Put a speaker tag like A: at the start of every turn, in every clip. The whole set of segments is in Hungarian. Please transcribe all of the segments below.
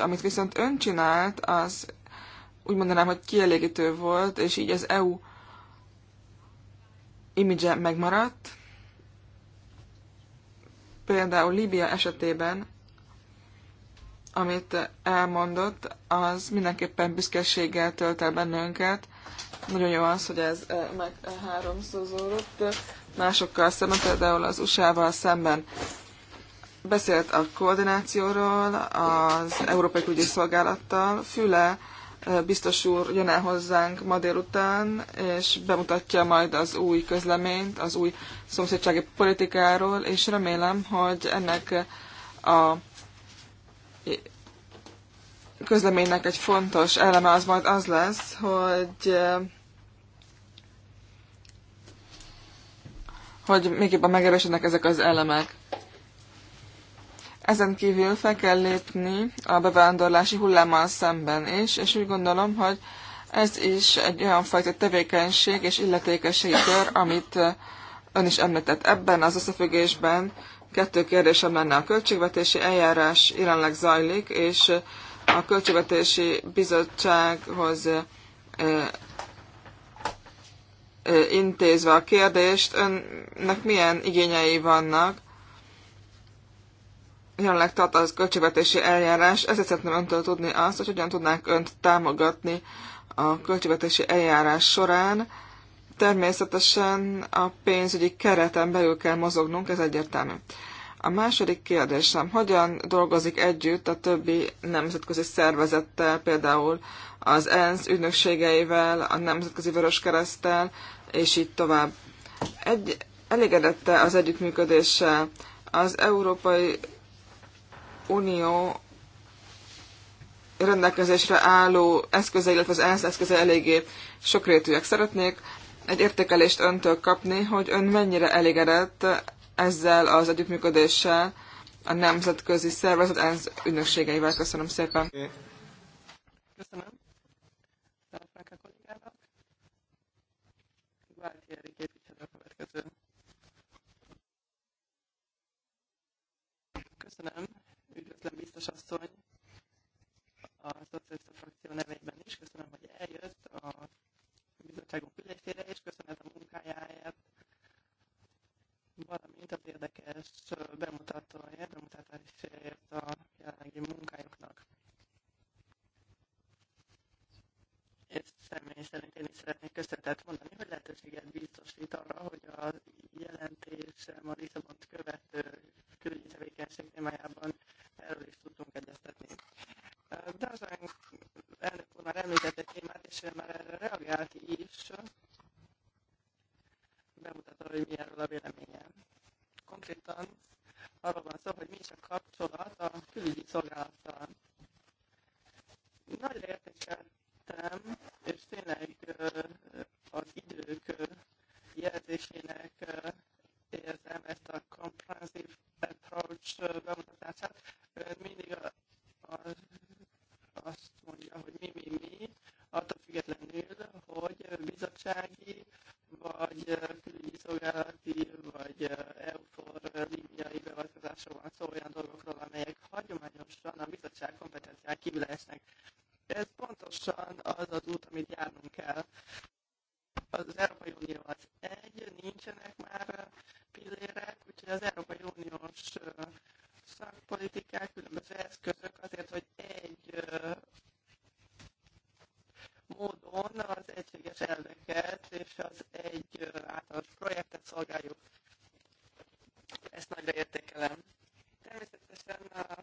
A: Amit viszont ön csinált, az úgy mondanám, hogy kielégítő volt, és így az EU imidzse megmaradt. Például Líbia esetében, amit elmondott, az mindenképpen büszkeséggel tölt el bennünket. Nagyon jó az, hogy ez eh, meg háromszorozódott másokkal szemben, például az USA-val szemben beszélt a koordinációról az Európai Ügyi Szolgálattal. Füle biztos úr jön el hozzánk ma délután, és bemutatja majd az új közleményt, az új szomszédsági politikáról, és remélem, hogy ennek a közleménynek egy fontos eleme az majd az lesz, hogy hogy még jobban megerősödnek ezek az elemek. Ezen kívül fel kell lépni a bevándorlási hullámmal szemben is, és úgy gondolom, hogy ez is egy olyan fajta tevékenység és illetékességi kör, amit ön is említett ebben az összefüggésben. Kettő kérdésem lenne a költségvetési eljárás jelenleg zajlik, és a költségvetési bizottsághoz intézve a kérdést, önnek milyen igényei vannak, jelenleg tart az költségvetési eljárás, ezért szeretném öntől tudni azt, hogy hogyan tudnánk önt támogatni a költségvetési eljárás során. Természetesen a pénzügyi kereten belül kell mozognunk, ez egyértelmű. A második kérdésem, hogyan dolgozik együtt a többi nemzetközi szervezettel, például az ENSZ ügynökségeivel, a Nemzetközi Vöröskereszttel, és így tovább. Egy, elégedette az együttműködéssel az Európai Unió rendelkezésre álló eszköze, illetve az ENSZ eszköze eléggé sokrétűek. Szeretnék egy értékelést öntől kapni, hogy ön mennyire elégedett ezzel az együttműködéssel a nemzetközi szervezet ENSZ ügynökségeivel. Köszönöm szépen. Köszönöm.
B: Köszönöm biztos asszony, a szocialista frakció nevében is. Köszönöm, hogy eljött a bizottságunk ülésére, és köszönöm a munkájáért, valamint az érdekes bemutatóért, bemutatásért, a jelenlegi munkájuknak. Én személy szerint én is szeretnék köszönetet mondani, hogy lehetőséget biztosít arra, hogy a jelentésem a Lisszabont követő külügyi tevékenység témájában erről is tudtunk egyeztetni. az elnök úr már említett egy témát, és ő már erre reagált is, bemutatta, hogy mi erről a véleménye. Konkrétan arról van szó, hogy mi is a kapcsolat a külügyi szolgálattal. Nagy értéket értem, és tényleg az idők jelzésének érzem ezt a comprehensive approach bemutatását. mindig a, a, azt mondja, hogy mi, mi, mi, attól függetlenül, hogy bizottsági, vagy külügyi szolgálati, vagy EUFOR líbiai beavatkozásról van szó olyan dolgokról, amelyek hagyományosan a bizottság kompetenciák kívül esnek. Ez pontosan az az út, amit járnunk kell. Az Európai Unió az egy, nincsenek már pillérek, úgyhogy az Európai Uniós szakpolitikák, különböző eszközök azért, hogy egy módon az egységes elveket és az egy általános projektet szolgáljuk. Ezt nagyra értékelem. Természetesen a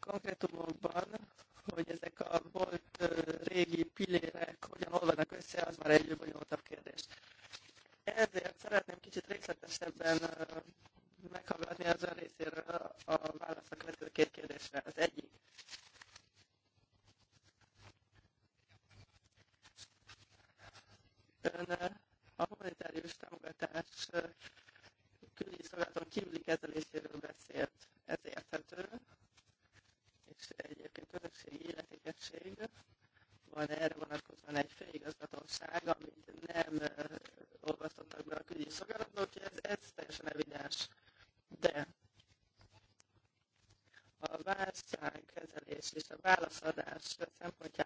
B: konkrétumokban hogy ezek a volt régi pillérek hogyan olvadnak össze, az már egy bonyolultabb kérdés. Ezért szeretném kicsit részletesebben meghallgatni az ön részéről a választ a következő két kérdésre. Az egyik. Ön a humanitárius támogatás külügyi szolgálaton kívüli kezeléséről beszél. és a válaszadás szempontjából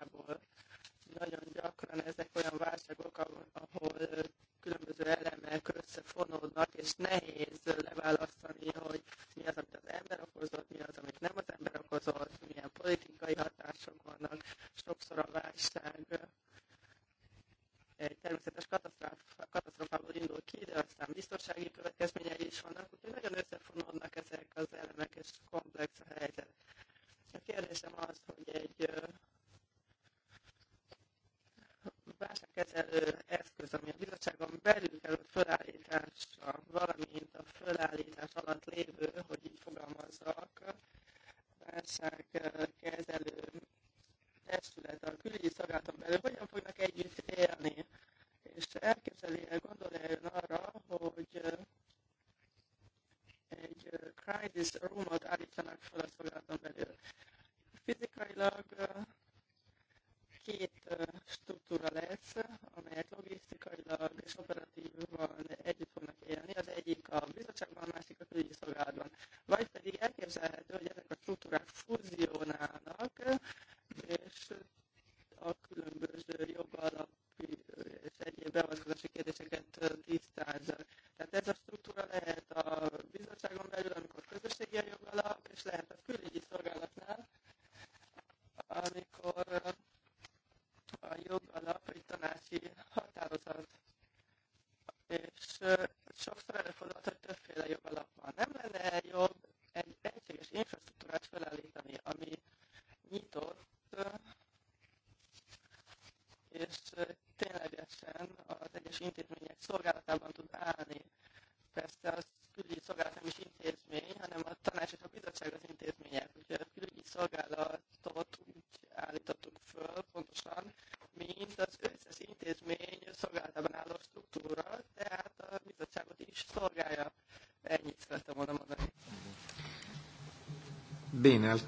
C: Bene, al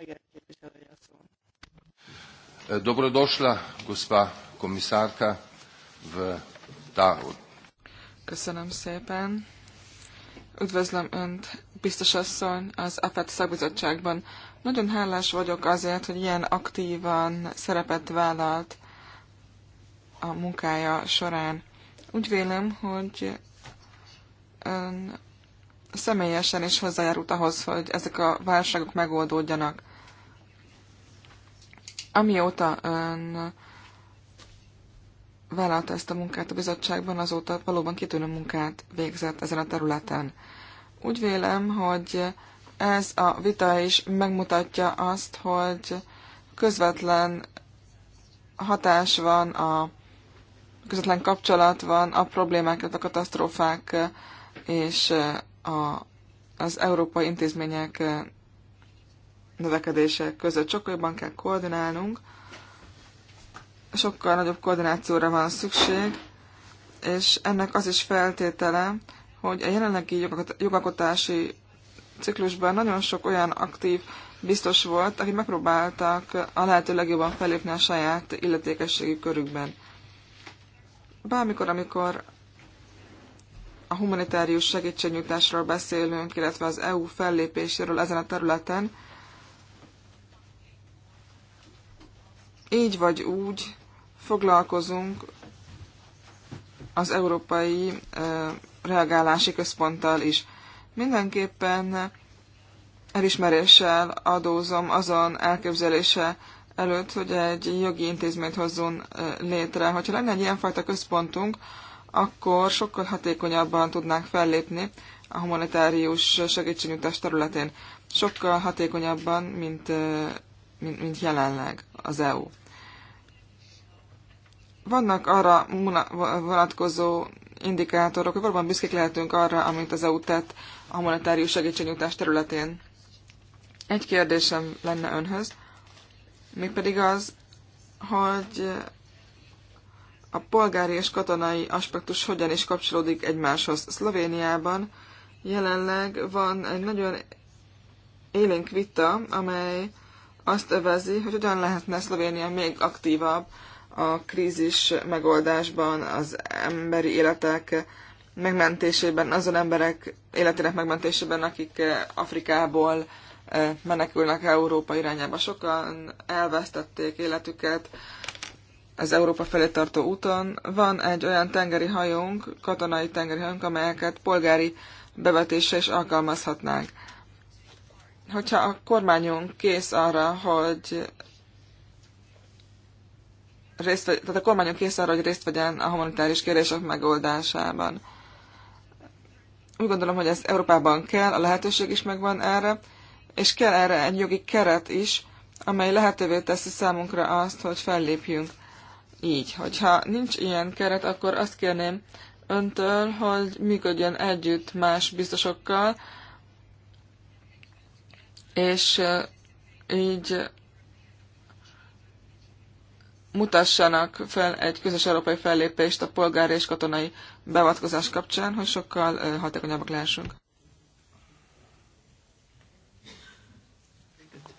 C: eh, Dobrodošla, gospa komisarka, v ta...
A: Köszönöm szépen. Üdvözlöm Önt, biztos asszony, az APET szakbizottságban. Nagyon hálás vagyok azért, hogy ilyen aktívan szerepet vállalt a munkája során. Úgy vélem, hogy Ön személyesen is hozzájárult ahhoz, hogy ezek a válságok megoldódjanak. Amióta ön vállalta ezt a munkát a bizottságban, azóta valóban kitűnő munkát végzett ezen a területen. Úgy vélem, hogy ez a vita is megmutatja azt, hogy közvetlen hatás van, a közvetlen kapcsolat van a problémák, a katasztrófák és a, az európai intézmények eh, növekedése között. Sokkal jobban kell koordinálnunk, sokkal nagyobb koordinációra van szükség, és ennek az is feltétele, hogy a jelenlegi jogalkotási ciklusban nagyon sok olyan aktív biztos volt, akik megpróbáltak a lehető legjobban felépni a saját illetékességi körükben. Bármikor, amikor a humanitárius segítségnyújtásról beszélünk, illetve az EU fellépéséről ezen a területen, így vagy úgy foglalkozunk az Európai Reagálási Központtal is. Mindenképpen elismeréssel adózom azon elképzelése előtt, hogy egy jogi intézményt hozzon létre. Hogyha lenne egy ilyenfajta központunk, akkor sokkal hatékonyabban tudnánk fellépni a humanitárius segítségnyújtás területén. Sokkal hatékonyabban, mint, mint, mint jelenleg az EU. Vannak arra vonatkozó indikátorok, hogy valóban büszkék lehetünk arra, amit az EU tett a humanitárius segítségnyújtás területén. Egy kérdésem lenne önhöz, mégpedig az, hogy a polgári és katonai aspektus hogyan is kapcsolódik egymáshoz. Szlovéniában jelenleg van egy nagyon élénk vita, amely azt övezi, hogy hogyan lehetne Szlovénia még aktívabb a krízis megoldásban, az emberi életek megmentésében, azon emberek életének megmentésében, akik eh, Afrikából eh, menekülnek Európa irányába. Sokan elvesztették életüket az Európa felé tartó úton. Van egy olyan tengeri hajónk, katonai tengeri hajónk, amelyeket polgári bevetésre is alkalmazhatnánk. Hogyha a kormányunk kész arra, hogy részt tehát a kormányunk kész arra, hogy részt vegyen a humanitáris kérdések megoldásában. Úgy gondolom, hogy ez Európában kell, a lehetőség is megvan erre, és kell erre egy jogi keret is, amely lehetővé teszi számunkra azt, hogy fellépjünk így. Hogyha nincs ilyen keret, akkor azt kérném öntől, hogy működjön együtt más biztosokkal, és így mutassanak fel egy közös európai fellépést a polgári és katonai beavatkozás kapcsán, hogy sokkal hatékonyabbak lehessünk.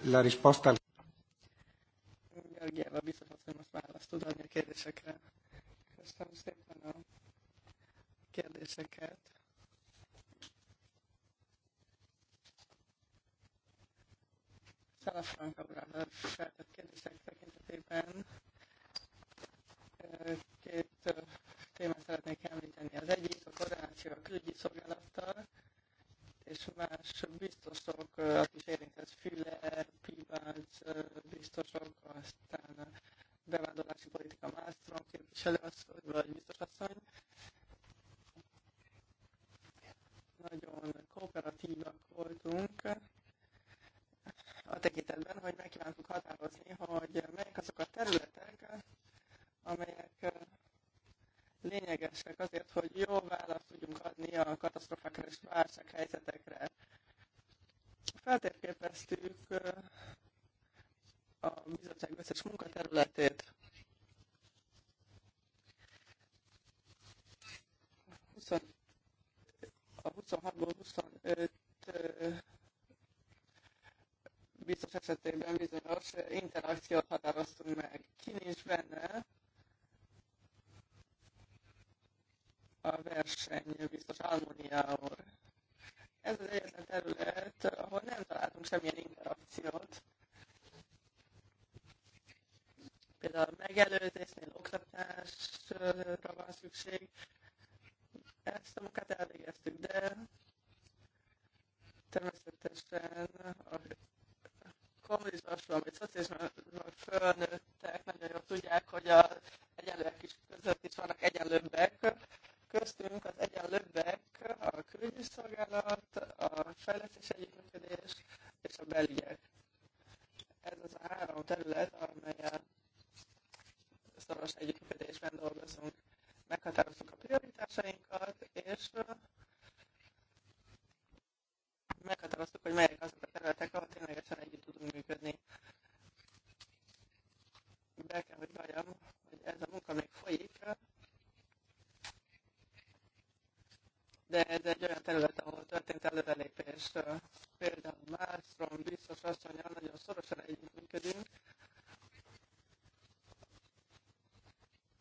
A: La risposta
B: energiával biztos hogy most választ tud adni a kérdésekre. Köszönöm szépen a kérdéseket. Szelefranka úr feltett kérdések tekintetében két témát szeretnék említeni. Az egyik a koordináció a külügyi szolgálattal, és más biztosokat is érintett, Füle, Pibács biztosok, aztán bevándorlási politika Mástrom képviselőasszony, vagy biztosasszony. Nagyon kooperatívak voltunk a tekintetben, hogy meg kívántuk határozni, hogy melyek azok a területek, amelyek lényegesek azért, hogy jó választ tudjunk adni a katasztrofákra és válsághelyzetekre. Feltérképeztük a bizottság összes munkaterületét. 20, a 26-ból 25 biztos esetében bizonyos interakciót határoztunk meg. Ki nincs benne, a verseny biztos Almunia Ez az egyetlen terület, ahol nem találtunk semmilyen interakciót. Például a megelőzésnél oktatásra van szükség. Ezt a munkát elvégeztük, de természetesen a kommunizmusban vagy szocializmusban fölnőttek nagyon jól tudják, hogy a egyenlőek is között is vannak egyenlőbbek köztünk az egyenlőbbek a külügyi szolgálat, a fejlesztés együttműködés és a belügyek. Ez az a három terület, amelyen szoros együttműködésben dolgozunk. Meghatároztuk a prioritásainkat, és meghatároztuk, hogy melyek azok a területek, ahol ténylegesen együtt tudunk működni. Be kell, hogy valljam, hogy ez a munka még folyik, de ez egy olyan terület, ahol történt előrelépés. Például Márstrom biztos asszonyal nagyon szorosan együttműködünk.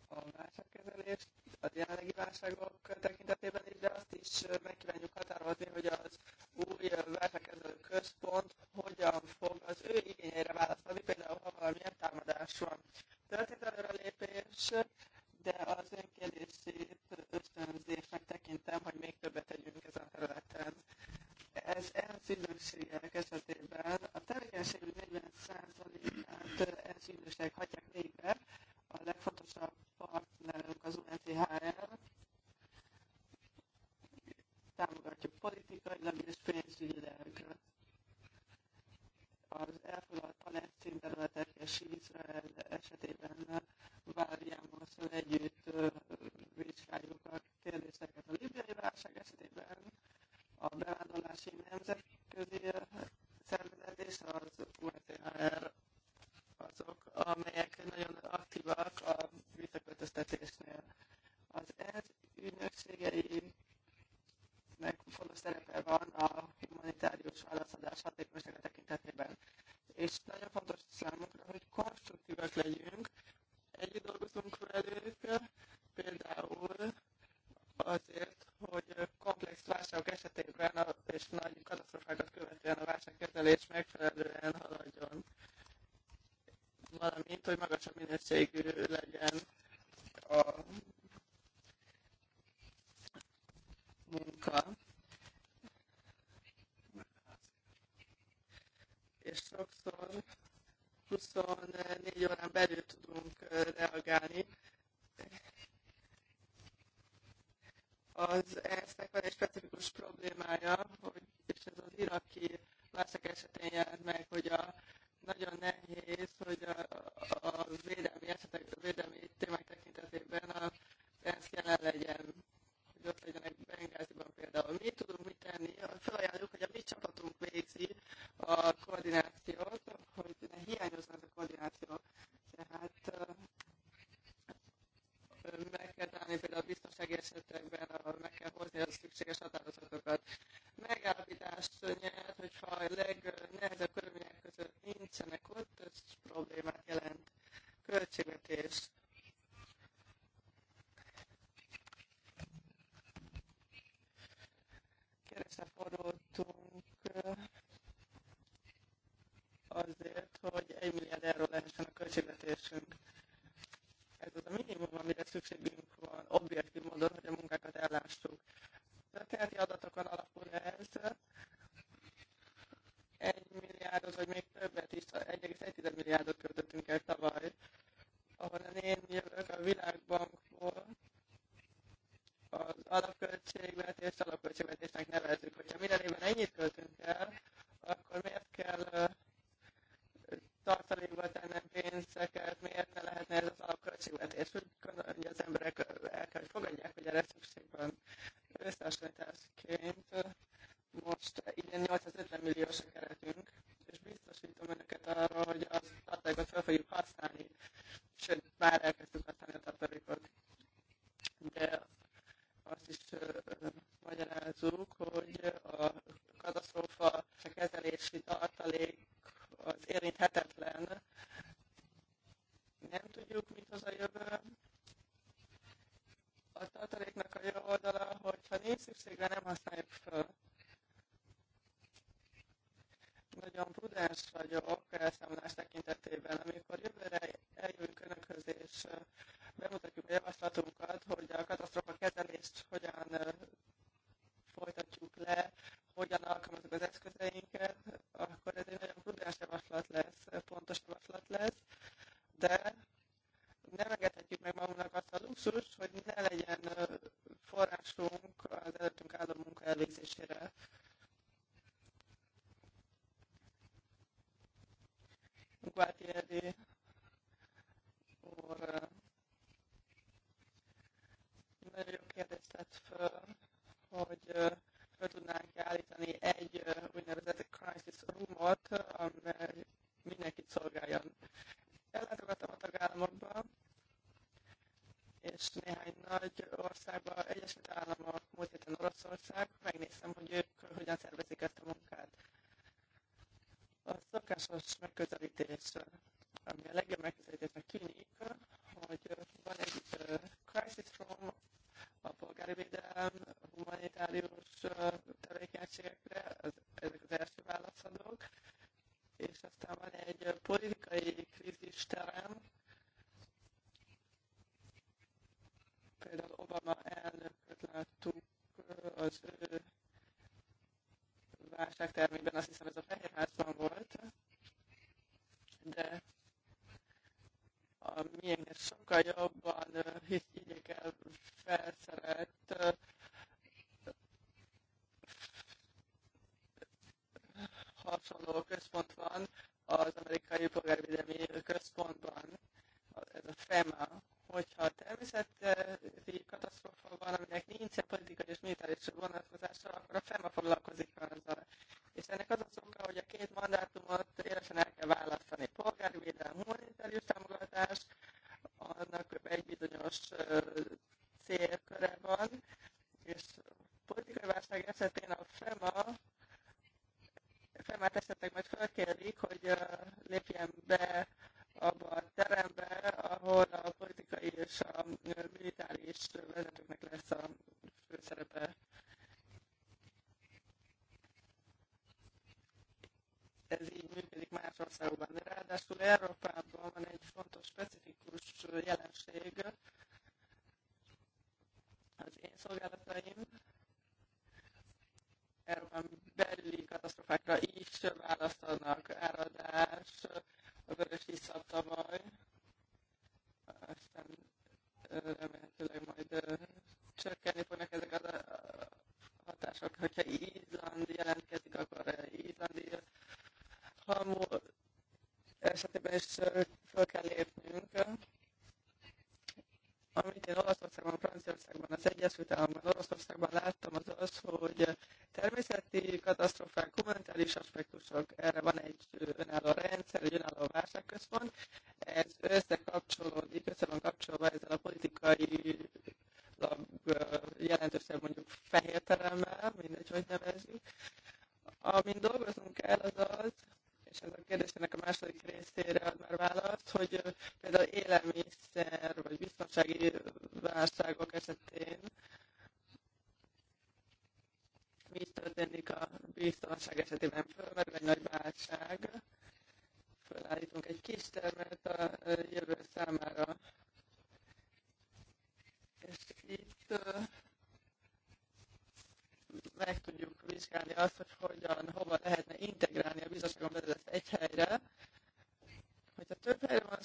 B: A válságkezelést, a jelenlegi válságok tekintetében is, de azt is meg kívánjuk határozni, hogy az új válságkezelő központ hogyan fog az ő igényeire válaszolni, például ha valamilyen támadás van. Történt előrelépés, de az ön kérdését ösztönzésnek tekintem, hogy még többet tegyünk ezen a területen. Ez ENSZ ügynökségek esetében a tevékenységük 40%-át ENSZ ügynökségek hagyják még itt, hogy magasabb minőségű Gazprom, a polgári védelem, központ.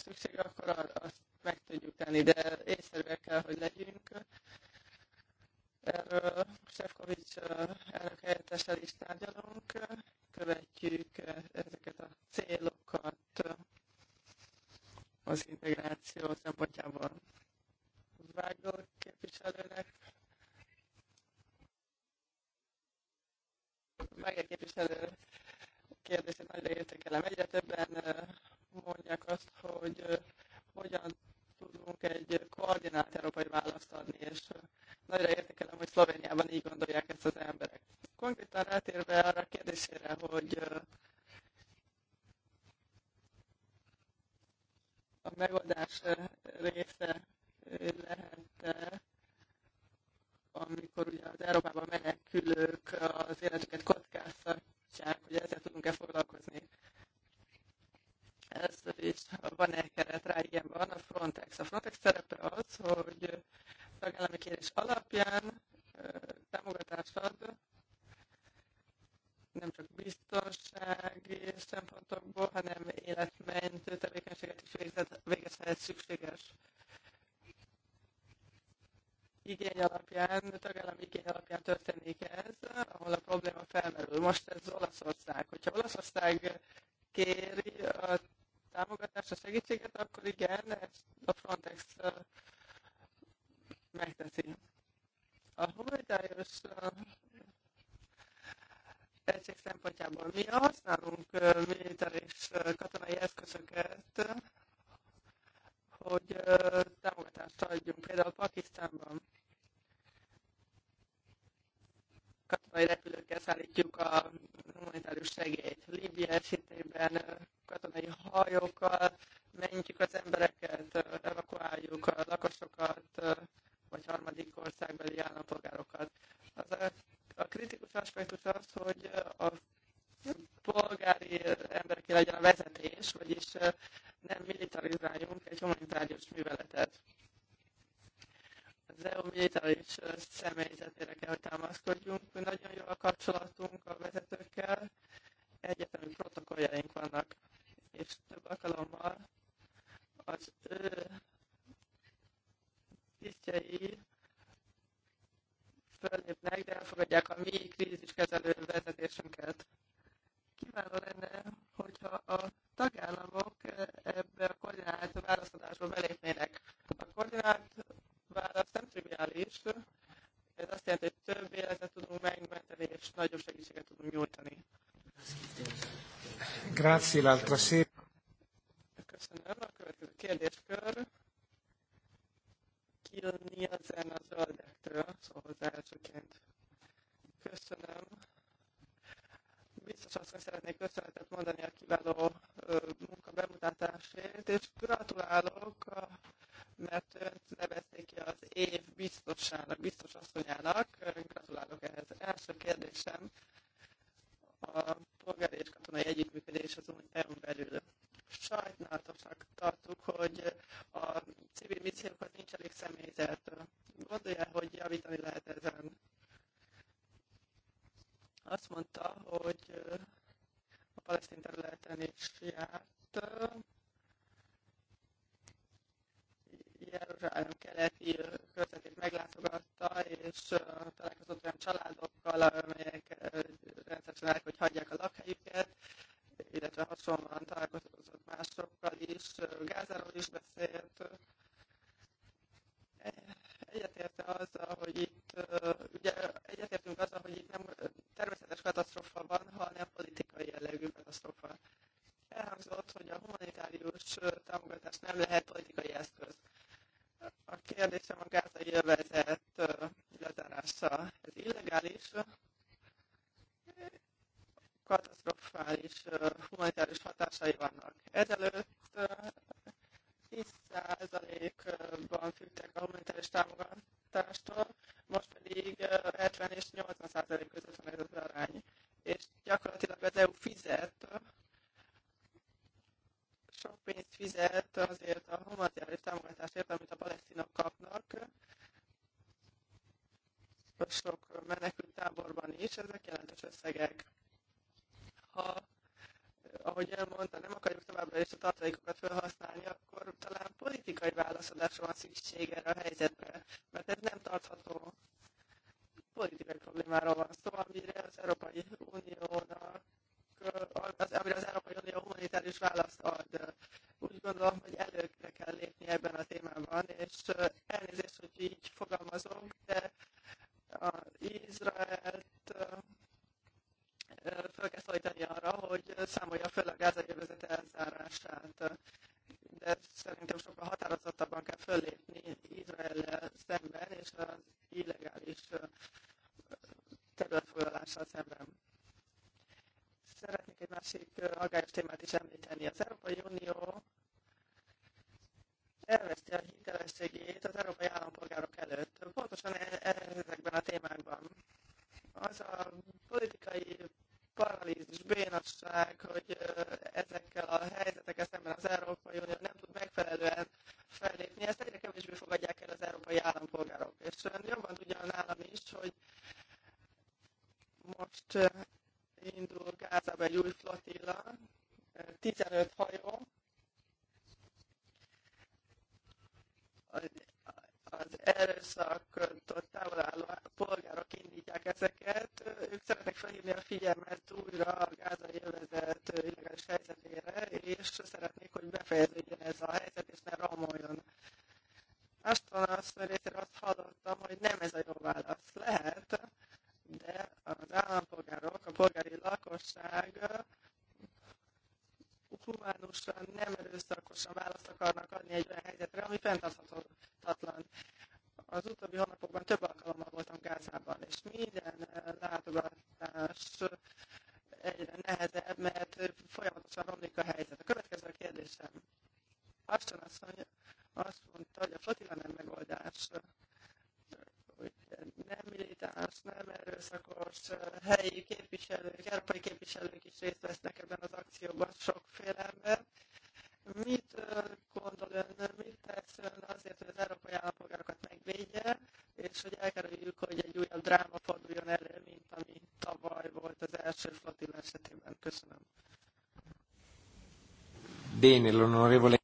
B: szükség, akkor azt meg tudjuk tenni, de észszerűek kell, hogy legyünk. Erről Sefkovics elnök helyettesel is tárgyalunk, követjük ezeket a célokat az integráció szempontjából. és nagyra értékelem, hogy Szlovéniában így gondolják ezt az emberek. Konkrétan rátérve arra a kérdésére, hogy a megoldás része lehet e amikor ugye az Európában menekülők az életüket kockáztatják, hogy ezzel tudunk-e foglalkozni. Ez is van-e keret rá? Igen, van a Frontex. A Frontex szerepe az, hogy tagállami kérés alapján támogatást ad, nem csak biztonsági szempontokból, hanem életmentő tevékenységet is végezhet szükséges igény alapján tagállami katonai eszközöket, hogy támogatást adjunk például Pakisztánban. Katonai repülőkkel szállítjuk a humanitárius segélyt. Líbia esetében Grazie, l'altra sera. Köszönöm. A következő kérdéskör. Kill Nielsen a zöldektől, szóval hozzá elsőként. Köszönöm. Biztos azt szeretnék köszönetet mondani a kiváló munka bemutatásért, és gratulálok, mert önt nevezték ki az év biztosának, biztos asszonyának. Gratulálok ehhez. Első kérdésem és katasztrofális humanitárius hatásai vannak. Ezelőtt 10%-ban függtek a humanitárius támogatástól, most pedig 70 és 80% között van ez az arány. És gyakorlatilag az EU fizet, sok pénzt fizet azért a humanitárius támogatásért, amit a palesztinok kapnak, sok menekült táborban is, ezek jelentős összegek. Ha, ahogy elmondta, nem akarjuk továbbra is a tartalékokat felhasználni, akkor talán politikai válaszadásra van szükség erre a helyzetre, mert ez nem tartható. Politikai problémáról van szó, szóval, amire az Európai Uniónak az, amire az Európai Unió humanitárius választ ad. Úgy gondolom, hogy előre kell lépni ebben a témában, és elnézést, hogy így fogalmazom, de Izraelt föl kell szólítani arra, hogy számolja fel a gázai övezet elzárását. De szerintem sokkal határozottabban kell föllépni izrael szemben és az illegális területfoglalással szemben. Szeretnék egy másik aggályos témát is említeni. Az Európai Unió elveszti a hitelességét az európai állampolgárok előtt. Pontosan e- e- ezekben a témákban. Az a politikai paralízis, bénasság, hogy ezekkel a helyzetekkel szemben az Európai Unió nem tud megfelelően fellépni, ezt egyre kevésbé fogadják el az európai állampolgárok. És jobban tudja nálam is, hogy most indul Gázába egy új flotilla, 15 hajó, az erőszaktól távol álló polgárok indítják ezeket. Ők szeretnek felhívni a figyelmet újra a gázai övezet illegális helyzetére, és szeretnék, hogy befejeződjön ez a helyzet, és ne romoljon. Aston azt részéről azt hallottam, hogy nem ez a jó válasz. Lehet, de az állampolgárok, a polgári lakosság humánusan, nem erőszakosan választ akarnak adni egy vagy sokféle ember. Mit gondol ön, mit tesz ön azért, hogy az európai állampolgárokat megvédje, és hogy elkerüljük, hogy egy újabb dráma forduljon elő, mint ami tavaly volt az első flottilla esetében. Köszönöm.
C: Bene, l'onorevole.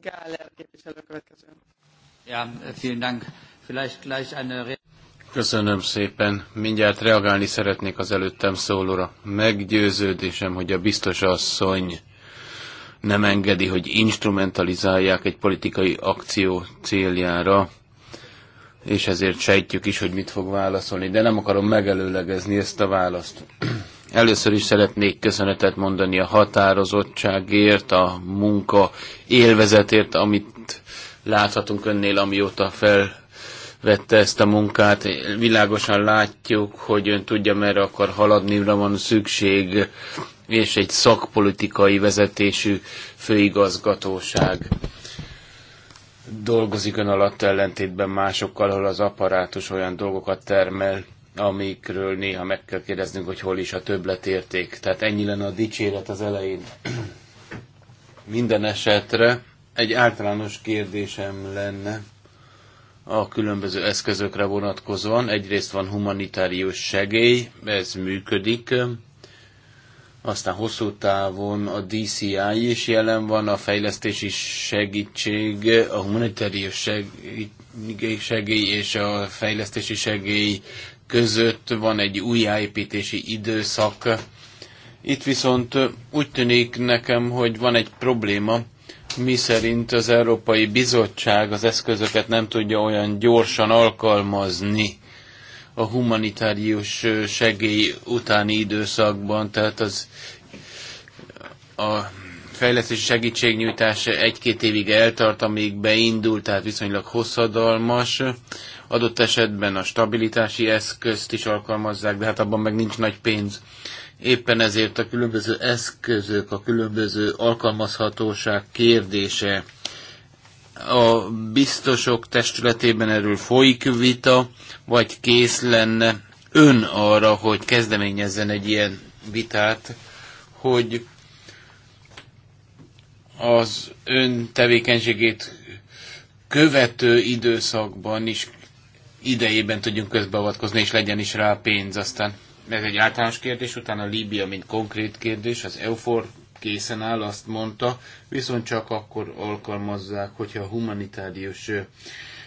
B: Gáller képviselő következő.
C: Ja, vielen Dank. Vielleicht gleich eine Köszönöm szépen. Mindjárt reagálni szeretnék az előttem szólóra. Meggyőződésem, hogy a biztos asszony nem engedi, hogy instrumentalizálják egy politikai akció céljára, és ezért sejtjük is, hogy mit fog válaszolni, de nem akarom megelőlegezni ezt a választ. Először is szeretnék köszönetet mondani a határozottságért, a munka élvezetért, amit láthatunk önnél, amióta fel vette ezt a munkát. Világosan látjuk, hogy ön tudja, merre akar haladni, van szükség, és egy szakpolitikai vezetésű főigazgatóság dolgozik ön alatt ellentétben másokkal, ahol az apparátus olyan dolgokat termel, amikről néha meg kell kérdeznünk, hogy hol is a többletérték. Tehát ennyi lenne a dicséret az elején. Minden esetre egy általános kérdésem lenne a különböző eszközökre vonatkozóan. Egyrészt van humanitárius segély, ez működik, aztán hosszú távon a DCI is jelen van, a fejlesztési segítség, a humanitárius segély, segély és a fejlesztési segély között van egy újjáépítési időszak. Itt viszont úgy tűnik nekem, hogy van egy probléma, mi szerint az Európai Bizottság az eszközöket nem tudja olyan gyorsan alkalmazni a humanitárius segély utáni időszakban, tehát az a fejlesztési segítségnyújtás egy-két évig eltart, amíg beindult, tehát viszonylag hosszadalmas. Adott esetben a stabilitási eszközt is alkalmazzák, de hát abban meg nincs nagy pénz. Éppen ezért a különböző eszközök, a különböző alkalmazhatóság kérdése a biztosok testületében erről folyik vita, vagy kész lenne ön arra, hogy kezdeményezzen egy ilyen vitát, hogy az ön tevékenységét követő időszakban is idejében tudjunk közbeavatkozni, és legyen is rá pénz aztán. Ez egy általános kérdés, utána Líbia, mint konkrét kérdés, az EUFOR készen áll, azt mondta, viszont csak akkor alkalmazzák, hogyha a humanitárius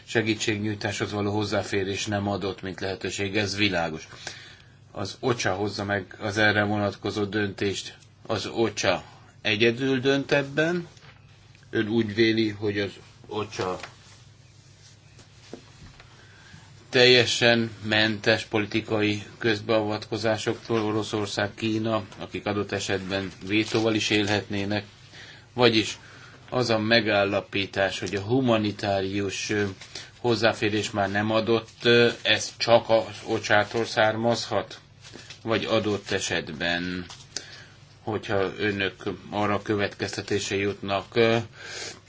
C: segítségnyújtáshoz való hozzáférés nem adott, mint lehetőség, ez világos. Az OCSA hozza meg az erre vonatkozó döntést. Az OCSA egyedül dönt ebben. Ön úgy véli, hogy az OCSA teljesen mentes politikai közbeavatkozásoktól Oroszország, Kína, akik adott esetben vétóval is élhetnének. Vagyis az a megállapítás, hogy a humanitárius hozzáférés már nem adott, ez csak az ocsától származhat? Vagy adott esetben, hogyha önök arra következtetése jutnak,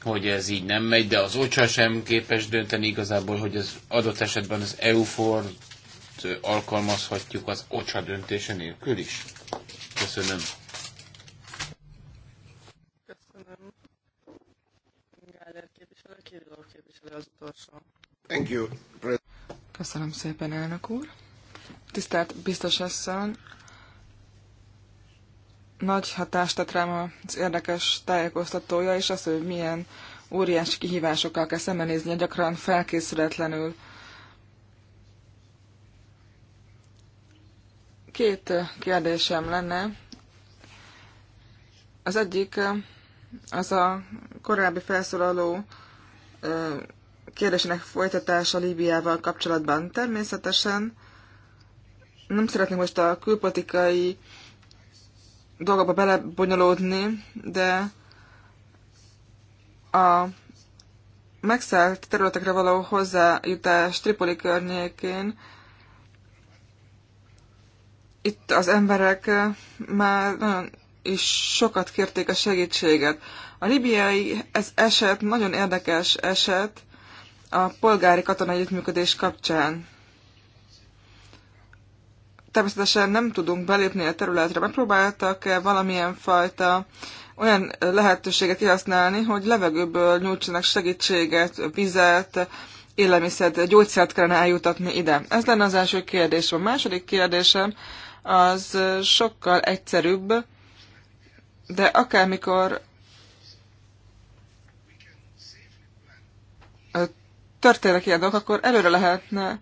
C: hogy ez így nem megy, de az OCSA sem képes dönteni igazából, hogy az adott esetben az EUFOR alkalmazhatjuk az OCSA döntése nélkül is. Köszönöm.
B: Köszönöm. Gáder képviselő, Kirillov képviselő az
C: utolsó. Thank you.
A: Köszönöm szépen, elnök úr. Tisztelt biztos asszony, nagy hatást tett rám az érdekes tájékoztatója, és az, hogy milyen óriási kihívásokkal kell szembenézni, gyakran felkészületlenül. Két kérdésem lenne. Az egyik az a korábbi felszólaló kérdésének folytatása Líbiával kapcsolatban. Természetesen nem szeretném most a külpolitikai dolgokba belebonyolódni, de a megszállt területekre való hozzájutás Tripoli környékén itt az emberek már nagyon is sokat kérték a segítséget. A libiai ez eset nagyon érdekes eset a polgári katonai együttműködés kapcsán természetesen nem tudunk belépni a területre. Megpróbáltak valamilyen fajta olyan lehetőséget kihasználni, hogy levegőből nyújtsanak segítséget, vizet, élelmiszert, gyógyszert kellene eljutatni ide. Ez lenne az első kérdésem. A második kérdésem az sokkal egyszerűbb, de akármikor történnek ilyen dolgok, akkor előre lehetne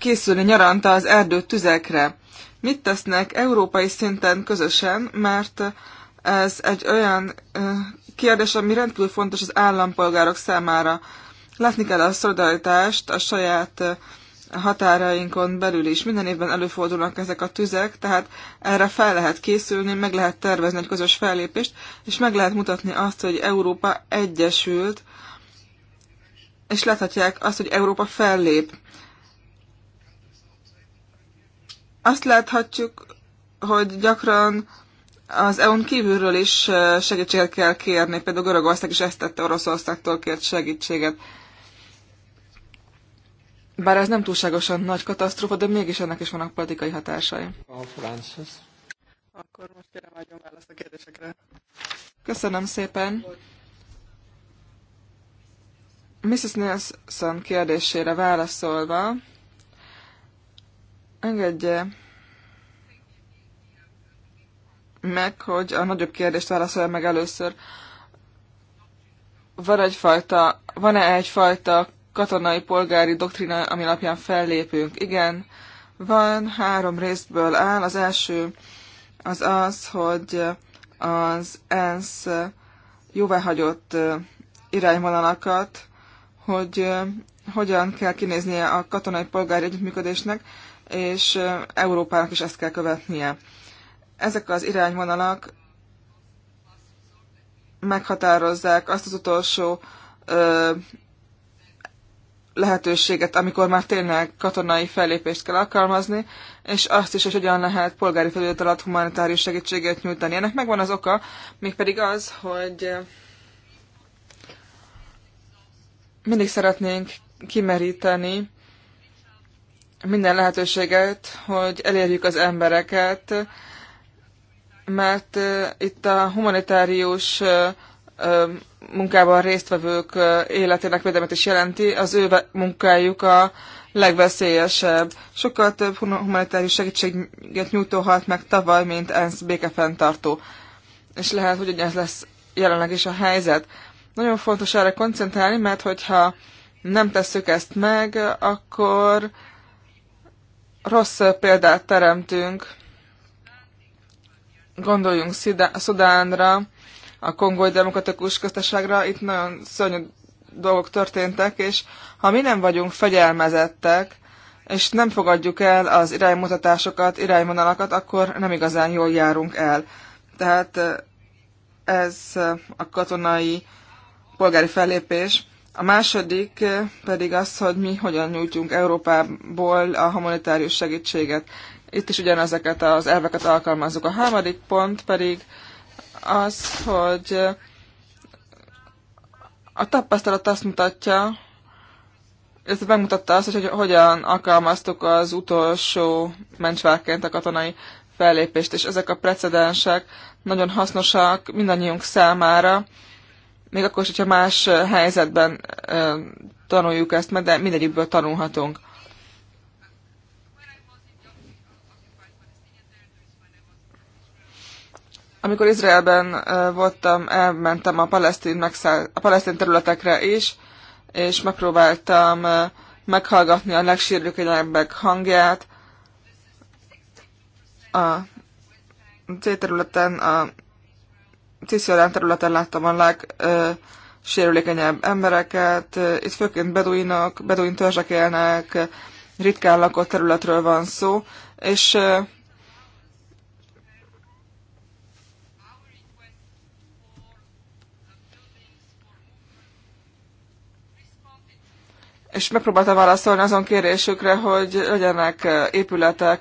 A: készülni nyaranta az erdő tüzekre. Mit tesznek európai szinten közösen, mert ez egy olyan kérdés, ami rendkívül fontos az állampolgárok számára. Látni kell a szolidaritást a saját határainkon belül is. Minden évben előfordulnak ezek a tüzek, tehát erre fel lehet készülni, meg lehet tervezni egy közös fellépést, és meg lehet mutatni azt, hogy Európa egyesült, és láthatják azt, hogy Európa fellép. Azt láthatjuk, hogy gyakran az EU-n kívülről is segítséget kell kérni, például Görögország is ezt tette, Oroszországtól kért segítséget. Bár ez nem túlságosan nagy katasztrófa, de mégis ennek is vannak politikai hatásai.
B: Akkor most kérem adjon választ a kérdésekre.
A: Köszönöm szépen. Mrs. Nelson kérdésére válaszolva, Engedje meg, hogy a nagyobb kérdést válaszolja meg először. Van egyfajta, van-e egyfajta katonai polgári doktrina, ami alapján fellépünk? Igen, van, három részből áll. Az első az az, hogy az ENSZ jóváhagyott irányvonalakat, hogy hogyan kell kinéznie a katonai polgári együttműködésnek, és Európának is ezt kell követnie. Ezek az irányvonalak meghatározzák azt az utolsó ö, lehetőséget, amikor már tényleg katonai fellépést kell alkalmazni, és azt is, hogy hogyan lehet polgári felület alatt humanitárius segítséget nyújtani. Ennek megvan az oka, mégpedig az, hogy mindig szeretnénk kimeríteni minden lehetőséget, hogy elérjük az embereket, mert eh, itt a humanitárius eh, eh, munkában résztvevők életének védelmet is jelenti, az ő munkájuk a legveszélyesebb. Sokkal több humanitárius segítséget nyújtóhat meg tavaly, mint ENSZ békefenntartó. És lehet, hogy ez lesz jelenleg is a helyzet. Nagyon fontos erre koncentrálni, mert hogyha nem tesszük ezt meg, akkor rossz példát teremtünk. Gondoljunk Szudánra, a Kongói Demokratikus Köztársaságra, itt nagyon szörnyű dolgok történtek, és ha mi nem vagyunk fegyelmezettek, és nem fogadjuk el az iránymutatásokat, irányvonalakat, akkor nem igazán jól járunk el. Tehát ez a katonai polgári fellépés a második eh, pedig az, hogy mi hogyan nyújtjunk Európából a humanitárius segítséget. Itt is ugyanezeket az elveket alkalmazzuk. A harmadik pont pedig az, hogy eh, a tapasztalat azt mutatja, ez megmutatta azt, hogy hogyan alkalmaztuk az utolsó mencsvárként a katonai fellépést, és ezek a precedensek nagyon hasznosak mindannyiunk számára, még akkor is, hogyha más helyzetben tanuljuk ezt meg, de mindegyikből tanulhatunk. Amikor Izraelben voltam, elmentem a palesztin, megszáll, a palesztin területekre is, és megpróbáltam meghallgatni a legsérülékenyebbek hangját. A C területen a Cisziorán területen láttam a legsérülékenyebb embereket, itt főként beduinok, beduin törzsek élnek, ritkán lakott területről van szó, és és megpróbálta válaszolni azon kérésükre, hogy legyenek eh, épületek.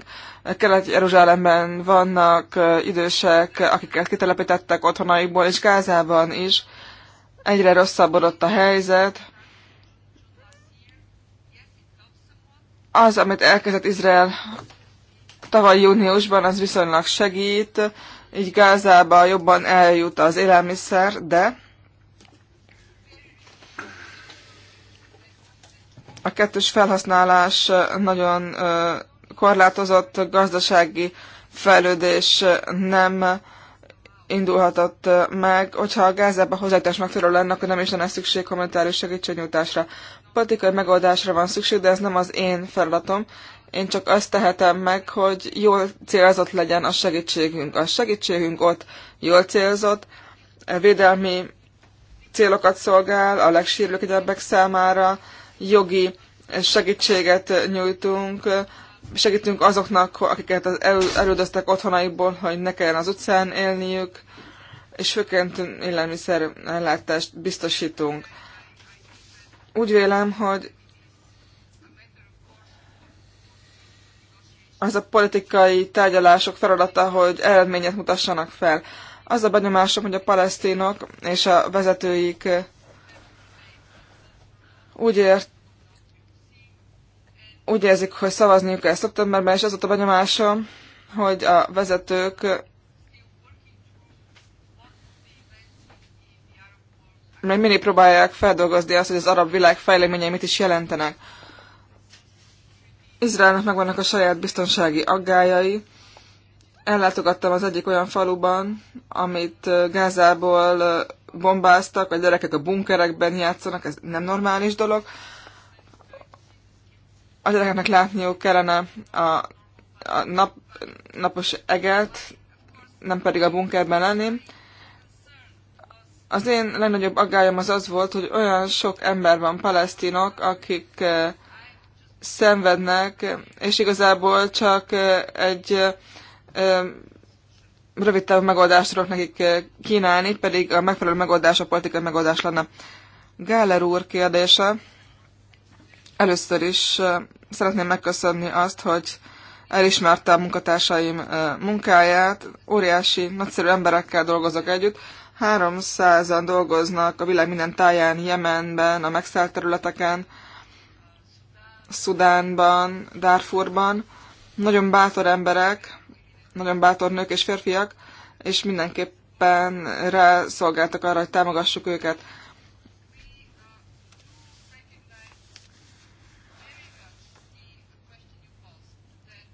A: Kelet-Jeruzsálemben vannak eh, idősek, akiket kitelepítettek otthonaikból, és Gázában is. Egyre rosszabbodott a helyzet. Az, amit elkezdett Izrael tavaly júniusban, az viszonylag segít, így Gázába jobban eljut az élelmiszer, de A kettős felhasználás nagyon korlátozott gazdasági fejlődés nem indulhatott meg, hogyha a Gázába hozzájtás megfelelő lenne, akkor nem is lenne szükség kommentáris segítségnyújtásra. Politikai megoldásra van szükség, de ez nem az én feladatom. Én csak azt tehetem meg, hogy jól célzott legyen a segítségünk. A segítségünk ott jól célzott, védelmi célokat szolgál a legsérülékenyebbek számára, jogi segítséget nyújtunk, segítünk azoknak, akiket az elődöztek otthonaiból, hogy ne kelljen az utcán élniük, és főként élelmiszer ellátást biztosítunk. Úgy vélem, hogy az a politikai tárgyalások feladata, hogy eredményet mutassanak fel. Az a benyomásom, hogy a palesztinok és a vezetőik úgy ért, úgy érzik, hogy szavazniuk kell szeptemberben, és az a benyomásom, hogy a vezetők még mindig próbálják feldolgozni azt, hogy az arab világ fejleményei mit is jelentenek. Izraelnek megvannak a saját biztonsági aggájai. Ellátogattam az egyik olyan faluban, amit Gázából bombáztak, a gyerekek a bunkerekben játszanak, ez nem normális dolog. A gyerekeknek látniuk kellene a, a nap, napos eget, nem pedig a bunkerben lenni. Az én legnagyobb aggályom az az volt, hogy olyan sok ember van palesztinok, akik eh, szenvednek, és igazából csak eh, egy eh, rövid távú megoldást tudok nekik eh, kínálni, pedig a megfelelő megoldás a politikai megoldás lenne. Gáler úr kérdése. Először is eh, szeretném megköszönni azt, hogy elismerte a munkatársaim eh, munkáját. Óriási, nagyszerű emberekkel dolgozok együtt. 300-an dolgoznak a világ minden táján, Jemenben, a megszállt területeken, Szudánban, Darfurban. Nagyon bátor emberek, nagyon bátor nők és férfiak, és mindenképpen rászolgáltak arra, hogy támogassuk őket.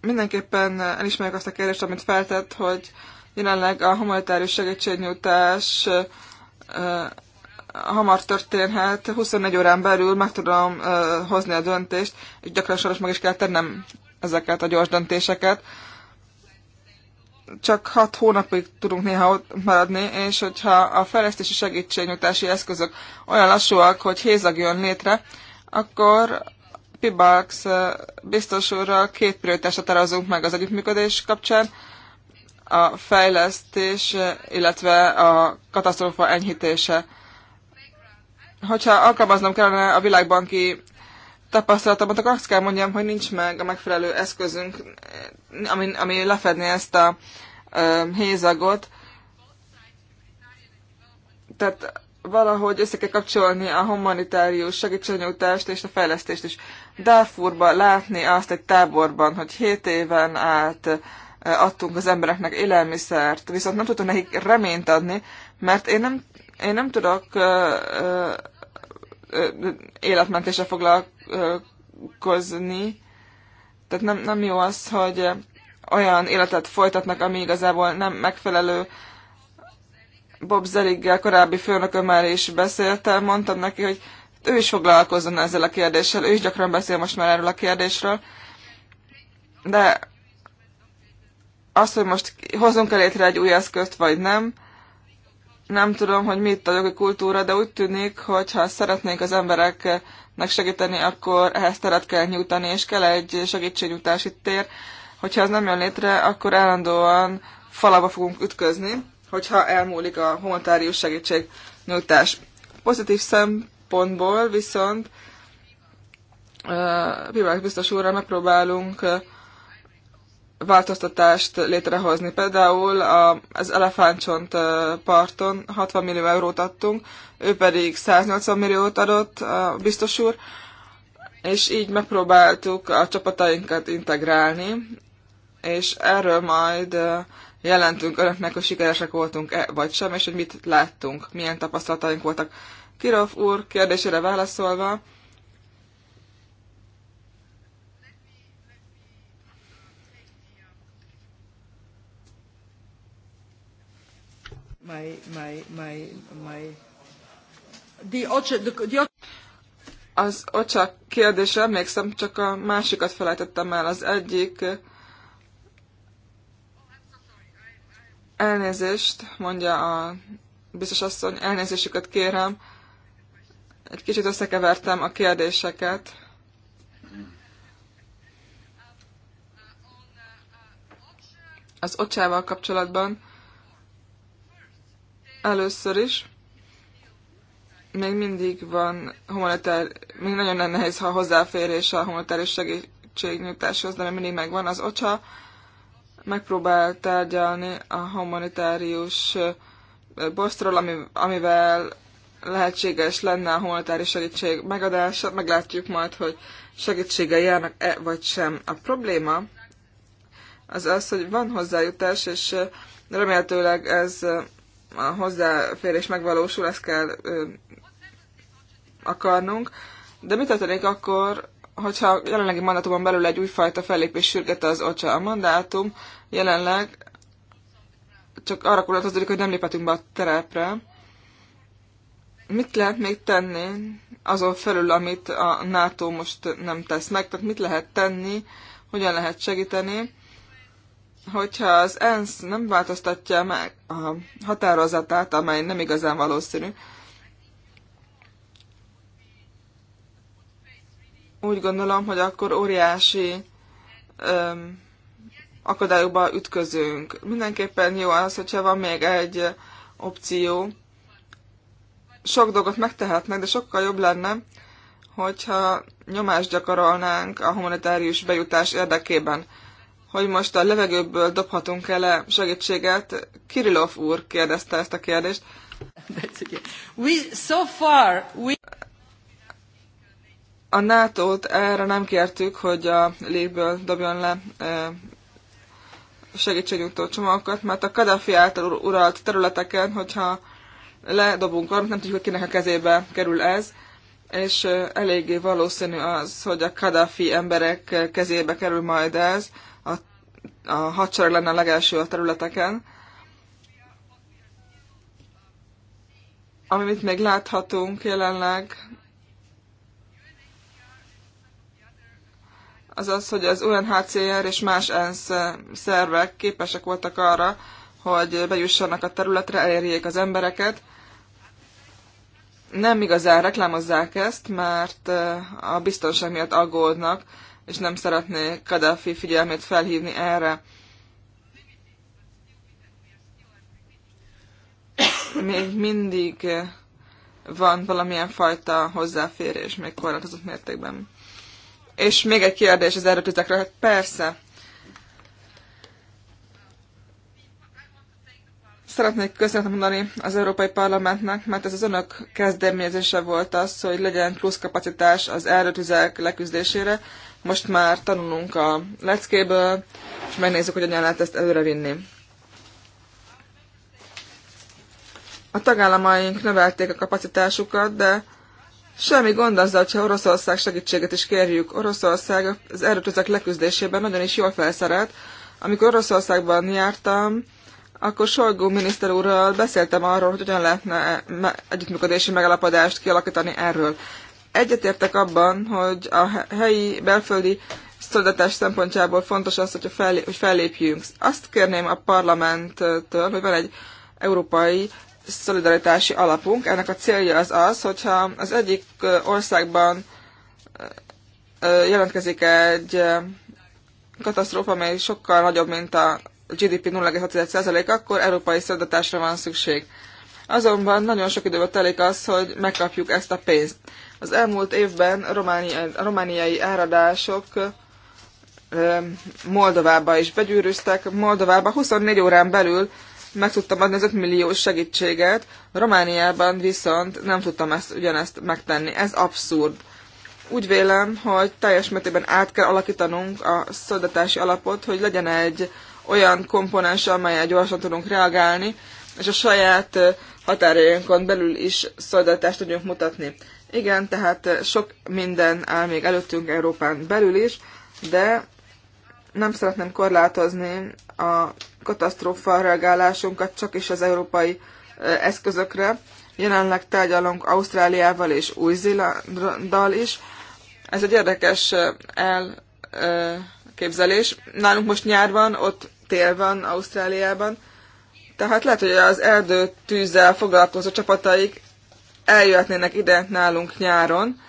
A: Mindenképpen elismerjük azt a kérdést, amit feltett, hogy jelenleg a humanitárius segítségnyújtás hamar történhet, 24 órán belül meg tudom hozni a döntést, és gyakran soros meg is kell tennem ezeket a gyors döntéseket csak hat hónapig tudunk néha ott maradni, és hogyha a fejlesztési segítségnyújtási eszközök olyan lassúak, hogy hézag jön létre, akkor Pibax eh, biztos úrral két prioritást határozunk meg az együttműködés kapcsán, a fejlesztés, eh, illetve a katasztrófa enyhítése. Hogyha alkalmaznom kellene a világbanki tapasztalatomat, azt kell mondjam, hogy nincs meg a megfelelő eszközünk, ami, ami lefedné ezt a ö, hézagot. Tehát valahogy össze kell kapcsolni a humanitárius segítségnyújtást és a fejlesztést is. Darfurba látni azt egy táborban, hogy 7 éven át adtunk az embereknek élelmiszert, viszont nem tudtunk nekik reményt adni, mert én nem, én nem tudok életmentése foglalkozni. Tehát nem, nem jó az, hogy olyan életet folytatnak, ami igazából nem megfelelő. Bob Zeliggel, korábbi főnökömmel is beszéltem, mondtam neki, hogy ő is foglalkozzon ezzel a kérdéssel, ő is gyakran beszél most már erről a kérdésről, de az, hogy most hozunk el létre egy új eszközt, vagy nem, nem tudom, hogy mit a a kultúra, de úgy tűnik, hogy ha szeretnék az embereknek segíteni, akkor ehhez teret kell nyújtani, és kell egy segítségnyújtási tér. Hogyha ez nem jön létre, akkor állandóan falaba fogunk ütközni, hogyha elmúlik a humanitárius segítségnyújtás. Pozitív szempontból viszont Pivák biztos úrral megpróbálunk változtatást létrehozni. Például az elefántcsont parton 60 millió eurót adtunk, ő pedig 180 milliót adott, a biztos úr, és így megpróbáltuk a csapatainkat integrálni, és erről majd jelentünk önöknek, hogy sikeresek voltunk-e vagy sem, és hogy mit láttunk, milyen tapasztalataink voltak. Kirov úr kérdésére válaszolva, my, my, my, my, the, OCSA, the, the... Az OCSA kérdésre emlékszem, csak a másikat felejtettem el. Az egyik elnézést, mondja a biztos asszony, elnézésüket kérem. Egy kicsit összekevertem a kérdéseket. Az ocsával kapcsolatban Először is még mindig van humanitár, még nagyon nehéz, ha hozzáférés a humanitárius segítségnyújtáshoz, de még mindig megvan. Az OCSA megpróbál tárgyalni a humanitárius bosztról, ami, amivel lehetséges lenne a humanitárius segítség megadása. Meglátjuk majd, hogy segítséggel járnak-e vagy sem. A probléma az az, hogy van hozzájutás, és remélhetőleg ez a hozzáférés megvalósul, ezt kell ö, akarnunk. De mi történik akkor, hogyha a jelenlegi mandátumon belül egy újfajta fellépés sürgete az OCSA? A mandátum jelenleg csak arra korlátozódik, hogy nem léphetünk be a terepre. Mit lehet még tenni azon felül, amit a NATO most nem tesz meg? Tehát mit lehet tenni, hogyan lehet segíteni? hogyha az ENSZ nem változtatja meg a határozatát, amely nem igazán valószínű, úgy gondolom, hogy akkor óriási öm, akadályokba ütközünk. Mindenképpen jó az, hogyha van még egy opció. Sok dolgot megtehetnek, de sokkal jobb lenne, hogyha nyomást gyakorolnánk a humanitárius bejutás érdekében hogy most a levegőből dobhatunk el segítséget. Kirilov úr kérdezte ezt a kérdést. We, so far, we... A NATO-t erre nem kértük, hogy a légből dobjon le e, segítségnyújtó csomagokat, mert a Kadhafi által uralt területeken, hogyha ledobunk valamit, nem tudjuk, hogy kinek a kezébe kerül ez, és e, eléggé valószínű az, hogy a Kadhafi emberek kezébe kerül majd ez, a, a hadsereg lenne a legelső a területeken. Amit még láthatunk jelenleg, az az, hogy az UNHCR és más ENSZ szervek képesek voltak arra, hogy bejussanak a területre, elérjék az embereket. Nem igazán reklámozzák ezt, mert a biztonság miatt aggódnak, és nem szeretné Kadhafi figyelmét felhívni erre. Még mindig van valamilyen fajta hozzáférés, még korlátozott mértékben. És még egy kérdés az erőtüzekről. Hát persze. Szeretnék köszönetet mondani az Európai Parlamentnek, mert ez az önök kezdeményezése volt az, hogy legyen plusz kapacitás az erőtüzek leküzdésére, most már tanulunk a leckéből, és megnézzük, hogy hogyan lehet ezt előrevinni. A tagállamaink növelték a kapacitásukat, de semmi gond azzal, hogyha Oroszország segítséget is kérjük. Oroszország az erőtözek leküzdésében nagyon is jól felszerelt. Amikor Oroszországban jártam, akkor Solgó miniszter úrral beszéltem arról, hogy hogyan lehetne együttműködési megalapodást kialakítani erről. Egyetértek abban, hogy a helyi belföldi szolidatás szempontjából fontos az, hogy, fel, hogy fellépjünk. Azt kérném a parlamenttől, hogy van egy európai szolidaritási alapunk. Ennek a célja az az, hogyha az egyik országban jelentkezik egy katasztrófa, amely sokkal nagyobb, mint a GDP 0,6%, akkor európai szolidatásra van szükség. Azonban nagyon sok időbe telik az, hogy megkapjuk ezt a pénzt. Az elmúlt évben a romániai, a romániai áradások Moldovába is begyűrűztek. Moldovába 24 órán belül meg tudtam adni az 5 milliós segítséget, Romániában viszont nem tudtam ezt, ugyanezt megtenni. Ez abszurd. Úgy vélem, hogy teljes mértékben át kell alakítanunk a szoldatási alapot, hogy legyen egy olyan komponens, amelyel gyorsan tudunk reagálni, és a saját határainkon belül is szoldatást tudjunk mutatni. Igen, tehát sok minden áll még előttünk Európán belül is, de nem szeretném korlátozni a katasztrófa reagálásunkat csak is az európai eszközökre. Jelenleg tárgyalunk Ausztráliával és Új-Zélanddal is. Ez egy érdekes elképzelés. Nálunk most nyár van, ott tél van Ausztráliában. Tehát lehet, hogy az erdő tűzzel foglalkozó csapataik eljöhetnének ide nálunk nyáron,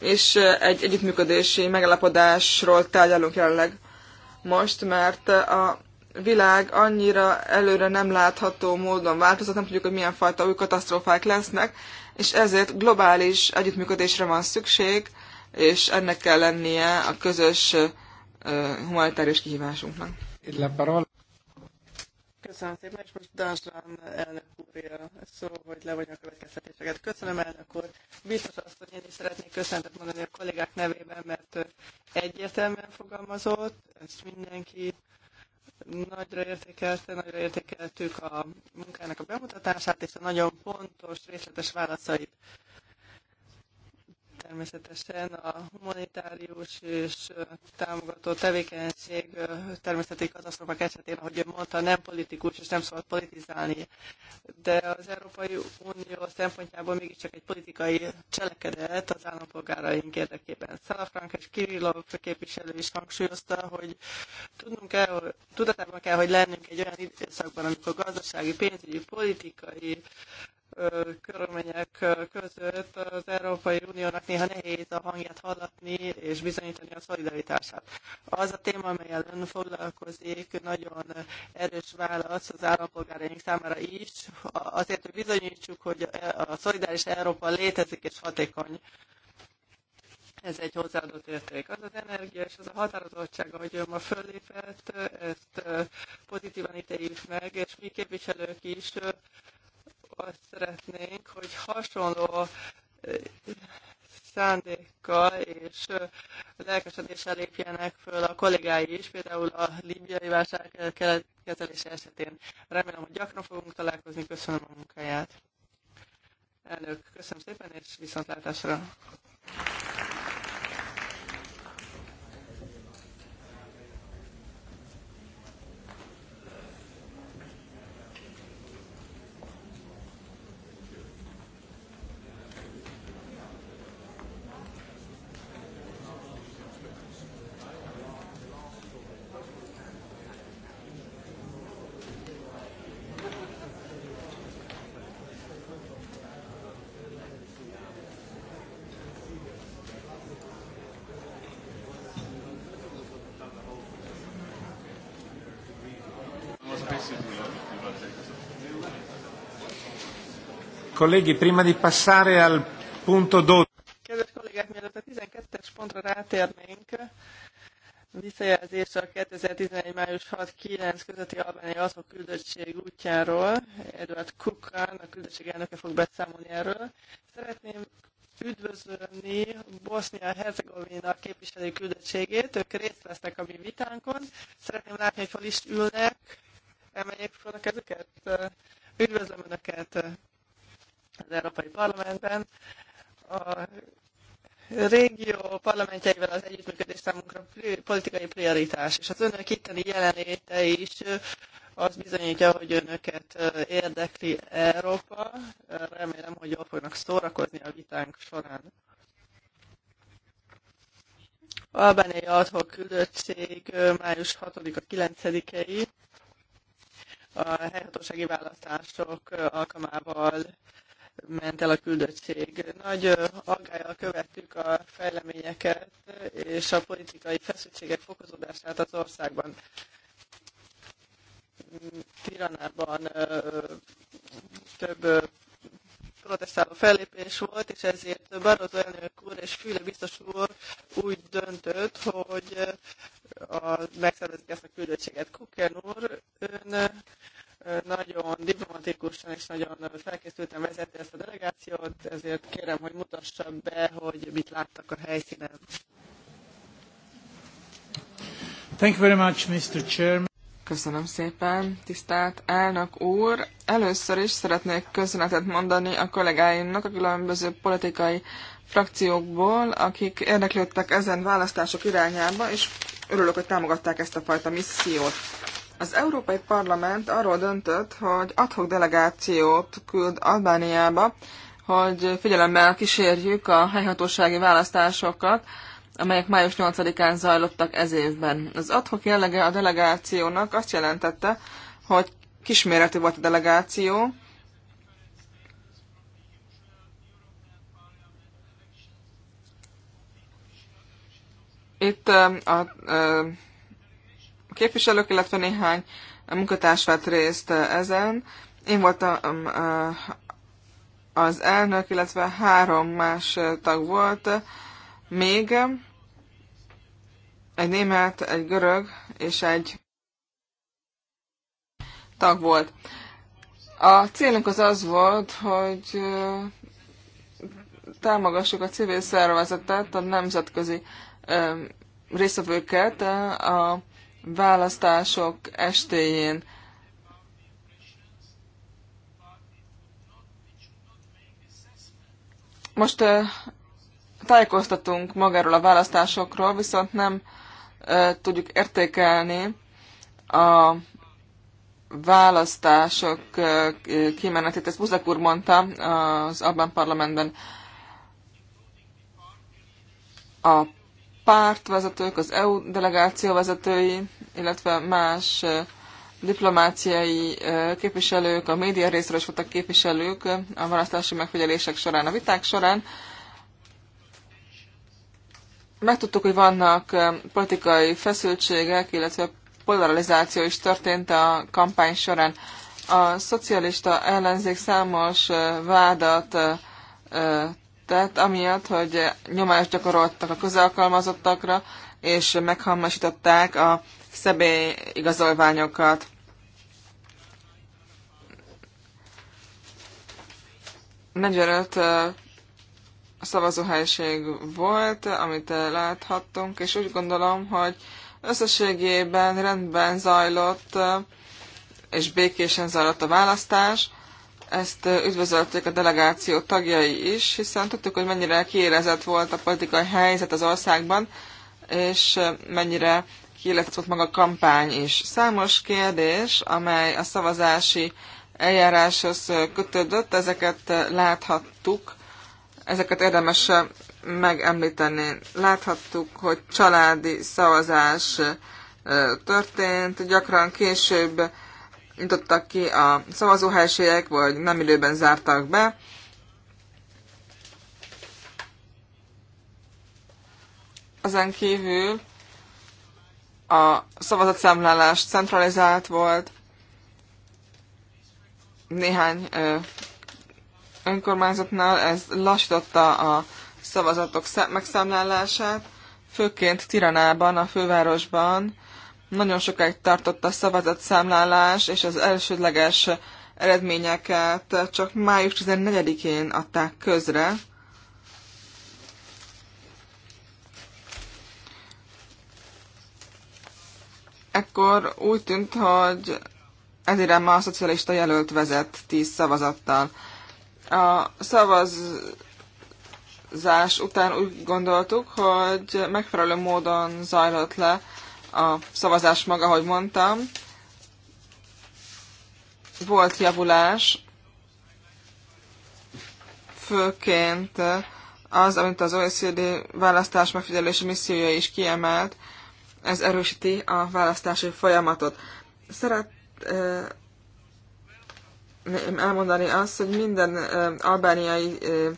A: és egy együttműködési megállapodásról tárgyalunk jelenleg most, mert a világ annyira előre nem látható módon változott, nem tudjuk, hogy milyen fajta új katasztrófák lesznek, és ezért globális együttműködésre van szükség, és ennek kell lennie a közös humanitárius kihívásunknak.
B: Köszönöm szépen, és most Danslan elnök úrja szó, hogy levonja a következtetéseket. Köszönöm elnök úr. Biztos azt, hogy én is szeretnék köszöntet mondani a kollégák nevében, mert egyértelműen fogalmazott, ezt mindenki nagyra értékelte, nagyra értékeltük a munkának a bemutatását és a nagyon pontos, részletes válaszait. Természetesen a humanitárius és támogató tevékenység természeti katasztrófák esetén, ahogy ön mondta, nem politikus és nem szabad politizálni. De az Európai Unió szempontjából mégiscsak egy politikai cselekedet az állampolgáraink érdekében. Szalafrank és Kirillov képviselő is hangsúlyozta, hogy tudnunk kell, tudatában kell, hogy lennünk egy olyan időszakban, amikor gazdasági, pénzügyi, politikai körülmények között az Európai Uniónak néha nehéz a hangját hallatni és bizonyítani a szolidaritását. Az a téma, amelyel ön foglalkozik, nagyon erős válasz az állampolgáraink számára is, azért, hogy bizonyítsuk, hogy a szolidáris Európa létezik és hatékony ez egy hozzáadott érték. Az az energia és az a határozottság, ahogy ő ma fölépett, ezt pozitívan ítéljük meg, és mi képviselők is azt szeretnénk, hogy hasonló szándékkal és lelkesedéssel lépjenek föl a kollégái is, például a libiai válság kezelése esetén. Remélem, hogy gyakran fogunk találkozni. Köszönöm a munkáját. Elnök, köszönöm szépen, és viszontlátásra!
C: Colleghi, prima di passare al punto 12.
B: Kedves kollégák, mielőtt a 12-es pontra rátérnénk, visszajelzés a 2011. május 6-9 közötti albániai azok küldöttség útjáról. Edward Kukan, a küldöttség elnöke fog beszámolni erről. Szeretném üdvözölni Bosnia-Herzegovina képviselő küldöttségét. Ők részt vesznek a mi vitánkon. Szeretném látni, hogy hol is ülnek. Emeljék fel a kezüket. Üdvözlöm Önöket! az Európai Parlamentben. A régió parlamentjeivel az együttműködés számunkra politikai prioritás, és az önök itteni jelenléte is az bizonyítja, hogy önöket érdekli Európa. Remélem, hogy jól fognak szórakozni a vitánk során. Albánia adhok küldöttség május 6-a 9-ei a helyhatósági választások alkalmával ment el a küldöttség. Nagy aggályal követtük a fejleményeket és a politikai feszültségek fokozódását az országban. Tiranában több protestáló fellépés volt, és ezért Barroso elnök úr és Füle biztos úr úgy döntött, hogy a, megszervezik ezt a küldöttséget. Kuken úr, ön nagyon diplomatikusan és nagyon felkészülten vezette ezt a delegációt, ezért kérem, hogy mutassa be, hogy mit láttak a helyszínen.
C: Thank you very much, Mr. Chairman.
A: Köszönöm szépen, tisztelt elnök úr! Először is szeretnék köszönetet mondani a kollégáimnak a különböző politikai frakciókból, akik érdeklődtek ezen választások irányába, és örülök, hogy támogatták ezt a fajta missziót. Az Európai Parlament arról döntött, hogy adhok delegációt küld Albániába, hogy figyelemmel kísérjük a helyhatósági választásokat, amelyek május 8-án zajlottak ez évben. Az adhok jellege a delegációnak azt jelentette, hogy kisméretű volt a delegáció, Itt a, a, a képviselők, illetve néhány munkatárs vett részt eh, ezen. Én voltam mm, eh, az elnök, illetve három más eh, tag volt még, egy német, egy görög és egy tag volt. A célunk az az volt, hogy támogassuk a civil szervezetet, a nemzetközi részvevőket a választások estéjén. Most tájékoztatunk magáról a választásokról, viszont nem tudjuk értékelni a választások kimenetét. Ezt Buzek úr mondta az Abban parlamentben. A pártvezetők, az EU delegáció vezetői, illetve más diplomáciai képviselők, a média részről is voltak képviselők a választási megfigyelések során, a viták során. Megtudtuk, hogy vannak politikai feszültségek, illetve polarizáció is történt a kampány során. A szocialista ellenzék számos vádat tett, amiatt, hogy nyomást gyakoroltak a közalkalmazottakra, és meghammasították a személyigazolványokat. Negyvenöt szavazóhelység volt, amit láthattunk, és úgy gondolom, hogy összességében rendben zajlott és békésen zajlott a választás. Ezt üdvözölték a delegáció tagjai is, hiszen tudtuk, hogy mennyire kiérezett volt a politikai helyzet az országban, és mennyire kiérezett volt maga a kampány is. Számos kérdés, amely a szavazási eljáráshoz kötődött, ezeket láthattuk, ezeket érdemes megemlíteni. Láthattuk, hogy családi szavazás történt, gyakran később nyitottak ki a szavazóhelységek, vagy nem időben zártak be. Ezen kívül a szavazatszámlálás centralizált volt, néhány önkormányzatnál ez lassította a szavazatok megszámlálását, főként Tiranában, a fővárosban nagyon sokáig tartott a szavazatszámlálás, és az elsődleges eredményeket csak május 14-én adták közre. Ekkor úgy tűnt, hogy ezért már a szocialista jelölt vezet 10 szavazattal. A szavazás után úgy gondoltuk, hogy megfelelő módon zajlott le a szavazás maga, ahogy mondtam. Volt javulás, főként az, amit az OECD választás megfigyelési missziója is kiemelt, ez erősíti a választási folyamatot. eh, elmondani azt, hogy minden eh, albániai eh,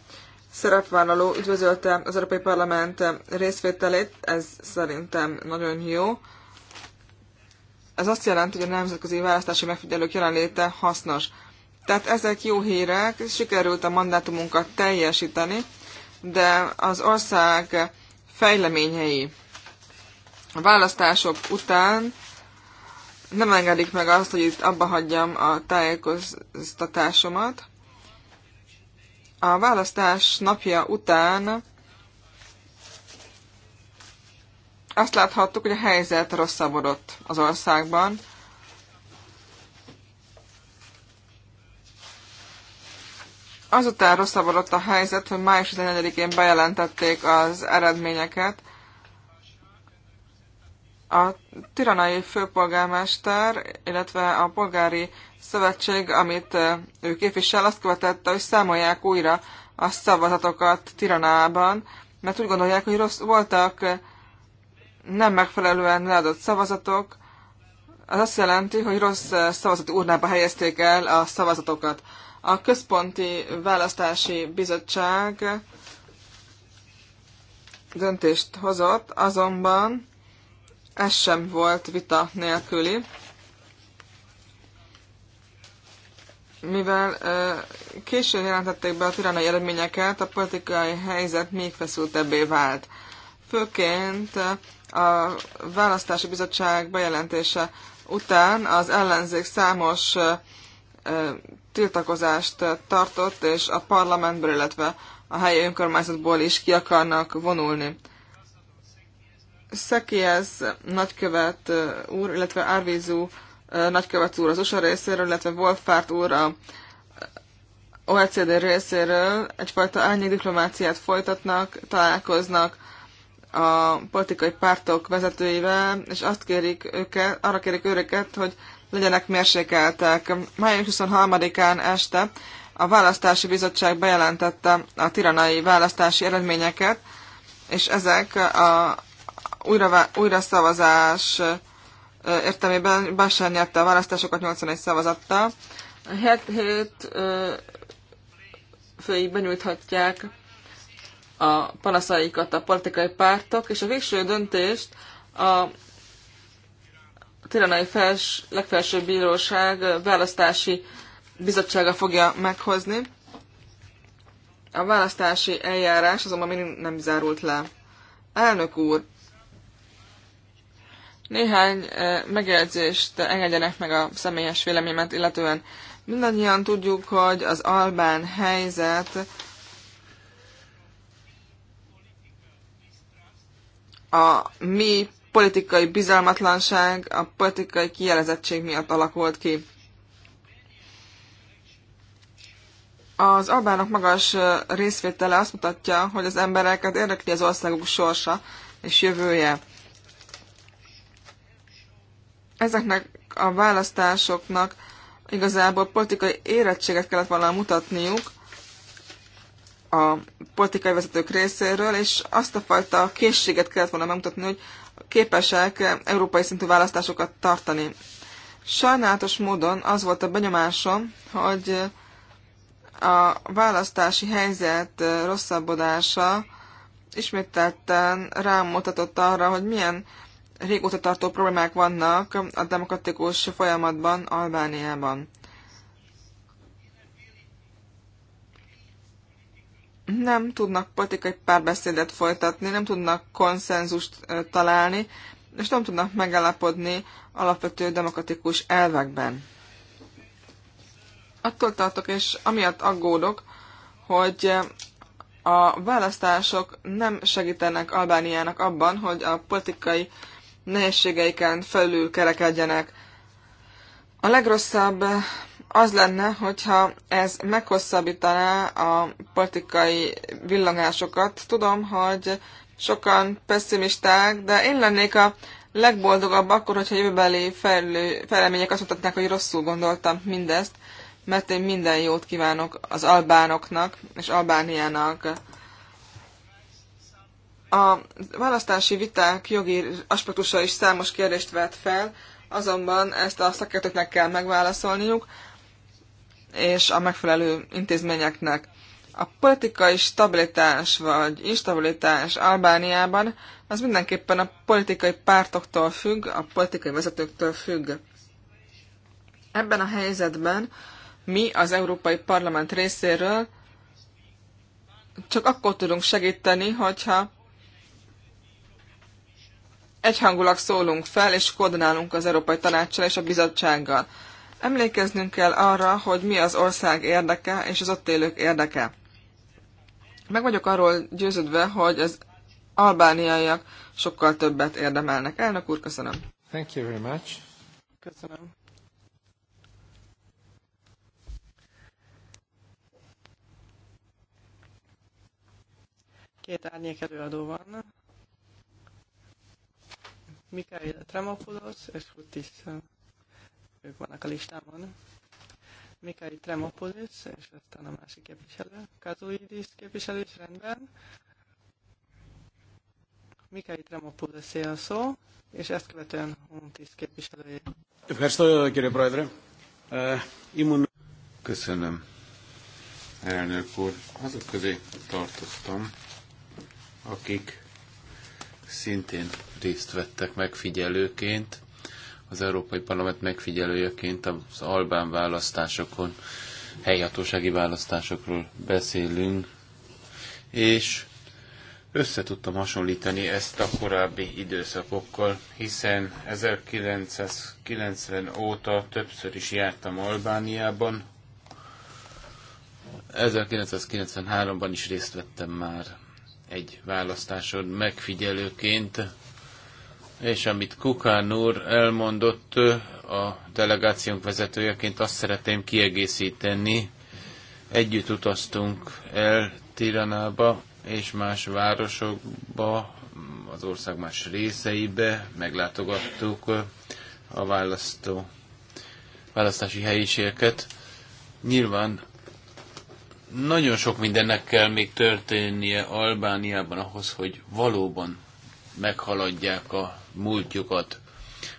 A: szerepvállaló üdvözölte az Európai Parlament részvételét, ez szerintem nagyon jó. Ez azt jelenti, hogy a nemzetközi választási megfigyelők jelenléte hasznos. Tehát ezek jó hírek, sikerült a mandátumunkat teljesíteni, de az ország fejleményei a választások után nem engedik meg azt, hogy itt abba hagyjam a tájékoztatásomat. A választás napja után azt láthattuk, hogy a helyzet rosszabbodott az országban. Azután rosszabbodott a helyzet, hogy május 14-én bejelentették az eredményeket, a tiranai főpolgármester, illetve a polgári szövetség, amit ő képvisel, azt követette, hogy számolják újra a szavazatokat Tiranában, mert úgy gondolják, hogy rossz voltak nem megfelelően leadott szavazatok, az azt jelenti, hogy rossz szavazati urnába helyezték el a szavazatokat. A Központi Választási Bizottság döntést hozott, azonban ez sem volt vita nélküli. Mivel ö, későn jelentették be a tiranai eredményeket, a politikai helyzet még feszültebbé vált. Főként a választási bizottság bejelentése után az ellenzék számos ö, tiltakozást tartott, és a parlamentből, illetve a helyi önkormányzatból is ki akarnak vonulni. Szekiez nagykövet úr, illetve Árvízú nagykövet úr az USA részéről, illetve Wolfárt úr a OECD részéről egyfajta árnyék diplomáciát folytatnak, találkoznak a politikai pártok vezetőivel, és azt kérik őket, arra kérik őket, hogy legyenek mérsékeltek. Május 23-án este a választási bizottság bejelentette a tiranai választási eredményeket, és ezek a újra, újra szavazás értelmében Bashar nyerte a választásokat 81 szavazattal. 7-7 főig benyújthatják a panaszaikat a politikai pártok, és a végső döntést a Tiranai fels, legfelsőbb bíróság választási bizottsága fogja meghozni. A választási eljárás azonban még nem zárult le. Elnök úr, néhány megjegyzést engedjenek meg a személyes véleményemet, illetően mindannyian tudjuk, hogy az albán helyzet a mi politikai bizalmatlanság, a politikai kielezettség miatt alakult ki. Az albánok magas részvétele azt mutatja, hogy az embereket érdekli az országuk sorsa és jövője ezeknek a választásoknak igazából politikai érettséget kellett volna mutatniuk a politikai vezetők részéről, és azt a fajta készséget kellett volna megmutatni, hogy képesek európai szintű választásokat tartani. Sajnálatos módon az volt a benyomásom, hogy a választási helyzet rosszabbodása ismételten rámutatott arra, hogy milyen régóta tartó problémák vannak a demokratikus folyamatban Albániában. Nem tudnak politikai párbeszédet folytatni, nem tudnak konszenzust találni, és nem tudnak megállapodni alapvető demokratikus elvekben. Attól tartok, és amiatt aggódok, hogy a választások nem segítenek Albániának abban, hogy a politikai nehézségeiken felül kerekedjenek. A legrosszabb az lenne, hogyha ez meghosszabbítaná a politikai villanásokat. Tudom, hogy sokan pessimisták, de én lennék a legboldogabb akkor, hogyha jövőbeli fejlemények azt mutatnák, hogy rosszul gondoltam mindezt, mert én minden jót kívánok az albánoknak és Albániának. A választási viták jogi aspektusa is számos kérdést vet fel, azonban ezt a szakértőknek kell megválaszolniuk, és a megfelelő intézményeknek. A politikai stabilitás vagy instabilitás Albániában az mindenképpen a politikai pártoktól függ, a politikai vezetőktől függ. Ebben a helyzetben mi az Európai Parlament részéről csak akkor tudunk segíteni, hogyha egyhangulag szólunk fel, és koordinálunk az Európai Tanácssal és a bizottsággal. Emlékeznünk kell arra, hogy mi az ország érdeke és az ott élők érdeke. Meg vagyok arról győződve, hogy az albániaiak sokkal többet érdemelnek. Elnök úr, köszönöm.
C: Thank you very much.
A: Köszönöm.
B: Két árnyék előadó van. Mikael Tremopoulos és Futis. Ők vannak a listámon. Mikael Tremopoulos, és aztán a másik képviselő. Kazuidis képviselő is rendben. Mikael Tremopoulos a szó, és ezt követően Huntis képviselője.
C: Köszönöm. Elnök úr, azok közé tartoztam, akik szintén részt vettek megfigyelőként, az Európai Parlament megfigyelőjeként az albán választásokon, helyhatósági választásokról beszélünk, és össze tudtam hasonlítani ezt a korábbi időszakokkal, hiszen 1990 óta többször is jártam Albániában, 1993-ban is részt vettem már egy választáson megfigyelőként, és amit Kukán úr elmondott a delegációnk vezetőjeként, azt szeretném kiegészíteni. Együtt utaztunk el Tiranába és más városokba, az ország más részeibe, meglátogattuk a választó, választási helyiségeket. Nyilván nagyon sok mindennek kell még történnie Albániában ahhoz, hogy valóban meghaladják a múltjukat.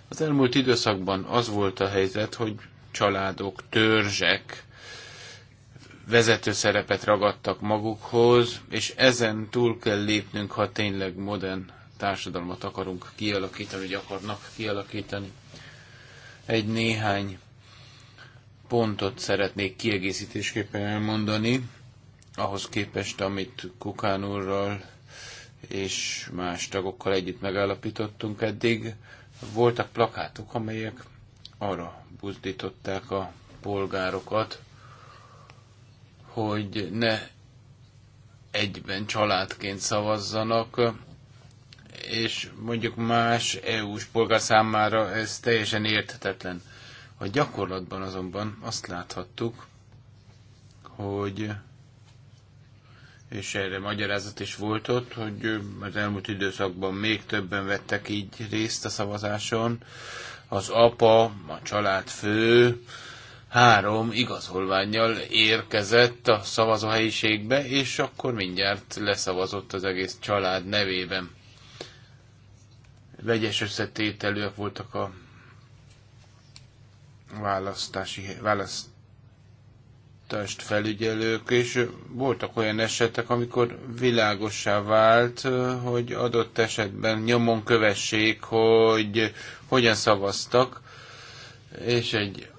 C: Az elmúlt időszakban az volt a helyzet, hogy családok, törzsek vezető szerepet ragadtak magukhoz, és ezen túl kell lépnünk, ha tényleg modern társadalmat akarunk kialakítani, vagy akarnak kialakítani. Egy néhány pontot szeretnék kiegészítésképpen elmondani, ahhoz képest, amit Kukán úrral és más tagokkal együtt megállapítottunk eddig. Voltak plakátok, amelyek arra buzdították a polgárokat, hogy ne egyben családként szavazzanak, és mondjuk más EU-s polgár számára ez teljesen érthetetlen. A gyakorlatban azonban azt láthattuk, hogy és erre magyarázat is volt ott, hogy az elmúlt időszakban még többen vettek így részt a szavazáson. Az apa, a családfő három igazolványjal érkezett a szavazóhelyiségbe, és akkor mindjárt leszavazott az egész család nevében. Vegyes összetételűek voltak a választási, választást felügyelők, és voltak olyan esetek, amikor világosá vált, hogy adott esetben nyomon kövessék, hogy hogyan szavaztak, és egy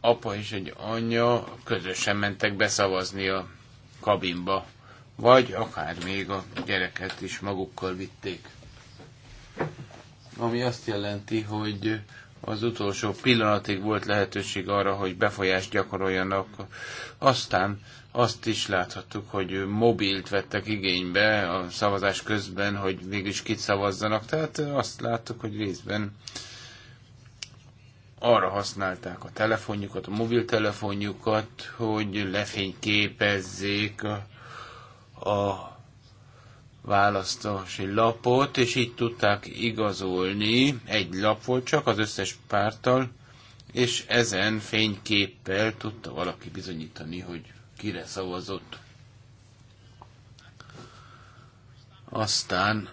C: apa és egy anyja közösen mentek beszavazni a kabinba, vagy akár még a gyereket is magukkal vitték. Ami azt jelenti, hogy az utolsó pillanatig volt lehetőség arra, hogy befolyást gyakoroljanak. Aztán azt is láthattuk, hogy mobilt vettek igénybe a szavazás közben, hogy végülis kit szavazzanak. Tehát azt láttuk, hogy részben arra használták a telefonjukat, a mobiltelefonjukat, hogy lefényképezzék a, a választási lapot, és így tudták igazolni, egy lap volt csak az összes párttal, és ezen fényképpel tudta valaki bizonyítani, hogy kire szavazott. Aztán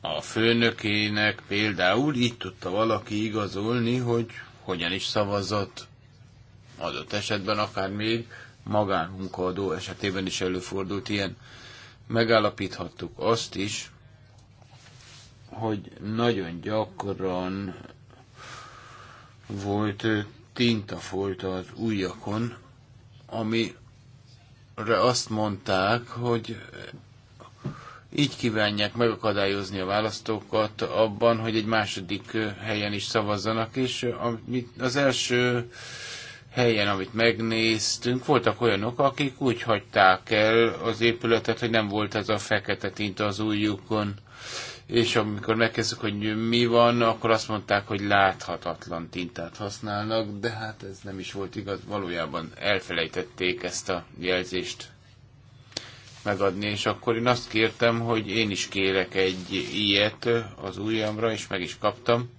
C: a főnökének például így tudta valaki igazolni, hogy hogyan is szavazott. Adott esetben akár még magánmunkaadó esetében is előfordult ilyen megállapíthattuk azt is, hogy nagyon gyakran volt tinta folyt az ujjakon, amire azt mondták, hogy így kívánják megakadályozni a választókat abban, hogy egy második helyen is szavazzanak, és az első helyen, amit megnéztünk, voltak olyanok, akik úgy hagyták el az épületet, hogy nem volt ez a fekete tinta az ujjukon. És amikor megkezdtük, hogy mi van, akkor azt mondták, hogy láthatatlan tintát használnak, de hát ez nem is volt igaz, valójában elfelejtették ezt a jelzést megadni, és akkor én azt kértem, hogy én is kérek egy ilyet az ujjamra, és meg is kaptam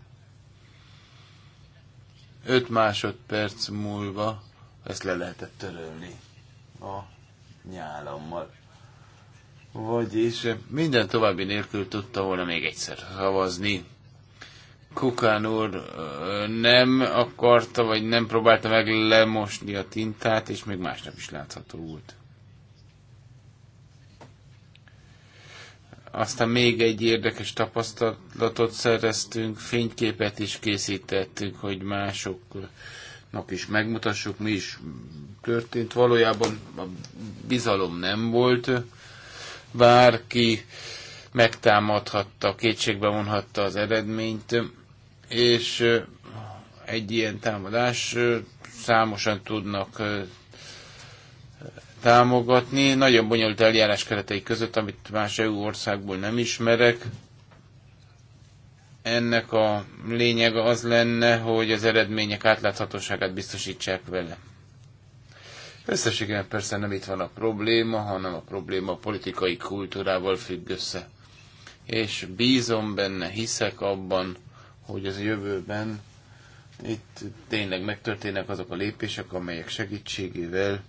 C: 5 másodperc múlva ezt le lehetett törölni a nyálammal. Vagyis minden további nélkül tudta volna még egyszer szavazni. Kukán úr nem akarta, vagy nem próbálta meg lemosni a tintát, és még másnap is látható volt. Aztán még egy érdekes tapasztalatot szereztünk, fényképet is készítettünk, hogy másoknak is megmutassuk, mi is történt. Valójában a bizalom nem volt. Bárki megtámadhatta, kétségbe vonhatta az eredményt, és egy ilyen támadás számosan tudnak támogatni. Nagyon bonyolult eljárás keretei között, amit más EU országból nem ismerek. Ennek a lényege az lenne, hogy az eredmények átláthatóságát biztosítsák vele. Összességében persze nem itt van a probléma, hanem a probléma a politikai kultúrával függ össze. És bízom benne, hiszek abban, hogy az jövőben itt tényleg megtörténnek azok a lépések, amelyek segítségével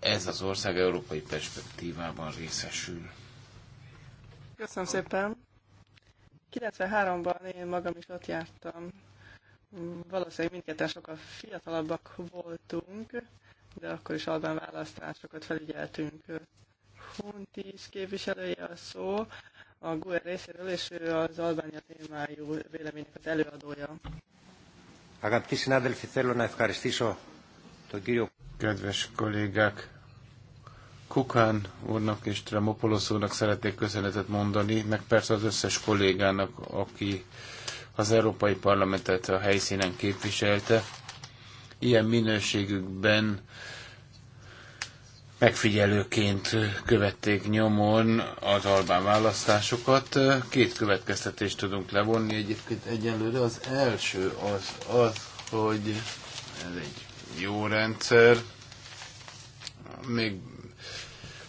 C: ez az ország európai perspektívában részesül.
B: Köszönöm szépen. 93-ban én magam is ott jártam. Valószínűleg mindketten sokkal fiatalabbak voltunk, de akkor is alban választásokat felügyeltünk. is képviselője a szó a GUE részéről, és ő az Albánia témájú véleménynek az előadója.
C: Αγαπητοί συνάδελφοι, θέλω να ευχαριστήσω τον κύριο Kedves kollégák, Kukán úrnak és Tremopolosz úrnak szeretnék köszönetet mondani, meg persze az összes kollégának, aki az Európai Parlamentet a helyszínen képviselte. Ilyen minőségükben megfigyelőként követték nyomon az albán választásokat. Két következtetést tudunk levonni egyébként egyenlőre. Az első az, az hogy ez egy jó rendszer. Még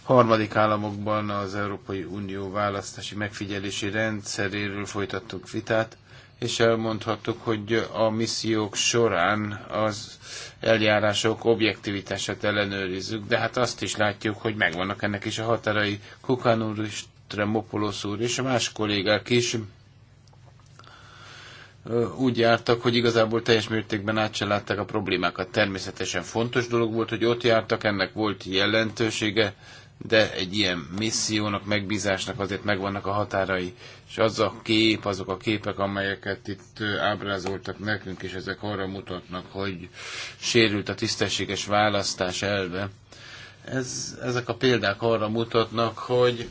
C: harmadik államokban az Európai Unió választási megfigyelési rendszeréről folytattuk vitát, és elmondhattuk, hogy a missziók során az eljárások objektivitását ellenőrizzük, de hát azt is látjuk, hogy megvannak ennek is a határai. Kukán úr is, Tremopoulos úr és a más kollégák is úgy jártak, hogy igazából teljes mértékben át se látták a problémákat. Természetesen fontos dolog volt, hogy ott jártak, ennek volt jelentősége, de egy ilyen missziónak, megbízásnak azért megvannak a határai, és az a kép, azok a képek, amelyeket itt ábrázoltak nekünk, és ezek arra mutatnak, hogy sérült a tisztességes választás elve. Ez, ezek a példák arra mutatnak, hogy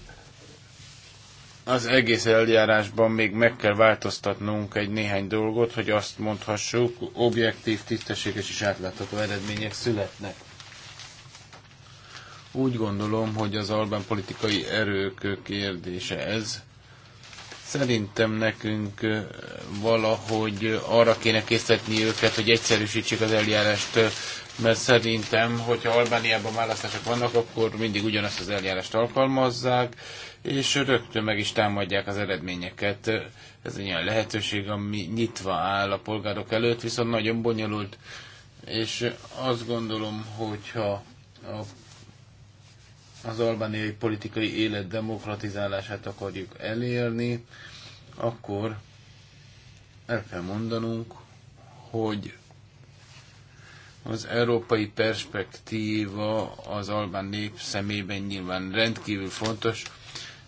C: az egész eljárásban még meg kell változtatnunk egy néhány dolgot, hogy azt mondhassuk, objektív, tisztességes és átlátható eredmények születnek. Úgy gondolom, hogy az albán politikai erők kérdése ez. Szerintem nekünk valahogy arra kéne készíteni őket, hogy egyszerűsítsék az eljárást, mert szerintem, hogyha Albániában választások vannak, akkor mindig ugyanazt az eljárást alkalmazzák, és rögtön meg is támadják az eredményeket. Ez egy olyan lehetőség, ami nyitva áll a polgárok előtt, viszont nagyon bonyolult, és azt gondolom, hogyha a, az albániai politikai élet demokratizálását akarjuk elérni, akkor el kell mondanunk, hogy az európai perspektíva az albán nép szemében nyilván rendkívül fontos,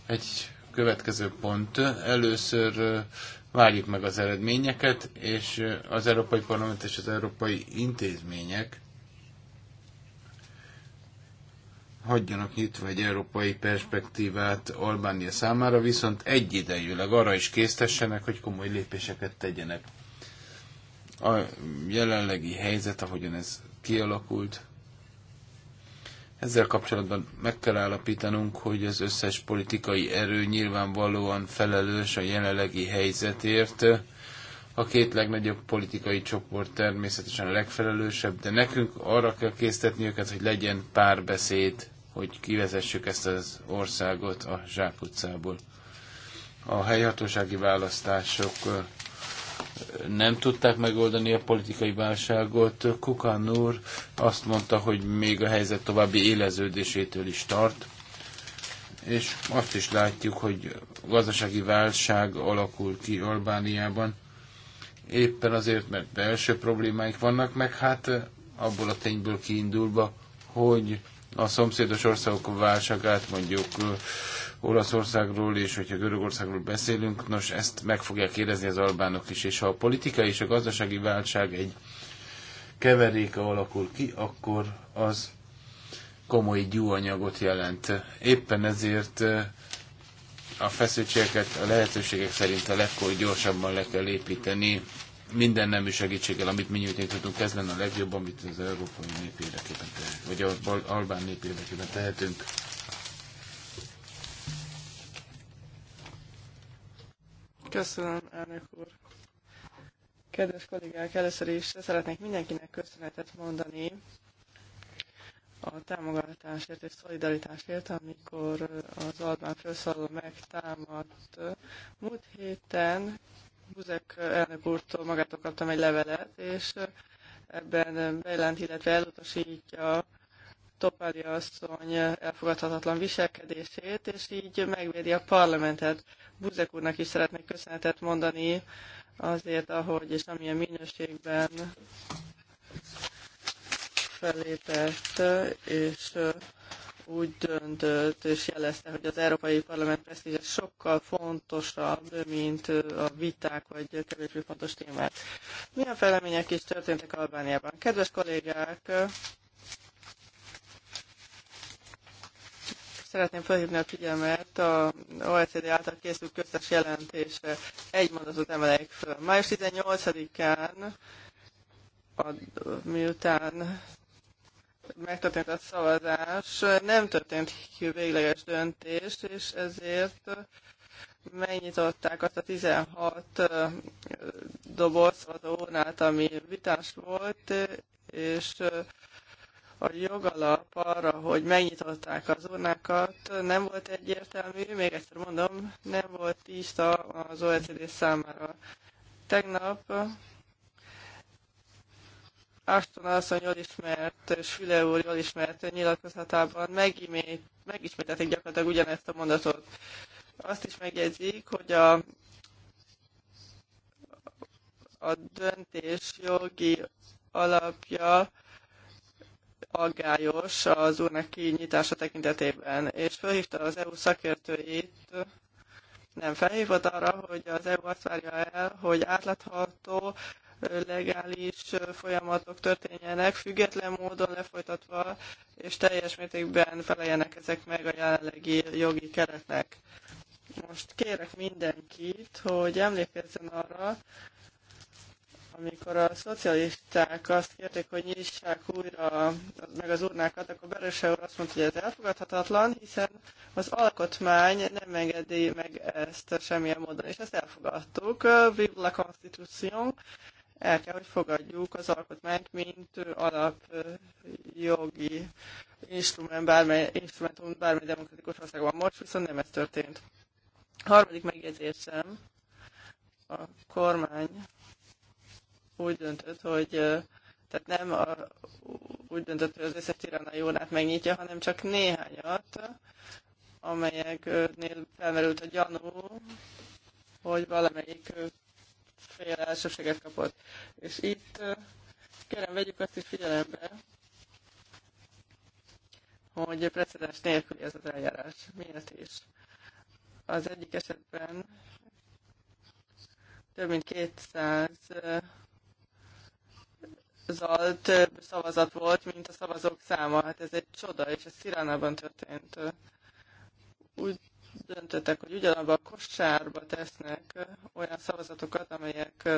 C: egy következő pont. Először várjuk meg az eredményeket, és az Európai Parlament és az európai intézmények hagyjanak nyitva egy európai perspektívát Albánia számára, viszont egyidejűleg arra is késztessenek, hogy komoly lépéseket tegyenek. A jelenlegi helyzet, ahogyan ez kialakult, ezzel kapcsolatban meg kell állapítanunk, hogy az összes politikai erő nyilvánvalóan felelős a jelenlegi helyzetért. A két legnagyobb politikai csoport természetesen a legfelelősebb, de nekünk arra kell késztetni őket, hogy legyen párbeszéd, hogy kivezessük ezt az országot a zsákutcából. A helyhatósági választások nem tudták megoldani a politikai válságot. Kukán úr azt mondta, hogy még a helyzet további éleződésétől is tart, és azt is látjuk, hogy gazdasági válság alakul ki Albániában, éppen azért, mert belső problémáik vannak, meg hát abból a tényből kiindulva, hogy a szomszédos országok válságát mondjuk Olaszországról és hogyha Görögországról beszélünk, nos ezt meg fogják kérdezni az albánok is, és ha a politikai és a gazdasági válság egy keveréke alakul ki, akkor az komoly gyúanyagot jelent. Éppen ezért eh, a feszültségeket a lehetőségek szerint a legkor gyorsabban le kell építeni, minden nemű segítséggel, amit mi nyújtani tudunk, ez lenne a legjobb, amit az európai nép érdekében tehetünk, vagy az albán nép érdekében tehetünk.
B: Köszönöm, elnök úr. Kedves kollégák, először is szeretnék mindenkinek köszönetet mondani a támogatásért és szolidaritásért, amikor az Albán felszálló megtámadt. Múlt héten Buzek elnök úrtól magától kaptam egy levelet, és ebben bejelent, illetve elutasítja Topali asszony elfogadhatatlan viselkedését, és így megvédi a parlamentet. Buzek úrnak is szeretnék köszönetet mondani azért, ahogy és amilyen minőségben felépett, és uh, úgy döntött és jelezte, hogy az Európai Parlament presztízse sokkal fontosabb, mint uh, a viták vagy kevésbé fontos témák. Milyen felemények is történtek Albániában? Kedves kollégák, Szeretném felhívni a figyelmet a OECD által készült köztes jelentésre. Egy mondatot emelek föl. Május 18-án, miután megtörtént a szavazás, nem történt végleges döntés, és ezért megnyitották azt a 16 doboz az órnát, ami vitás volt, és a jogalap arra, hogy megnyitották az urnákat, nem volt egyértelmű, még egyszer mondom, nem volt tiszta az OECD számára. Tegnap Ashton asszony jól ismert, Süle úr jól ismert nyilatkozatában megimét, megismételték gyakorlatilag ugyanezt a mondatot. Azt is megjegyzik, hogy a, a döntés jogi alapja aggályos az úrnak kinyitása tekintetében, és felhívta az EU szakértőit, nem felhívott arra, hogy az EU azt várja el, hogy átlátható, legális folyamatok történjenek, független módon lefolytatva, és teljes mértékben feleljenek ezek meg a jelenlegi jogi keretnek. Most kérek mindenkit, hogy emlékezzen arra, amikor a szocialisták azt kérték, hogy nyissák újra meg az urnákat, akkor Berőse úr azt mondta, hogy ez elfogadhatatlan, hiszen az alkotmány nem engedi meg ezt semmilyen módon, és ezt elfogadtuk. Vive la Constitution! El kell, hogy fogadjuk az alkotmányt, mint alapjogi instrument bármely, instrumentum bármely demokratikus országban. Most viszont nem ez történt. Harmadik megjegyzésem a kormány úgy döntött, hogy tehát nem a, úgy döntött, hogy az összes tiránai órát megnyitja, hanem csak néhányat, amelyeknél felmerült a gyanú, hogy valamelyik fél elsőséget kapott. És itt kérem, vegyük azt is figyelembe, hogy precedens nélküli ez az eljárás. Miért is? Az egyik esetben több mint 200 szavazat, több szavazat volt, mint a szavazók száma. Hát ez egy csoda, és ez Sziránában történt. Úgy döntöttek, hogy ugyanabban a kosárba tesznek olyan szavazatokat, amelyek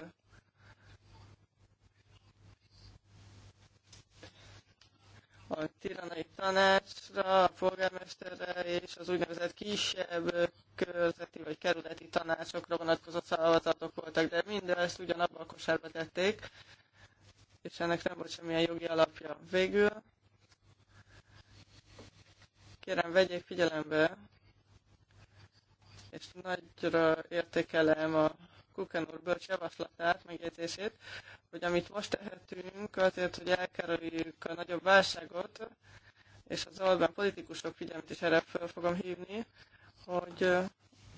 B: a tiranai tanácsra, a polgármesterre és az úgynevezett kisebb körzeti vagy kerületi tanácsokra vonatkozó szavazatok voltak, de mindezt ugyanabban a kosárba tették, és ennek nem volt semmilyen jogi alapja. Végül kérem, vegyék figyelembe, és nagyra értékelem a Kuken úr bölcs javaslatát, megjegyzését, hogy amit most tehetünk azért, hogy elkerüljük a nagyobb válságot, és az Orbán politikusok figyelmét is erre fel fogom hívni, hogy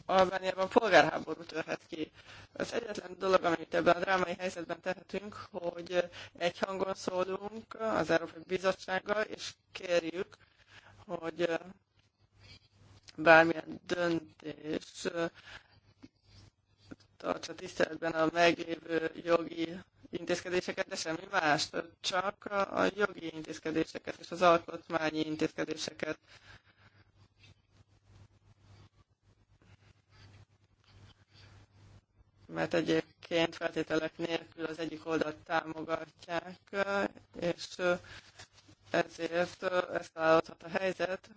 B: Albániában polgárháború törhet ki. Az egyetlen dolog, amit ebben a drámai helyzetben tehetünk, hogy egy hangon szólunk az Európai Bizottsággal, és kérjük, hogy bármilyen döntés tartsa tiszteletben a meglévő jogi intézkedéseket, de semmi más, csak a jogi intézkedéseket és az alkotmányi intézkedéseket mert egyébként feltételek nélkül az egyik oldalt támogatják, és ezért állhat a helyzet,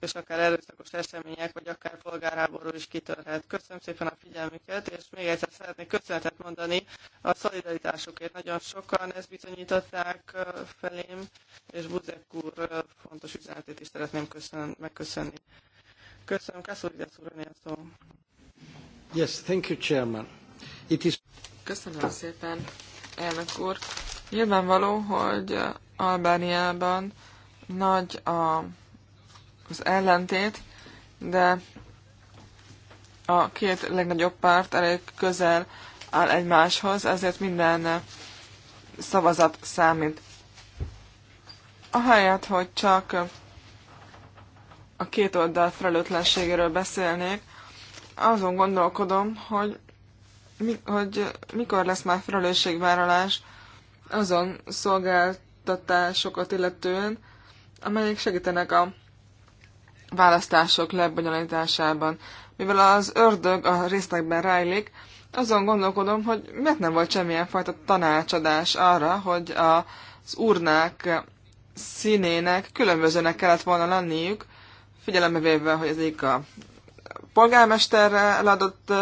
B: és akár erőszakos események, vagy akár polgárháború is kitörhet. Köszönöm szépen a figyelmüket, és még egyszer szeretnék köszönetet mondani a szolidaritásukért. Nagyon sokan ezt bizonyították felém, és Buzek úr fontos üzenetét is szeretném köszön- megköszönni. Köszönöm, Kászor Idesz úr, Yes, thank you, Chairman. It is...
A: Köszönöm szépen, elnök úr. Nyilvánvaló, hogy Albániában nagy a, az ellentét, de a két legnagyobb párt elég közel áll egymáshoz, ezért minden szavazat számít. Ahelyett, hogy csak a két oldal felelőtlenségéről beszélnék, azon gondolkodom, hogy, mi, hogy mikor lesz már felelősségvállalás azon szolgáltatásokat illetően, amelyek segítenek a választások lebonyolításában. Mivel az ördög a részlegben rájlik, azon gondolkodom, hogy miért nem volt semmilyen fajta tanácsadás arra, hogy az urnák színének különbözőnek kellett volna lenniük, figyelembe véve, hogy az egyik a polgármesterre eladott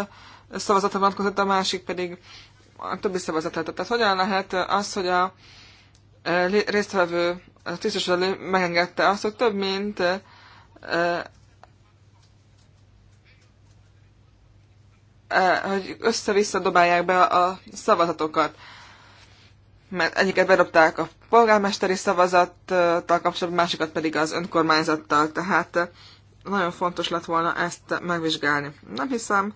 A: szavazata vonatkozott, a másik pedig a többi szavazatát. Tehát hogyan lehet az, hogy a résztvevő a tisztviselő megengedte azt, hogy több mint hogy össze-vissza dobálják be a szavazatokat. Mert egyiket bedobták a polgármesteri szavazattal kapcsolatban, másikat pedig az önkormányzattal. Tehát nagyon fontos lett volna ezt megvizsgálni. Nem hiszem,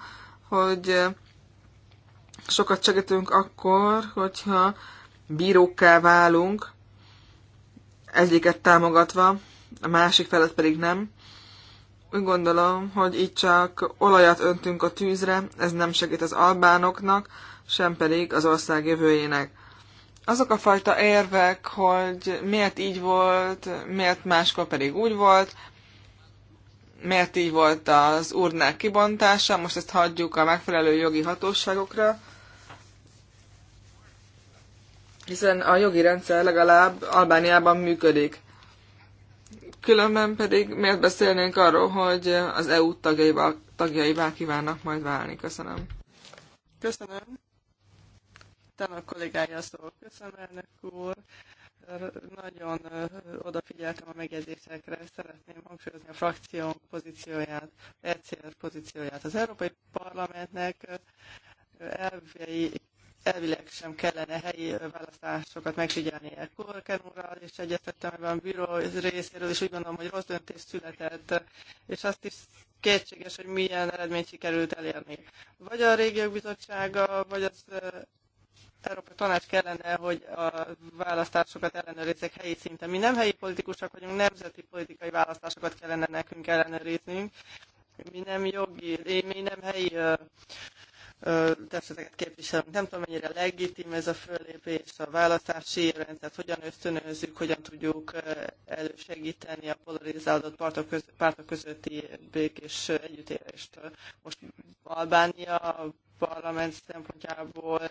A: hogy sokat segítünk akkor, hogyha bírókká válunk, egyiket támogatva, a másik felet pedig nem. Úgy gondolom, hogy így csak olajat öntünk a tűzre, ez nem segít az albánoknak, sem pedig az ország jövőjének. Azok a fajta érvek, hogy miért így volt, miért máskor pedig úgy volt, miért így volt az urnák kibontása, most ezt hagyjuk a megfelelő jogi hatóságokra, hiszen a jogi rendszer legalább Albániában működik. Különben pedig miért beszélnénk arról, hogy az EU tagjaival, tagjaival kívánnak majd válni. Köszönöm.
B: Köszönöm. Tán a kollégája szól. Köszönöm, elnök úr nagyon odafigyeltem a megjegyzésekre, szeretném hangsúlyozni a frakciónk pozícióját, ECR pozícióját. Az Európai Parlamentnek elvei elvileg sem kellene helyi választásokat megfigyelnie. Kulken úrral és egyetettem ebben a bíró részéről, és úgy gondolom, hogy rossz döntés született, és azt is kétséges, hogy milyen eredményt sikerült elérni. Vagy a régiók bizottsága, vagy az Európai Tanács kellene, hogy a választásokat ellenőrizzék helyi szinten. Mi nem helyi politikusok vagyunk, nemzeti politikai választásokat kellene nekünk ellenőriznünk. Mi nem jogi, mi nem helyi testeteket képviselünk. Nem tudom, mennyire legitim ez a fölépés, a választási rendszert, hogyan ösztönözzük, hogyan tudjuk elősegíteni a polarizálódott pártok, között, pártok közötti békés együttélést. Most Albánia parlament szempontjából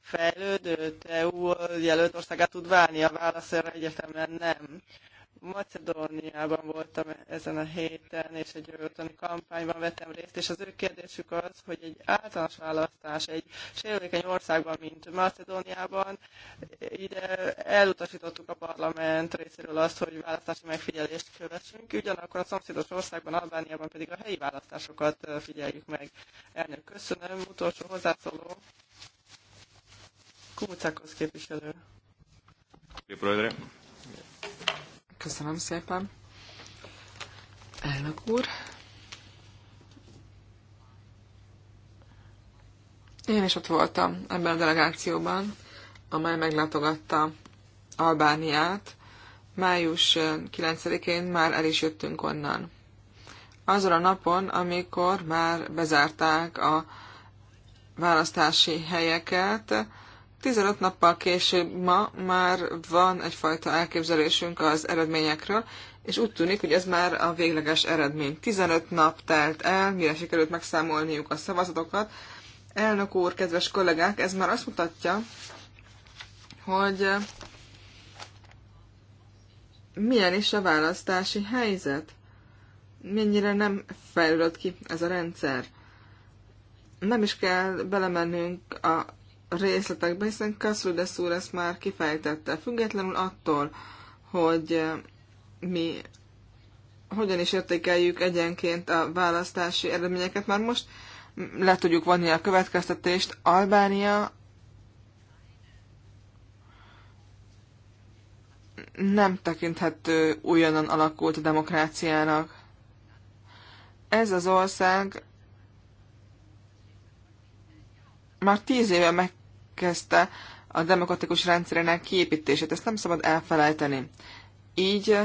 B: fejlődő EU jelölt országát tud válni? A válasz erre egyetemben nem. Macedóniában voltam ezen a héten, és egy otthoni kampányban vettem részt, és az ő kérdésük az, hogy egy általános választás egy sérülékeny országban, mint Macedóniában, ide elutasítottuk a parlament részéről azt, hogy választási megfigyelést kövessünk, ugyanakkor a szomszédos országban, Albániában pedig a helyi választásokat figyeljük meg. Elnök, köszönöm. Utolsó hozzászóló.
A: Kumucákhoz képviselő. Köszönöm. Köszönöm szépen. Elnök úr. Én is ott voltam ebben a delegációban, amely meglátogatta Albániát. Május 9-én már el is jöttünk onnan. Azon a napon, amikor már bezárták a választási helyeket, 15 nappal később ma már van egyfajta elképzelésünk az eredményekről, és úgy tűnik, hogy ez már a végleges eredmény. 15 nap telt el, mire sikerült megszámolniuk a szavazatokat. Elnök úr, kedves kollégák, ez már azt mutatja, hogy milyen is a választási helyzet. Mennyire nem fejlődött ki ez a rendszer. Nem is kell belemennünk a részletekbe, hiszen Kaszrudes úr ezt már kifejtette. Függetlenül attól, hogy eh, mi hogyan is értékeljük egyenként a választási eredményeket, már most le tudjuk vonni a következtetést. Albánia nem tekinthető újonnan alakult demokráciának. Ez az ország már tíz éve meg kezdte a demokratikus rendszerének kiépítését. Ezt nem szabad elfelejteni. Így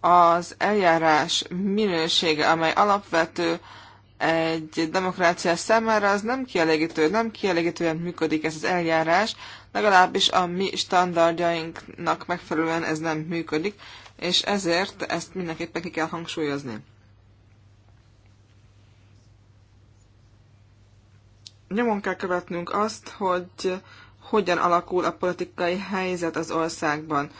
A: az eljárás minősége, amely alapvető egy demokrácia számára, az nem kielégítő, nem kielégítően működik ez az eljárás, legalábbis a mi standardjainknak megfelelően ez nem működik, és ezért ezt mindenképpen ki kell hangsúlyozni. Nyomon kell követnünk azt, hogy hogyan alakul a politikai helyzet az országban.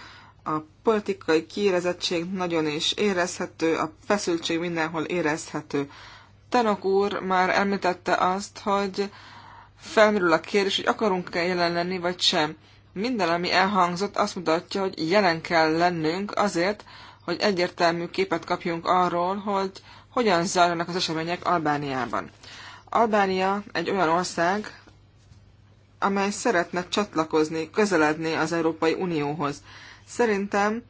A: A politikai kiérezettség nagyon is érezhető, a feszültség mindenhol érezhető. Tanok úr már említette azt, hogy felmerül a kérdés, hogy akarunk-e jelen lenni, vagy sem. Minden, ami elhangzott, azt mutatja, hogy jelen kell lennünk azért, hogy egyértelmű képet kapjunk arról, hogy hogyan zajlanak az események Albániában. Albánia egy olyan ország, amely szeretne csatlakozni, közeledni az Európai Unióhoz. Szerintem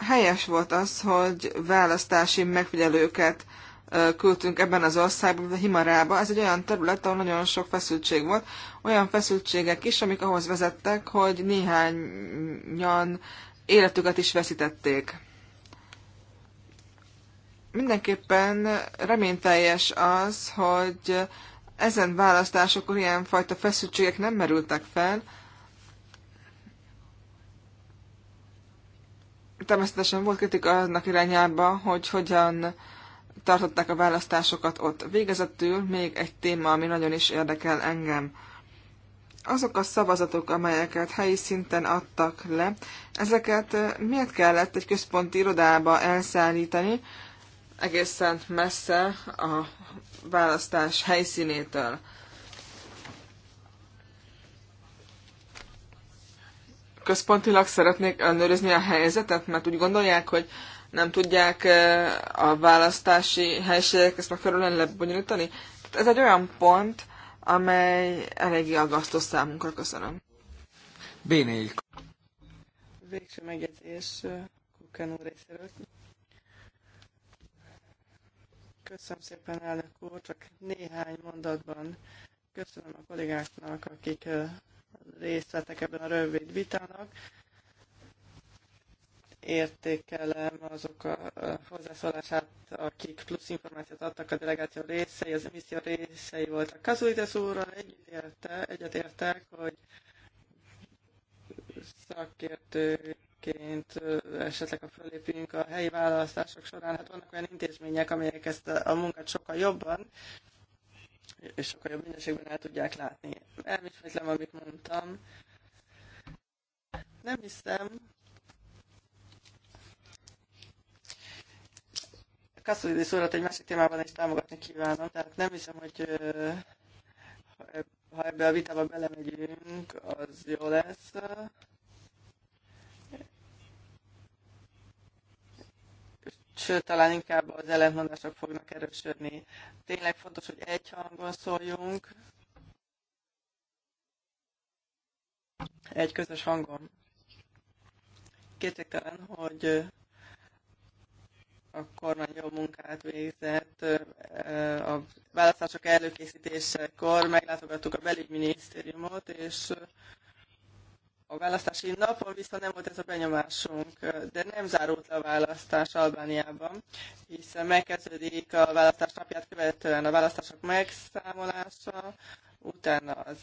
A: helyes volt az, hogy választási megfigyelőket küldtünk ebben az országban, Himarába. Ez egy olyan terület, ahol nagyon sok feszültség volt. Olyan feszültségek is, amik ahhoz vezettek, hogy néhányan életüket is veszítették mindenképpen reményteljes az, hogy ezen választásokon ilyenfajta feszültségek nem merültek fel. Természetesen volt kritika annak irányába, hogy hogyan tartották a választásokat ott. Végezetül még egy téma, ami nagyon is érdekel engem. Azok a szavazatok, amelyeket helyi szinten adtak le, ezeket miért kellett egy központi irodába elszállítani, egészen messze a választás helyszínétől. Központilag szeretnék ellenőrizni a helyzetet, mert úgy gondolják, hogy nem tudják eh, a választási helységek ezt megfelelően lebonyolítani. Tehát ez egy olyan pont, amely eléggé aggasztó számunkra. Köszönöm. B4. Végső
B: megjegyzés eh, Kukán úr részéről. Köszönöm szépen, elnök úr, csak néhány mondatban köszönöm a kollégáknak, akik részt vettek ebben a rövid vitának. Értékelem azok a hozzászólását, akik plusz információt adtak a delegáció részei, az emisszió részei voltak. Kazulides úrral együtt érte, egyetértek, hogy szakértőként esetleg, a fölépünk a helyi választások során, hát vannak olyan intézmények, amelyek ezt a munkát sokkal jobban és sokkal jobb minőségben el tudják látni. Elmismétlem, amit mondtam. Nem hiszem, Kasszolidis urat egy másik témában is támogatni kívánom, tehát nem hiszem, hogy ha ebbe a vitába belemegyünk, az jó lesz. sőt, talán inkább az ellentmondások fognak erősödni. Tényleg fontos, hogy egy hangon szóljunk, egy közös hangon. Kétségtelen, hogy a kormány jó munkát végzett. A választások előkészítésekor meglátogattuk a belügyminisztériumot, és a választási napon viszont nem volt ez a benyomásunk, de nem zárult le a választás Albániában, hiszen megkezdődik a választás napját követően a választások megszámolása, utána az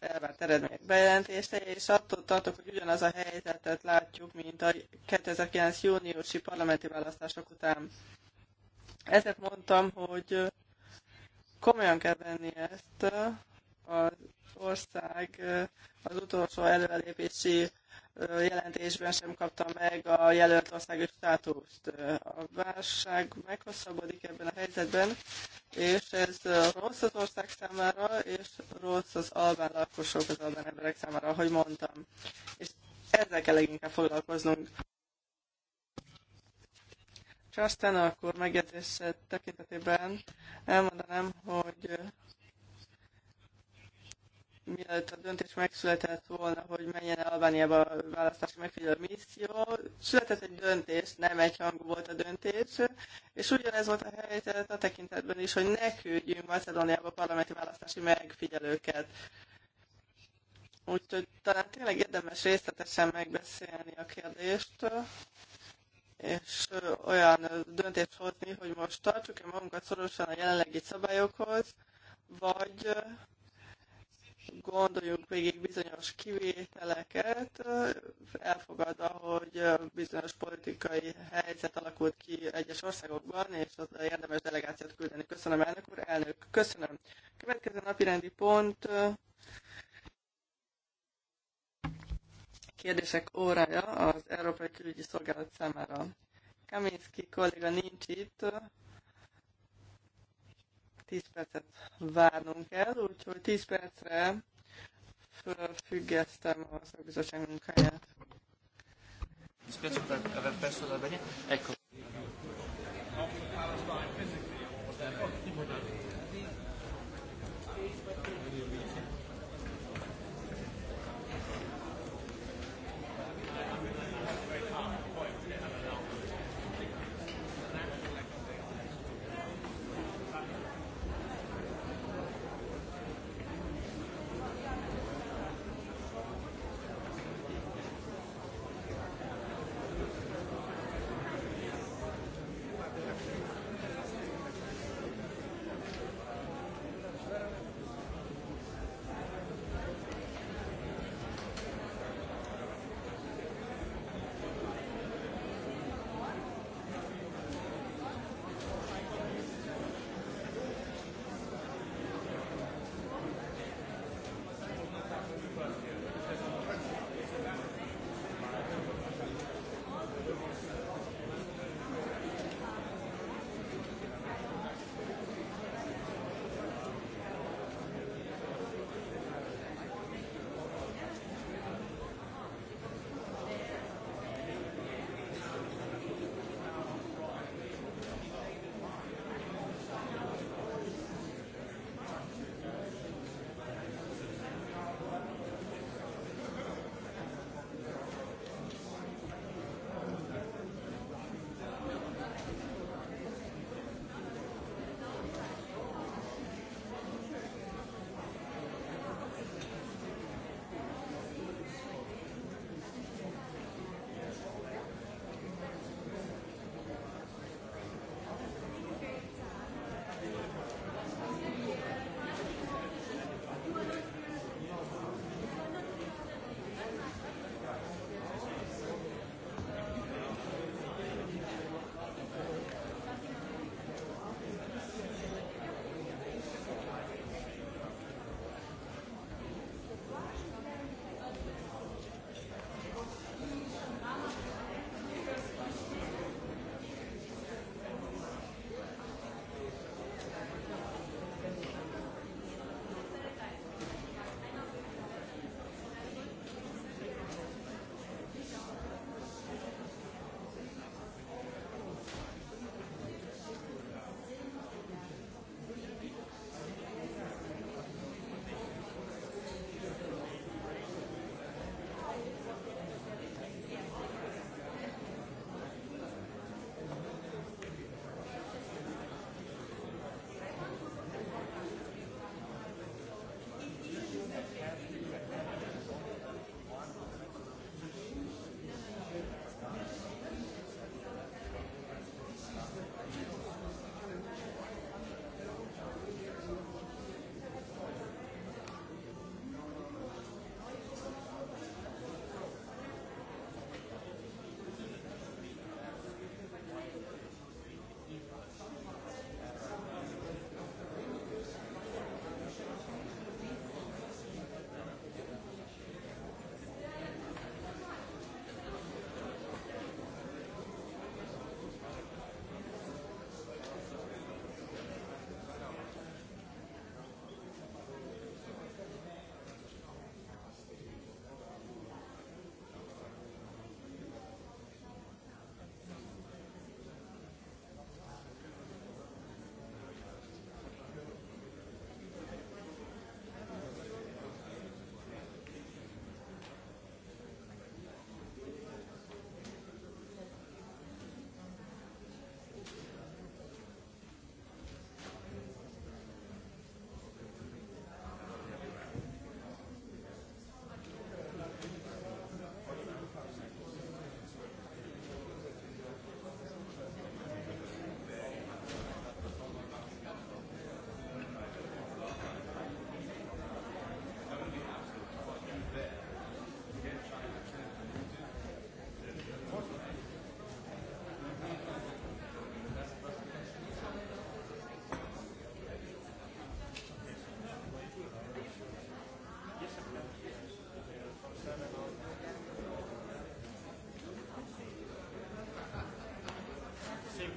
B: elvárt eredmények bejelentése, és attól tartok, hogy ugyanaz a helyzetet látjuk, mint a 2009. júniusi parlamenti választások után. Ezért mondtam, hogy komolyan kell venni ezt az ország az utolsó előrelépési jelentésben sem kapta meg a jelölt országos státuszt. A válság meghosszabbodik ebben a helyzetben, és ez rossz az ország számára, és rossz az albán lakosok, az albán emberek számára, ahogy mondtam. És ezzel kell leginkább foglalkoznunk. És aztán akkor megjegyzés tekintetében elmondanám, hogy mielőtt a döntés megszületett volna, hogy menjen el Albániába a választási megfigyelő misszió, született egy döntés, nem egy hangú volt a döntés, és ugyanez volt a helyzet a tekintetben is, hogy ne küldjünk Macedóniába parlamenti választási megfigyelőket. Úgyhogy talán tényleg érdemes részletesen megbeszélni a kérdést, és olyan döntést hozni, hogy most tartsuk-e magunkat szorosan a jelenlegi szabályokhoz, vagy gondoljunk végig bizonyos kivételeket, elfogadva, hogy bizonyos politikai helyzet alakult ki egyes országokban, és az érdemes delegációt küldeni. Köszönöm, elnök úr, elnök, köszönöm. Következő napi rendi pont kérdések órája az Európai Külügyi Szolgálat számára. Kaminski kolléga nincs itt, 10 percet várnunk kell, úgyhogy 10 percre fölfüggesztem a szakbizottság munkáját.
C: 10 perc után persze oda Ecco.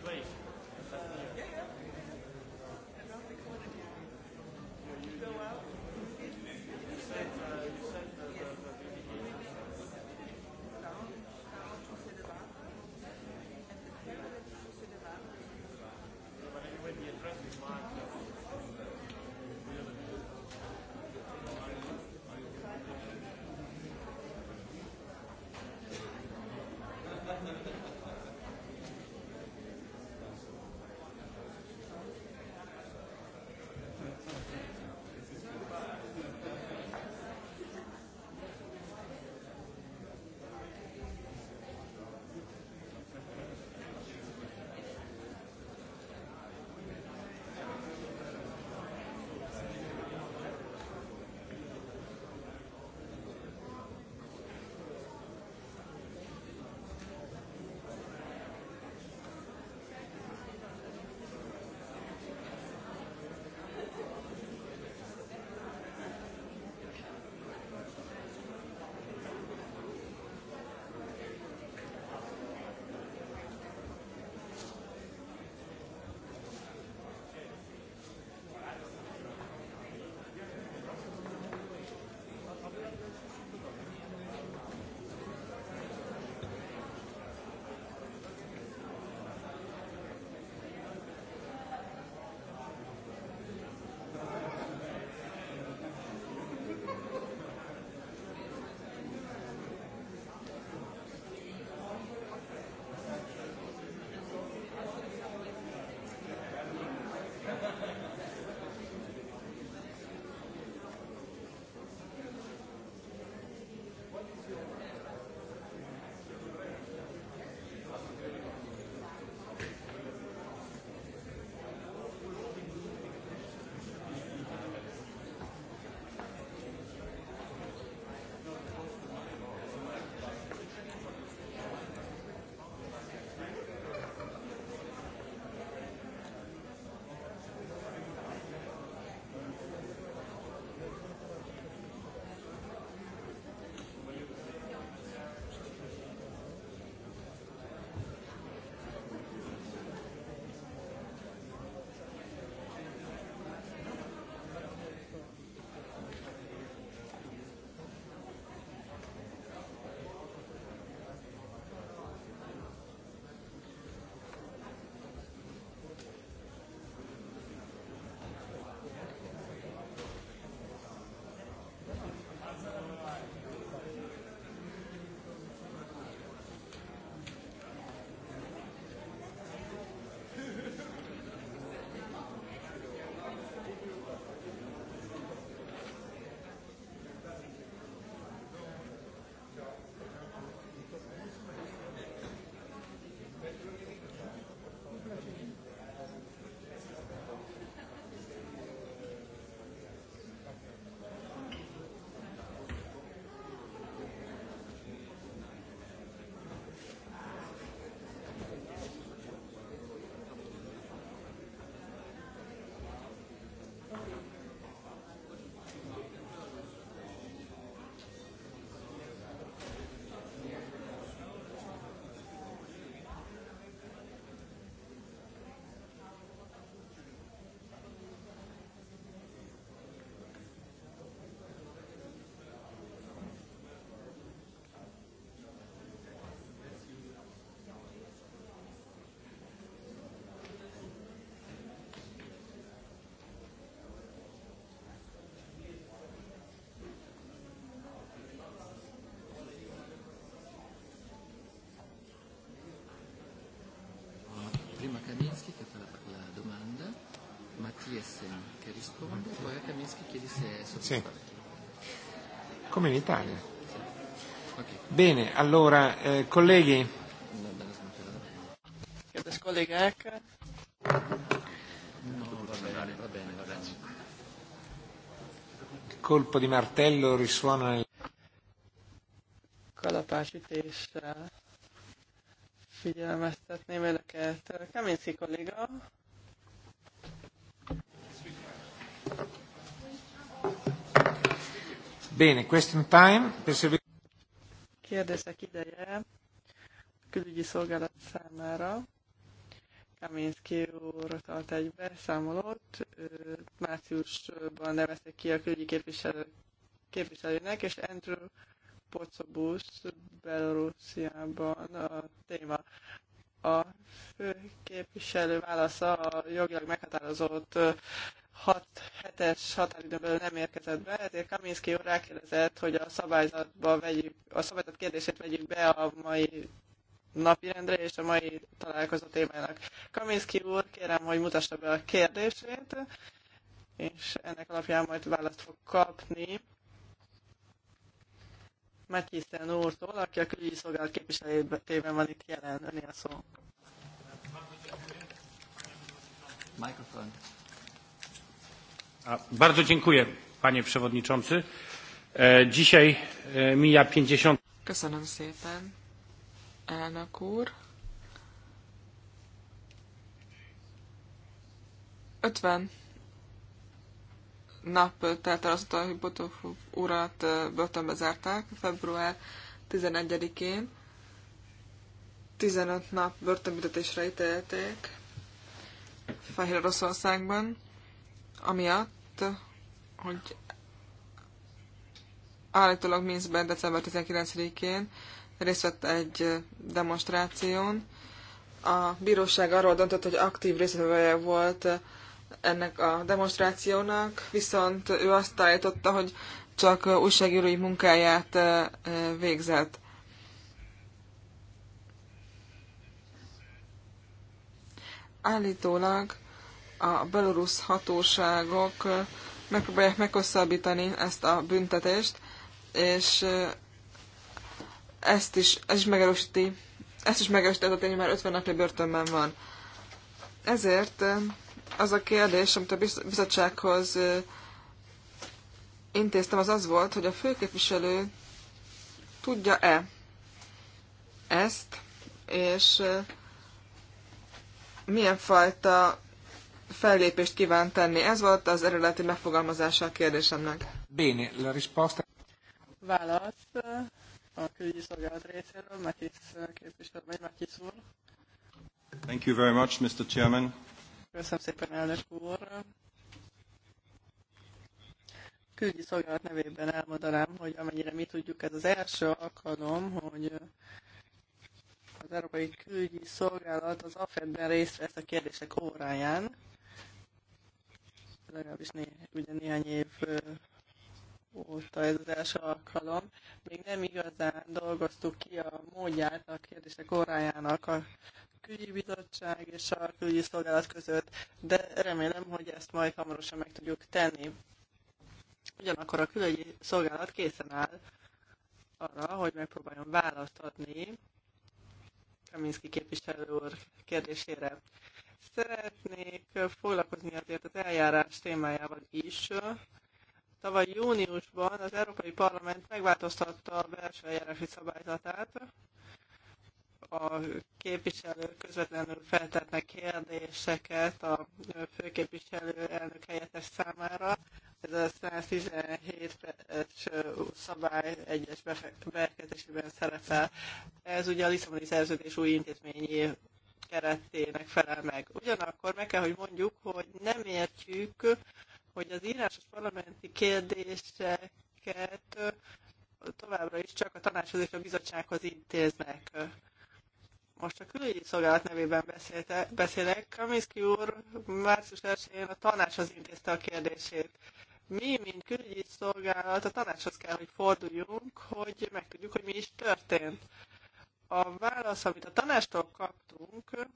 C: place. Andriessen che risponde, poi a Kaminsky chiedi se è Sí. Sì. Come in Italia. Okay. Bene, allora, eh, colleghi.
B: No, va bene, va bene, va bene.
C: Il colpo di martello risuona nel...
B: Kalapácsütéssel figyelmeztetném önöket. Kaminski kolléga,
C: Bene, question time.
B: Kérdések ideje a külügyi szolgálat számára. Kaminski úr tart egy beszámolót. Márciusban nevezték ki a külügyi képviselő, képviselőnek, és Andrew Pocobus Belorussziában a téma. A fő képviselő válasza a jogilag meghatározott 2022-es nem érkezett be, ezért Kaminski úr rákérdezett, hogy a szabályzatba vegyük, a szabályzat kérdését vegyük be a mai napirendre és a mai találkozó témának. Kaminski úr, kérem, hogy mutassa be a kérdését, és ennek alapján majd választ fog kapni. Matiszen úrtól, aki a külügyi szolgálat képviseletében van itt jelen. Önél szó.
C: Microphone. Bardzo dziękuję, panie przewodniczący. E, dzisiaj e, mija 50...
A: Köszönöm szépen, elnök úr. 50 nap telt el azóta, hogy Botov urat e, börtönbe zárták, február 11-én. 15 nap börtönbüntetésre ítélték Fehér Oroszországban amiatt, hogy állítólag Minskben december 19-én részt vett egy demonstráción. A bíróság arról döntött, hogy aktív részvevője volt ennek a demonstrációnak, viszont ő azt állította, hogy csak újságírói munkáját végzett. Állítólag a belorusz hatóságok megpróbálják meghosszabbítani ezt a büntetést, és ezt is, ez is megerősíti, ezt is megerősíti az a tény, már 50 napja börtönben van. Ezért az a kérdés, amit a bizottsághoz intéztem, az az volt, hogy a főképviselő tudja-e ezt, és milyen fajta fellépést kíván tenni. Ez volt az eredeti megfogalmazása a kérdésemnek. Béni, la risposta.
B: Válasz uh, a külügyi szolgálat részéről, Matisz uh, képviselő, vagy Matisz úr. Thank you very much, Mr. Chairman. Köszönöm szépen, elnök úr. Külügyi szolgálat nevében elmondanám, hogy amennyire mi tudjuk, ez az első alkalom, hogy uh, az Európai Külügyi Szolgálat az AFED-ben részt vesz a kérdések óráján legalábbis né, ugye néhány év óta ez az első alkalom. Még nem igazán dolgoztuk ki a módját a kérdések órájának a külügyi bizottság és a külügyi szolgálat között, de remélem, hogy ezt majd hamarosan meg tudjuk tenni. Ugyanakkor a külügyi szolgálat készen áll arra, hogy megpróbáljon választ adni Kaminski képviselő úr kérdésére. Szeretnék foglalkozni azért az eljárás témájával is. Tavaly júniusban az Európai Parlament megváltoztatta a belső eljárási szabályzatát. A képviselők közvetlenül feltetnek kérdéseket a főképviselő elnök helyettes számára. Ez a 117 es szabály egyes bekezdésében szerepel. Ez ugye a Lisszaboni Szerződés új intézményi keretének felel meg. Ugyanakkor meg kell, hogy mondjuk, hogy nem értjük, hogy az írásos parlamenti kérdéseket továbbra is csak a tanácshoz és a bizottsághoz intéznek. Most a külügyi szolgálat nevében beszélte, beszélek. Kaminski úr március 1-én a tanácshoz intézte a kérdését. Mi, mint külügyi szolgálat, a tanácshoz kell, hogy forduljunk, hogy megtudjuk, hogy mi is történt. A válasz, amit a tanástól kaptunk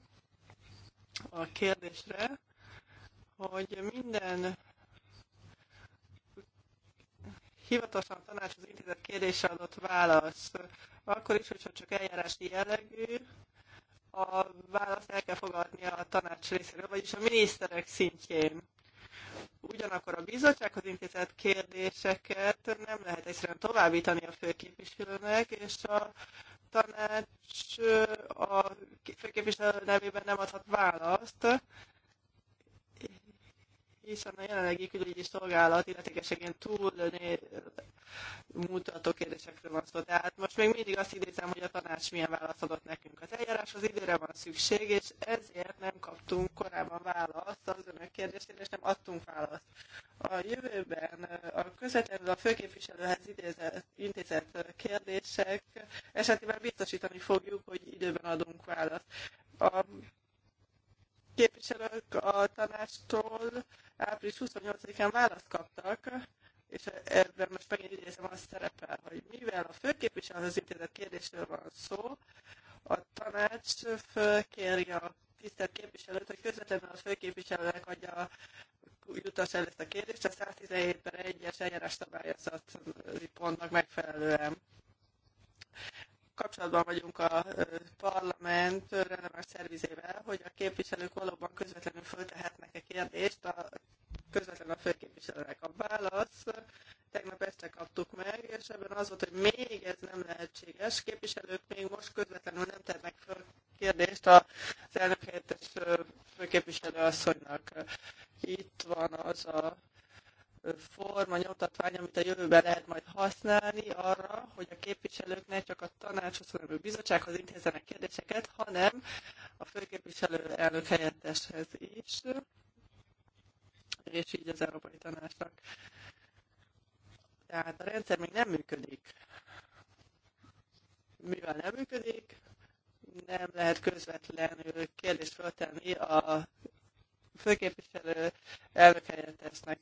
B: a kérdésre, hogy minden hivatalosan a tanács az intézet kérdése adott válasz, akkor is, hogyha csak eljárási jellegű, a választ el kell fogadnia a tanács részéről, vagyis a miniszterek szintjén. Ugyanakkor a bizottsághoz intézett kérdéseket nem lehet egyszerűen továbbítani a főképviselőnek, és a tanács a főképviselő nevében nem adhat választ, hiszen a jelenlegi külügyi szolgálat illetékeségén túl mutató kérdésekről van szó. Tehát most még mindig azt idézem, hogy a tanács milyen választ adott nekünk. Az eljárás az időre van szükség, és ezért nem kaptunk korábban választ az önök kérdésére, és nem adtunk választ. A jövőben a közvetlenül a főképviselőhez idézett, intézett kérdések esetében biztosítani fogjuk, hogy időben adunk választ. A képviselők a tanástól április 28-án választ kaptak, és ebben most megint idézem azt szerepel, hogy mivel a főképviselő az kérdésről van szó, a tanács fölkéri a tisztelt képviselőt, hogy közvetlenül a főképviselőnek adja jutas el ezt a kérdést a 117 per 1-es eljárás pontnak megfelelően kapcsolatban vagyunk a parlament releváns szervizével, hogy a képviselők valóban közvetlenül föltehetnek-e kérdést a közvetlenül a főképviselőnek. A válasz tegnap este kaptuk meg, és ebben az volt, hogy még ez nem lehetséges. Képviselők még most közvetlenül nem tennek föl kérdést az elnök helyettes főképviselő asszonynak. Itt van az a forma, nyomtatvány, amit a jövőben lehet majd használni arra, képviselők ne csak a tanácshoz, hanem a bizottsághoz intézzenek kérdéseket, hanem a főképviselő elnök helyetteshez is, és így az Európai Tanácsnak. Tehát a rendszer még nem működik. Mivel nem működik, nem lehet közvetlenül kérdést feltenni a főképviselő elnök helyettesnek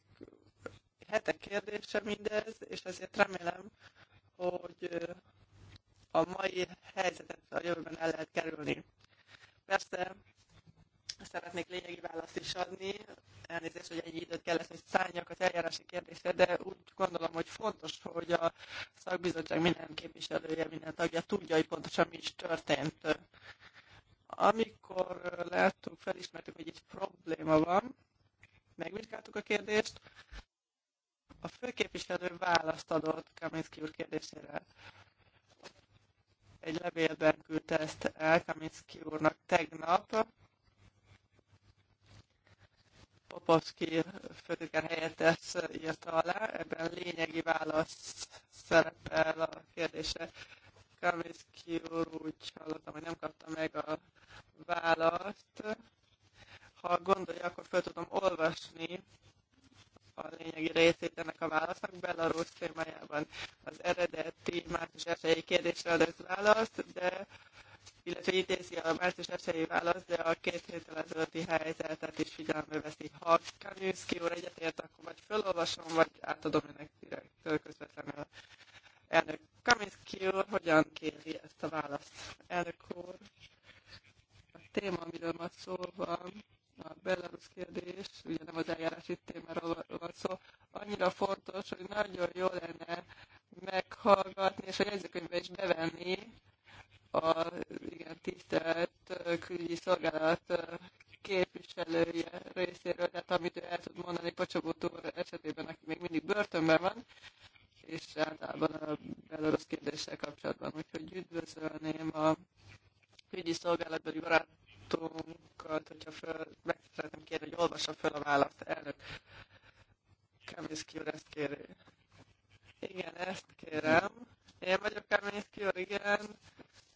B: hetek kérdése mindez, és azért remélem, hogy a mai helyzetet a jövőben el lehet kerülni. Persze szeretnék lényegi választ is adni, elnézést, hogy ennyi időt kellett, hogy szálljak az eljárási kérdésre, de úgy gondolom, hogy fontos, hogy a szakbizottság minden képviselője, minden tagja tudja, hogy pontosan mi is történt. Amikor láttuk, felismertük, hogy itt probléma van, megvizsgáltuk a kérdést, a főképviselő választ adott Kaminski úr kérdésére. Egy levélben küldte ezt el Kaminski úrnak tegnap. Popovski főtitkár helyettes írta alá, ebben lényegi válasz szerepel a kérdése. Kaminski úr úgy hallottam, hogy nem kapta meg a választ. Ha gondolja, akkor fel tudom olvasni a lényegi részét ennek a válasznak Belarus témájában. Az eredeti március esélyi kérdésre ad ez választ, de illetve intézi a március esélyi választ, de a két héttel ezelőtti helyzetet is figyelembe veszi. Ha Kanőszki úr egyetért, akkor vagy felolvasom, vagy átadom önnek direkt közvetlenül. Elnök Kaminski úr, hogyan kéri ezt a választ? Elnök úr, a téma, amiről ma szó van, a belarusz kérdés, ugye nem az eljárási témáról van szó, annyira fontos, hogy nagyon jó lenne meghallgatni, és a jegyzőkönyvbe is bevenni a igen tisztelt külügyi szolgálat képviselője részéről, tehát amit ő el tud mondani Pocsobut esetében, aki még mindig börtönben van, és általában a belarusz kérdéssel kapcsolatban. Úgyhogy üdvözölném a külügyi szolgálatbeli barát hallgatókat, hogyha föl, meg szeretném kérni, hogy olvassa fel a választ, elnök. Kaminski úr ezt kéri. Igen, ezt kérem. Én vagyok Kaminski úr, igen.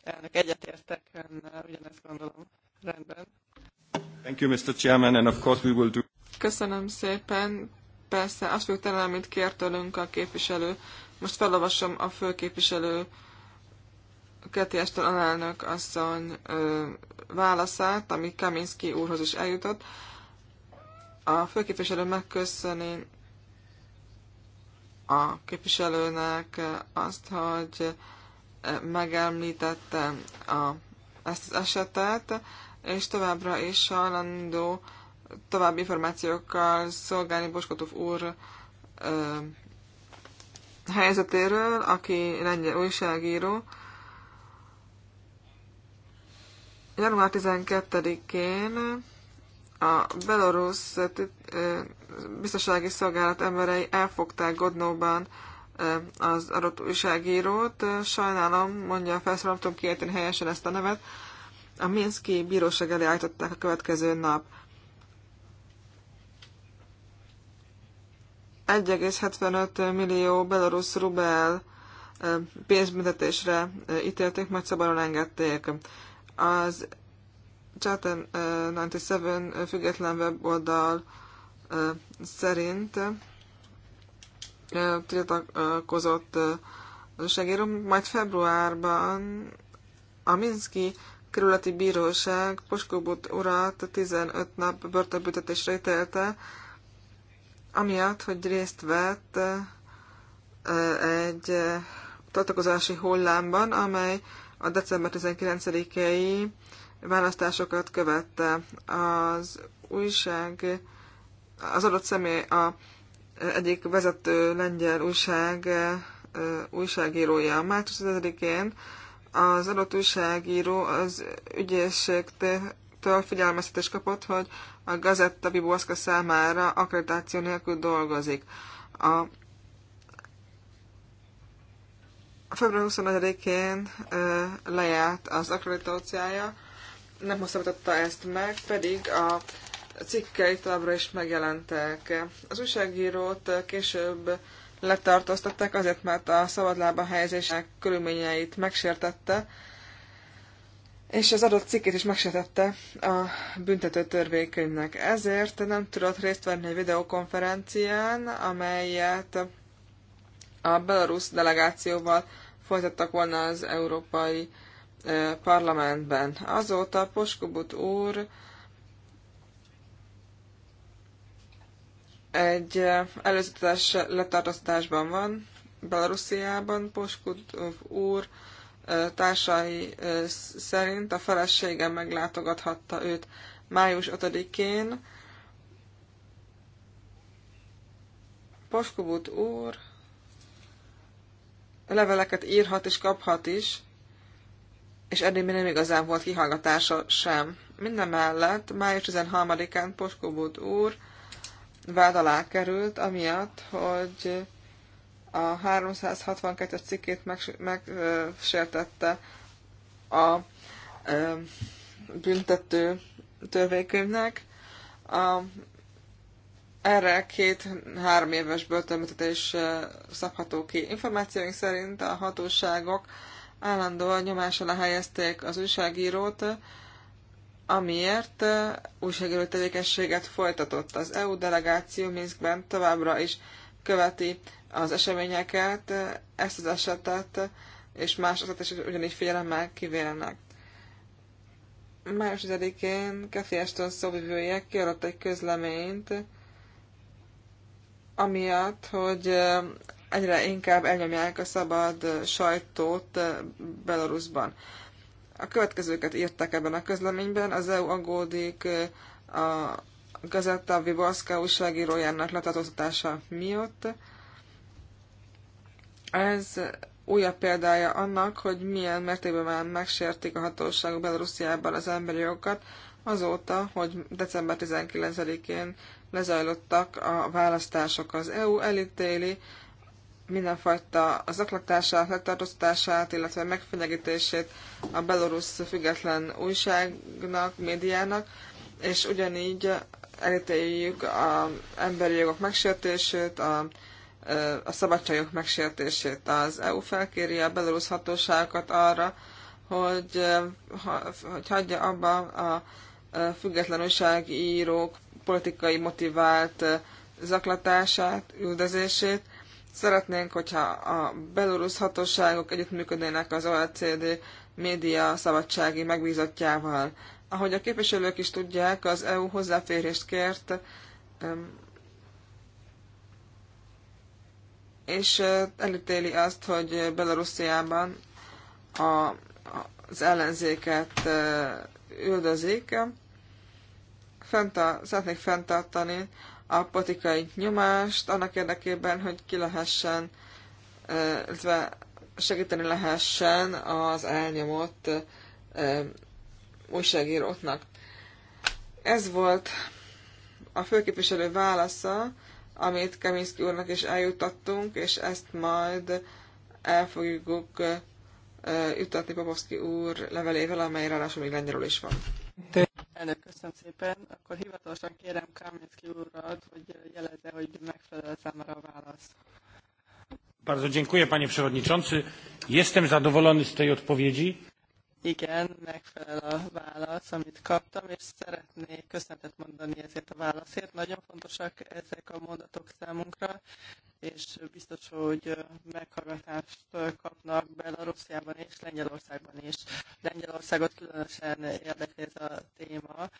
B: Elnök, egyetértek önnel,
A: ugyanezt gondolom. Rendben.
B: Thank you, Mr. Chairman, and of course we will do...
A: Köszönöm szépen. Persze, azt fogjuk tenni, amit kért tőlünk a képviselő. Most felolvasom a főképviselő Keti Eston alelnök asszony ö, válaszát, ami Kaminski úrhoz is eljutott. A főképviselő megköszöni a képviselőnek azt, hogy megemlítette a, ezt az esetet, és továbbra is hajlandó további információkkal szolgálni Boskotov úr ö, helyzetéről, aki lengyel újságíró, Január 12-én a belorusz eh, eh, biztonsági szolgálat emberei elfogták Godnóban eh, az adott újságírót. Sajnálom, mondja a felszólaló, nem tudom kiejteni helyesen ezt a nevet. A Minszki bíróság elé állították a következő nap. 1,75 millió belorusz rubel pénzbüntetésre ítélték, majd szabadon engedték. Az Chatham 97 független weboldal szerint tiltakozott újságíró, majd februárban a Minszki kerületi bíróság Poskobut urat 15 nap börtönbüntetésre ítélte, amiatt, hogy részt vett egy tartakozási hullámban, amely a december 19-i választásokat követte. Az újság, az adott személy a egyik vezető lengyel újság újságírója. Március 10-én az adott újságíró az ügyészségtől figyelmeztetés kapott, hogy a Gazetta Bibóaszka számára akkreditáció nélkül dolgozik. A A február 25-én lejárt az akkreditációja, nem hosszabbította ezt meg, pedig a cikkei továbbra is megjelentek. Az újságírót később letartóztatták azért, mert a szabadlába helyezésnek körülményeit megsértette, és az adott cikkét is megsértette a büntető törvénykönyvnek. Ezért nem tudott részt venni egy videokonferencián, amelyet a belarusz delegációval folytattak volna az Európai Parlamentben. Azóta Poskobut úr egy előzetes letartóztatásban van, Belarusziában Poskut úr társai szerint a felesége meglátogathatta őt május 5-én. Poskubut úr leveleket írhat és kaphat is, és eddig még nem igazán volt kihallgatása sem. Minden mellett május 13-án Poskobut úr vád alá került, amiatt, hogy a 362-es cikkét megsértette a büntető törvénykönyvnek. A erre két-három éves börtönbüntetés szabható ki. Információink szerint a hatóságok állandóan nyomás alá helyezték az újságírót, amiért újságíró tevékenységet folytatott. Az EU delegáció Minskben továbbra is követi az eseményeket, ezt az esetet és más esetet is ugyanígy figyelemmel kivélnek. Május 10-én Kathy Ashton szóvivője kiadott egy közleményt, amiatt, hogy egyre inkább elnyomják a szabad sajtót Belarusban. A következőket írták ebben a közleményben. Az EU aggódik a Gazetta Viborska újságírójának letartóztatása miatt. Ez újabb példája annak, hogy milyen mértékben már megsértik a hatóságok Belarusiában az emberi jogokat, azóta, hogy december 19-én lezajlottak a választások. Az EU elítéli mindenfajta az zaklatását, letartóztatását, illetve megfenyegítését a belorusz független újságnak, médiának, és ugyanígy elítéljük az emberi jogok megsértését, a, a szabadságok megsértését. Az EU felkéri a belorusz hatóságokat arra, hogy, hogy hagyja abba a független újságírók politikai motivált zaklatását, üldözését. Szeretnénk, hogyha a belorusz hatóságok együttműködnének az OECD média szabadsági megbízottjával. Ahogy a képviselők is tudják, az EU hozzáférést kért, és elítéli azt, hogy Belarusziában az ellenzéket üldözik szeretnék fenntartani a politikai nyomást annak érdekében, hogy ki lehessen, illetve segíteni lehessen az elnyomott újságíróknak. Ez volt a főképviselő válasza, amit Kaminski úrnak is eljutattunk, és ezt majd el fogjuk jutatni Papovszki úr levelével, amely ráadásul még lengyelül
C: is van.
B: Elnök, köszönöm szépen. Akkor hivatalosan kérem Kaminski urat, hogy jelezze, hogy megfelel számára a válasz.
C: Bardzo dziękuję, panie przewodniczący. Jestem zadowolony z tej odpowiedzi
B: igen, megfelel a válasz, amit kaptam, és szeretnék köszönetet mondani ezért a válaszért. Nagyon fontosak ezek a mondatok számunkra, és biztos, hogy meghallgatást kapnak Belarusziában és Lengyelországban is. Lengyelországot különösen érdekli ez a téma,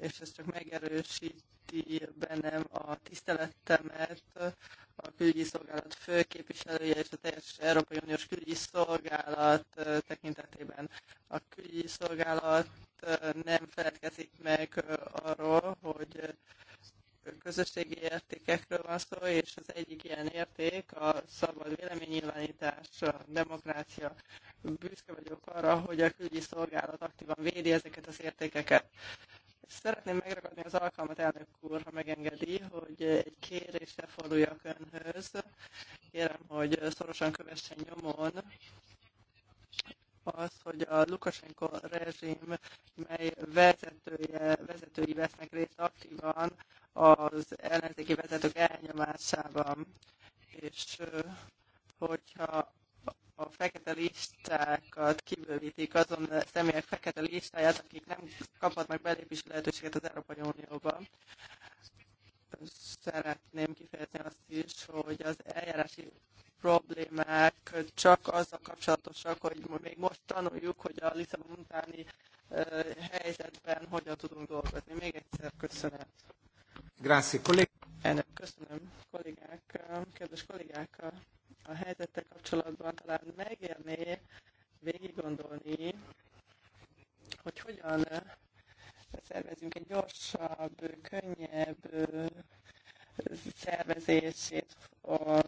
B: és ez csak megerősíti bennem a tiszteletemet a külügyi szolgálat főképviselője és a teljes Európai Uniós külügyi szolgálat tekintetében. A külügyi szolgálat nem feledkezik meg arról, hogy közösségi értékekről van szó, és az egyik ilyen érték a szabad véleménynyilvánítás, a demokrácia. Büszke vagyok arra, hogy a külügyi szolgálat aktívan védi ezeket az értékeket. Szeretném megragadni az alkalmat, elnök úr, ha megengedi, hogy egy kérésre forduljak önhöz. Kérem, hogy szorosan kövessen nyomon az, hogy a Lukasenko rezsim, mely vezetője, vezetői vesznek részt aktívan az ellenzéki vezetők elnyomásában, és hogyha a fekete listákat kibővítik azon személyek fekete listáját, akik nem kaphatnak belépési lehetőséget az Európai Unióba. Szeretném kifejezni azt is, hogy az eljárási problémák csak azzal kapcsolatosak, hogy még most tanuljuk, hogy a Lisszabon utáni helyzetben hogyan tudunk dolgozni. Még egyszer köszönet.
C: Grazie, kollég. Ennek köszönöm,
B: kollégák, kedves kollégák a helyzettel kapcsolatban talán megérné végig gondolni, hogy hogyan eh, szervezünk egy gyorsabb, könnyebb eh, szervezését a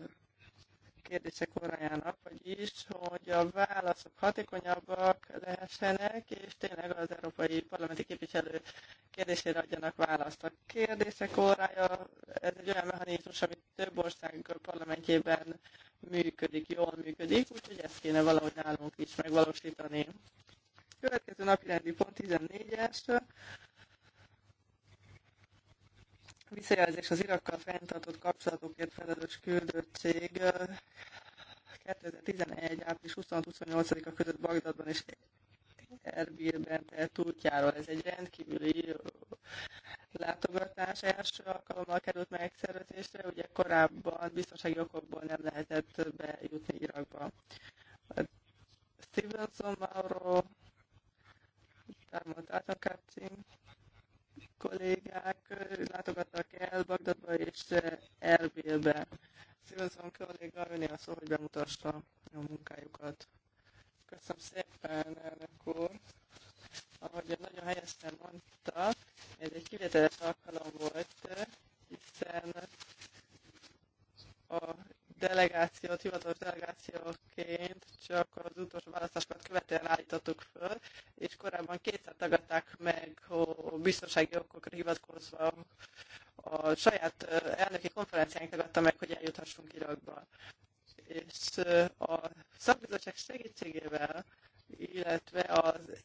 B: kérdése korájának, vagyis, hogy a válaszok hatékonyabbak lehessenek, és tényleg az európai parlamenti képviselő kérdésére adjanak választ. A kérdése korája, ez egy olyan mechanizmus, ami több ország parlamentjében működik, jól működik, úgyhogy ezt kéne valahogy nálunk is megvalósítani. Következő napi rendi pont 14-es, visszajelzés az Irakkal fenntartott kapcsolatokért felelős küldöttség 2011. április 26-28-a között Bagdadban és Erbilben tett útjáról. Ez egy rendkívüli látogatás. Első alkalommal került megszervezésre, ugye korábban biztonsági okokból nem lehetett bejutni Irakba. Stevenson Mauro, Tármalt Átakácsi, kollégák látogattak el Bagdadba és Erbilbe. Szívesen kolléga öné a szó, hogy bemutassa a munkájukat. Köszönöm szépen, elnök úr. Ahogy nagyon helyesen mondta, ez egy kivételes alkalom volt, hiszen a delegációt, hivatalos delegációként csak az utolsó választásokat követően állítottuk föl, és korábban kétszer tagadták meg a biztonsági okokra hivatkozva a saját elnöki konferenciánk tagadta meg, hogy eljuthassunk Irakba. És a szakbizottság segítségével, illetve az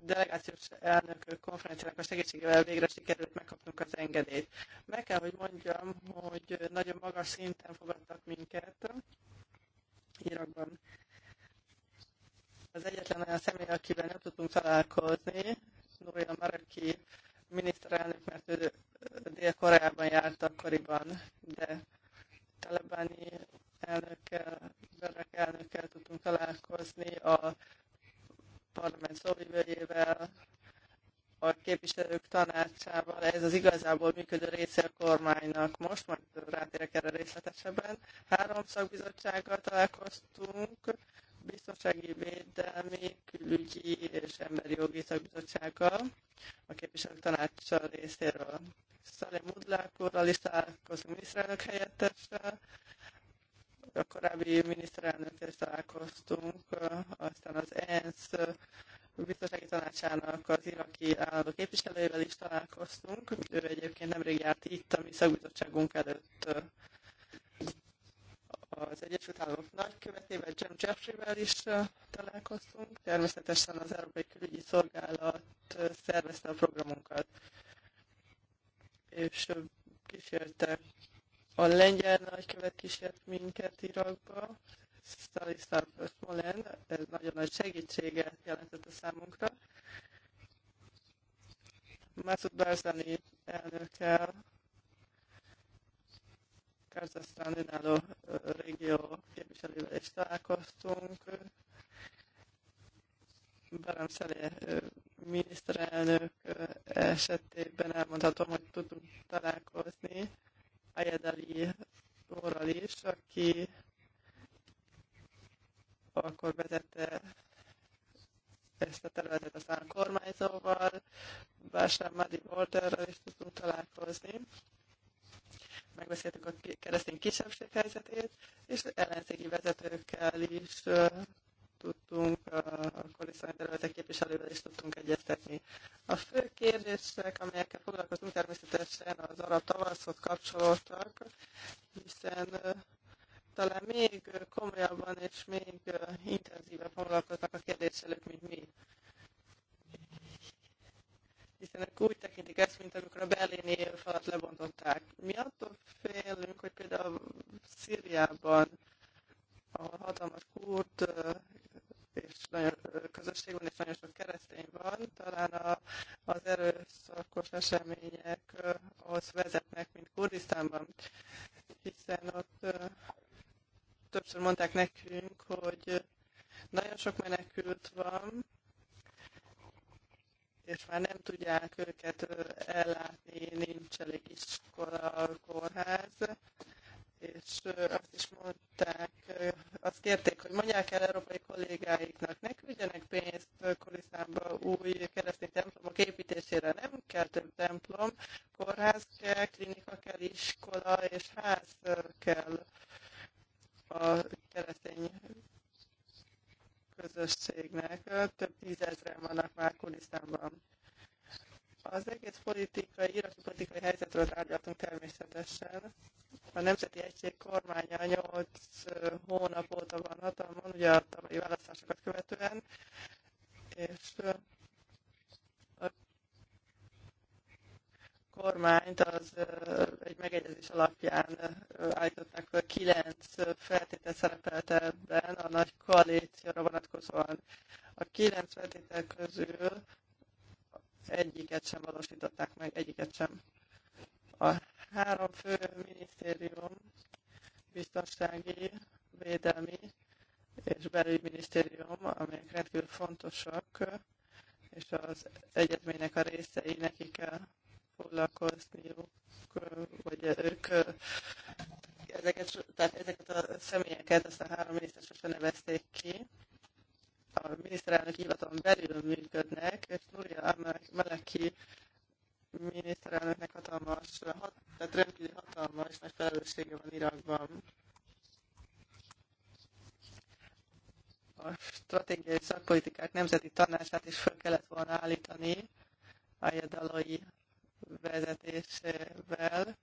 B: delegációs elnökök konferenciának a segítségével végre sikerült megkapnunk az engedélyt. Meg kell, hogy mondjam, hogy nagyon magas szinten fogadtak minket Irakban. Az egyetlen olyan személy, akivel nem tudtunk találkozni, Núria Maraki miniszterelnök, mert ő Dél-Koreában járt akkoriban, de talabáni elnökkel, Berak elnökkel tudtunk találkozni a parlament szóvivőjével, a képviselők tanácsával, ez az igazából működő része a kormánynak. Most majd rátérek erre részletesebben. Három szakbizottsággal találkoztunk, biztonsági, védelmi, külügyi és emberi jogi szakbizottsággal, a képviselők tanácsa részéről. Szalé Mudlákorral is találkoztunk miniszterelnök helyettessel, a korábbi miniszterelnökkel találkoztunk, aztán az ENSZ biztonsági tanácsának az iraki állandó képviselőjével is találkoztunk. Ő egyébként nemrég járt itt a mi szakbizottságunk előtt az Egyesült Államok nagykövetével, John Jeffrey-vel is találkoztunk. Természetesen az Európai Külügyi Szolgálat szervezte a programunkat, és kísérte a lengyel nagykövet kísért minket Irakba, Stanislav Smolen, ez nagyon nagy segítséget jelentett a számunkra. Masud Barzani elnökkel, Kazaksztán önálló régió képviselővel is találkoztunk. Barám Szelé miniszterelnök esetében elmondhatom, hogy tudunk találkozni Ayadali úrral is, aki akkor vezette ezt a területet aztán a kormányzóval, Básár Madi Volterrel is tudtunk találkozni. Megbeszéltük a keresztény kisebbség helyzetét, és ellenzéki vezetőkkel is tudtunk a koriszony területek képviselővel is tudtunk egyeztetni. A fő kérdések, amelyekkel foglalkozunk, természetesen az arab tavaszhoz kapcsolódtak, hiszen talán még komolyabban és még intenzíven foglalkoznak a kérdéselők, mint mi. Hiszen ők úgy tekintik ezt, mint amikor a berlini falat lebontották. Mi attól félünk, hogy például Szíriában ahol hatalmas kurt és nagyon közösség van, és nagyon sok keresztény van, talán a, az erőszakos események ahhoz vezetnek, mint Kurdisztánban, hiszen ott többször mondták nekünk, hogy nagyon sok menekült van, és már nem tudják őket ellátni, nincs elég iskola, kórház, és azt is mondták, azt kérték, hogy mondják el európai kollégáiknak, ne küldjenek pénzt Kolisztánba új keresztény templomok építésére. Nem kell több templom, kórház kell, klinika kell, iskola és ház kell a keresztény közösségnek. Több tízezren vannak már Kolisztánban. Az egész politikai, iraki politikai helyzetről tárgyaltunk természetesen. A Nemzeti Egység kormánya 8 hónap óta van hatalmon, ugye a tavalyi választásokat követően, és a kormányt az egy megegyezés alapján állították fel, kilenc feltétel szerepelt ebben a nagy koalícióra vonatkozóan. A kilenc feltétel közül egyiket sem valósították meg, egyiket sem. A Három fő minisztérium, biztonsági, védelmi és minisztérium, amelyek rendkívül fontosak, és az egyezménynek a részei nekik kell foglalkozniuk, vagy ők ezeket, tehát ezeket a személyeket, ezt a három minisztert sose nevezték ki. A miniszterelnök hivatalon belül működnek, és Nuria Malaki miniszterelnöknek hatalmas, hat, tehát rendkívül hatalmas nagy felelőssége van Irakban. A stratégiai szakpolitikák nemzeti tanácsát is fel kellett volna állítani Ayadalai vezetésével.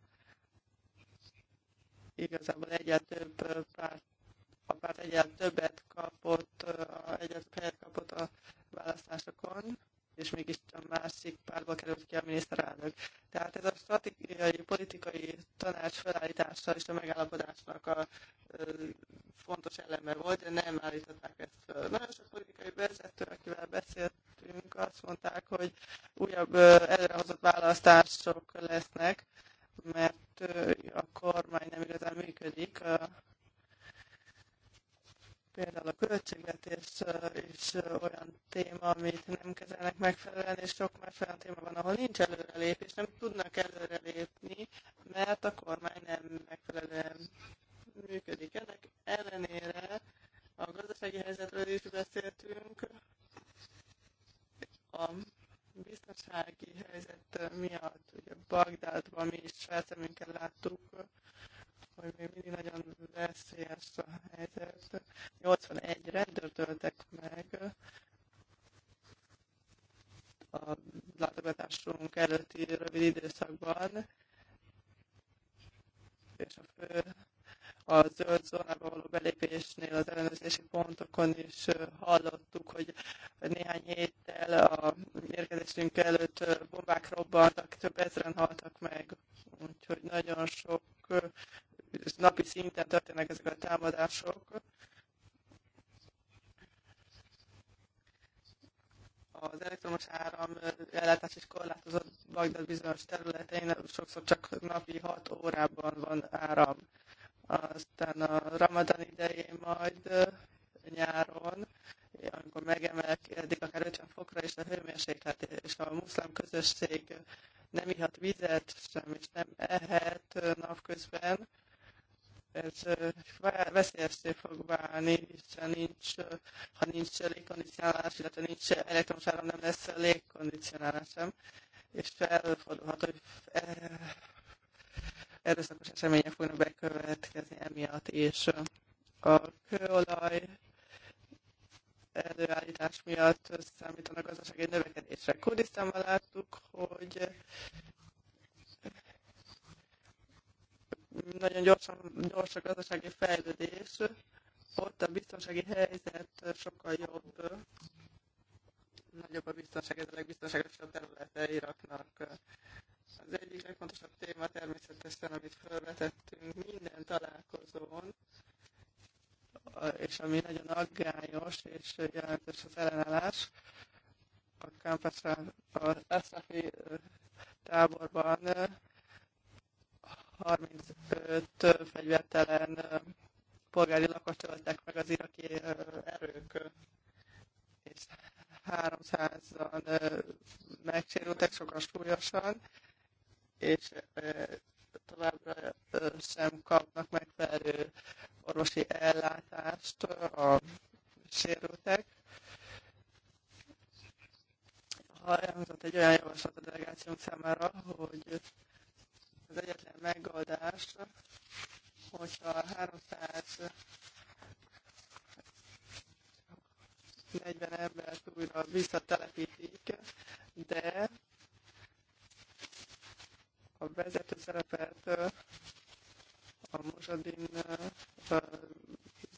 B: Igazából egyel több párt a párt egyel többet kapott, egyet helyet kapott a választásokon és mégis a másik párba került ki a miniszterelnök. Tehát ez a stratégiai politikai tanács felállítása és a megállapodásnak a fontos eleme volt, de nem állították ezt föl. Nagyon sok politikai vezető, akivel beszéltünk, azt mondták, hogy újabb előrehozott választások lesznek, mert a kormány nem igazán működik, a Például a költségvetés is olyan téma, amit nem kezelnek megfelelően, és sok más olyan téma van, ahol nincs előrelépés, nem tudnak előrelépni, mert a kormány nem megfelelően működik. Ennek ellenére a gazdasági helyzetről is beszéltünk, a biztonsági helyzet miatt, ugye Bagdádban mi is felszemünkkel láttuk, hogy még mindig nagyon veszélyes a helyzet. 81 rendőr töltek meg a látogatásunk előtti rövid időszakban, és a fő a zöld zónába való belépésnél az ellenőrzési pontokon is hallottuk, hogy néhány héttel a érkezésünk előtt bombák robbantak, több ezeren haltak meg, úgyhogy nagyon sok napi szinten történnek ezek a támadások. Az elektromos áram ellátás is korlátozott Bagdad bizonyos területein, sokszor csak napi 6 órában van áram. Aztán a ramadán idején majd nyáron, amikor megemelkedik akár 50 fokra is a hőmérséklet, és a muszlim közösség nem ihat vizet, sem, és nem ehet napközben, ez veszélyesé fog válni, hiszen nincs, ha nincs légkondicionálás, illetve nincs elektromos áram, nem lesz légkondicionálás sem, és felfordulhat, hogy erőszakos események fognak bekövetkezni emiatt, és a kőolaj előállítás miatt számítanak gazdasági növekedésre. Kurdisztánban láttuk, hogy nagyon gyorsan, gyors a gazdasági fejlődés, ott a biztonsági helyzet sokkal jobb, nagyobb a biztonság, ez a legbiztonságosabb területe Iraknak. Az egyik legfontosabb téma természetesen, amit felvetettünk minden találkozón, és ami nagyon aggályos és jelentős az ellenállás, a Kampasra, a Aszrafi táborban 35 fegyvertelen polgári lakost öltek meg az iraki erők, és 300-an megsérültek, sokan súlyosan, és továbbra sem kapnak megfelelő orvosi ellátást a sérültek. Ha elhangzott egy olyan javaslat a delegációnk számára, hogy az egyetlen megoldás, hogyha 340 embert újra visszatelepítik, de a vezető szerepet a mosadin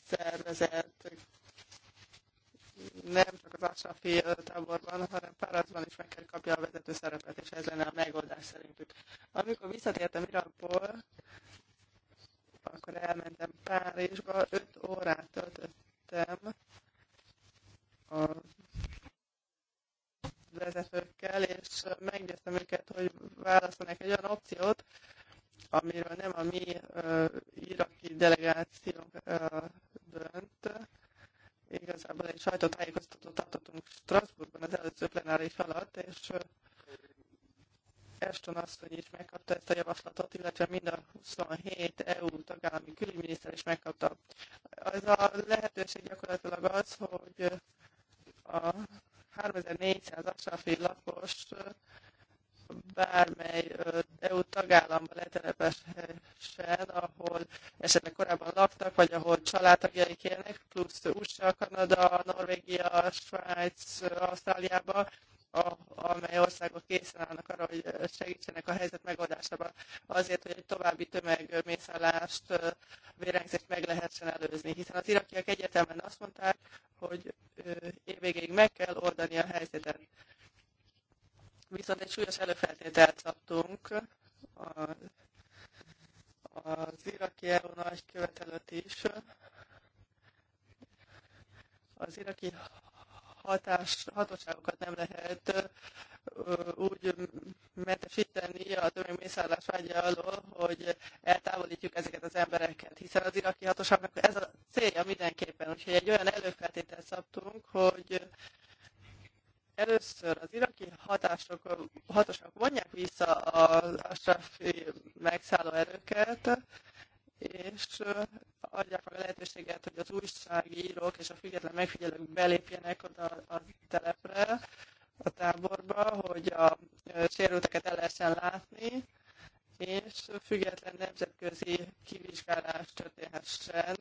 B: szervezet nem csak az Asafi táborban, hanem Párazban is meg kell kapja a vezető szerepet, és ez lenne a megoldás szerintük. Amikor visszatértem Irakból, akkor elmentem Párizsba, 5 órát töltöttem a vezetőkkel, és meggyőztem őket, hogy válaszolnak egy olyan opciót, amiről nem a mi uh, iraki delegációnk uh, dönt, Igazából egy sajtótájékoztatót tartottunk Strasbourgban az előző plenáris alatt, és Ashton asszony is megkapta ezt a javaslatot, illetve mind a 27 EU tagállami külügyminiszter is megkapta. Az a lehetőség gyakorlatilag az, hogy a 3400 asafi lakos bármely EU tagállamba letelepesen, ahol esetleg korábban laktak, vagy ahol családtagjaik élnek, plusz USA, Kanada, Norvégia, Svájc, Ausztráliába, a, amely országok készen állnak arra, hogy segítsenek a helyzet megoldásában, azért, hogy egy további tömegmészállást, vérengzést meg lehessen előzni. Hiszen az irakiak egyetemen azt mondták, hogy évvégéig meg kell oldani a helyzetet. Viszont egy súlyos előfeltételt szabtunk az, az iraki EU nagykövet előtt is. Az iraki hatás, hatóságokat nem lehet úgy mentesíteni a tömegmészállás vágya alól, hogy eltávolítjuk ezeket az embereket, hiszen az iraki hatóságnak ez a célja mindenképpen. Úgyhogy egy olyan előfeltételt szabtunk, hogy először az iraki hatások, hatosok vonják vissza a strafi megszálló erőket, és adják meg a lehetőséget, hogy az újságírók és a független megfigyelők belépjenek oda a telepre, a táborba, hogy a sérülteket el lehessen látni, és független nemzetközi kivizsgálás történhessen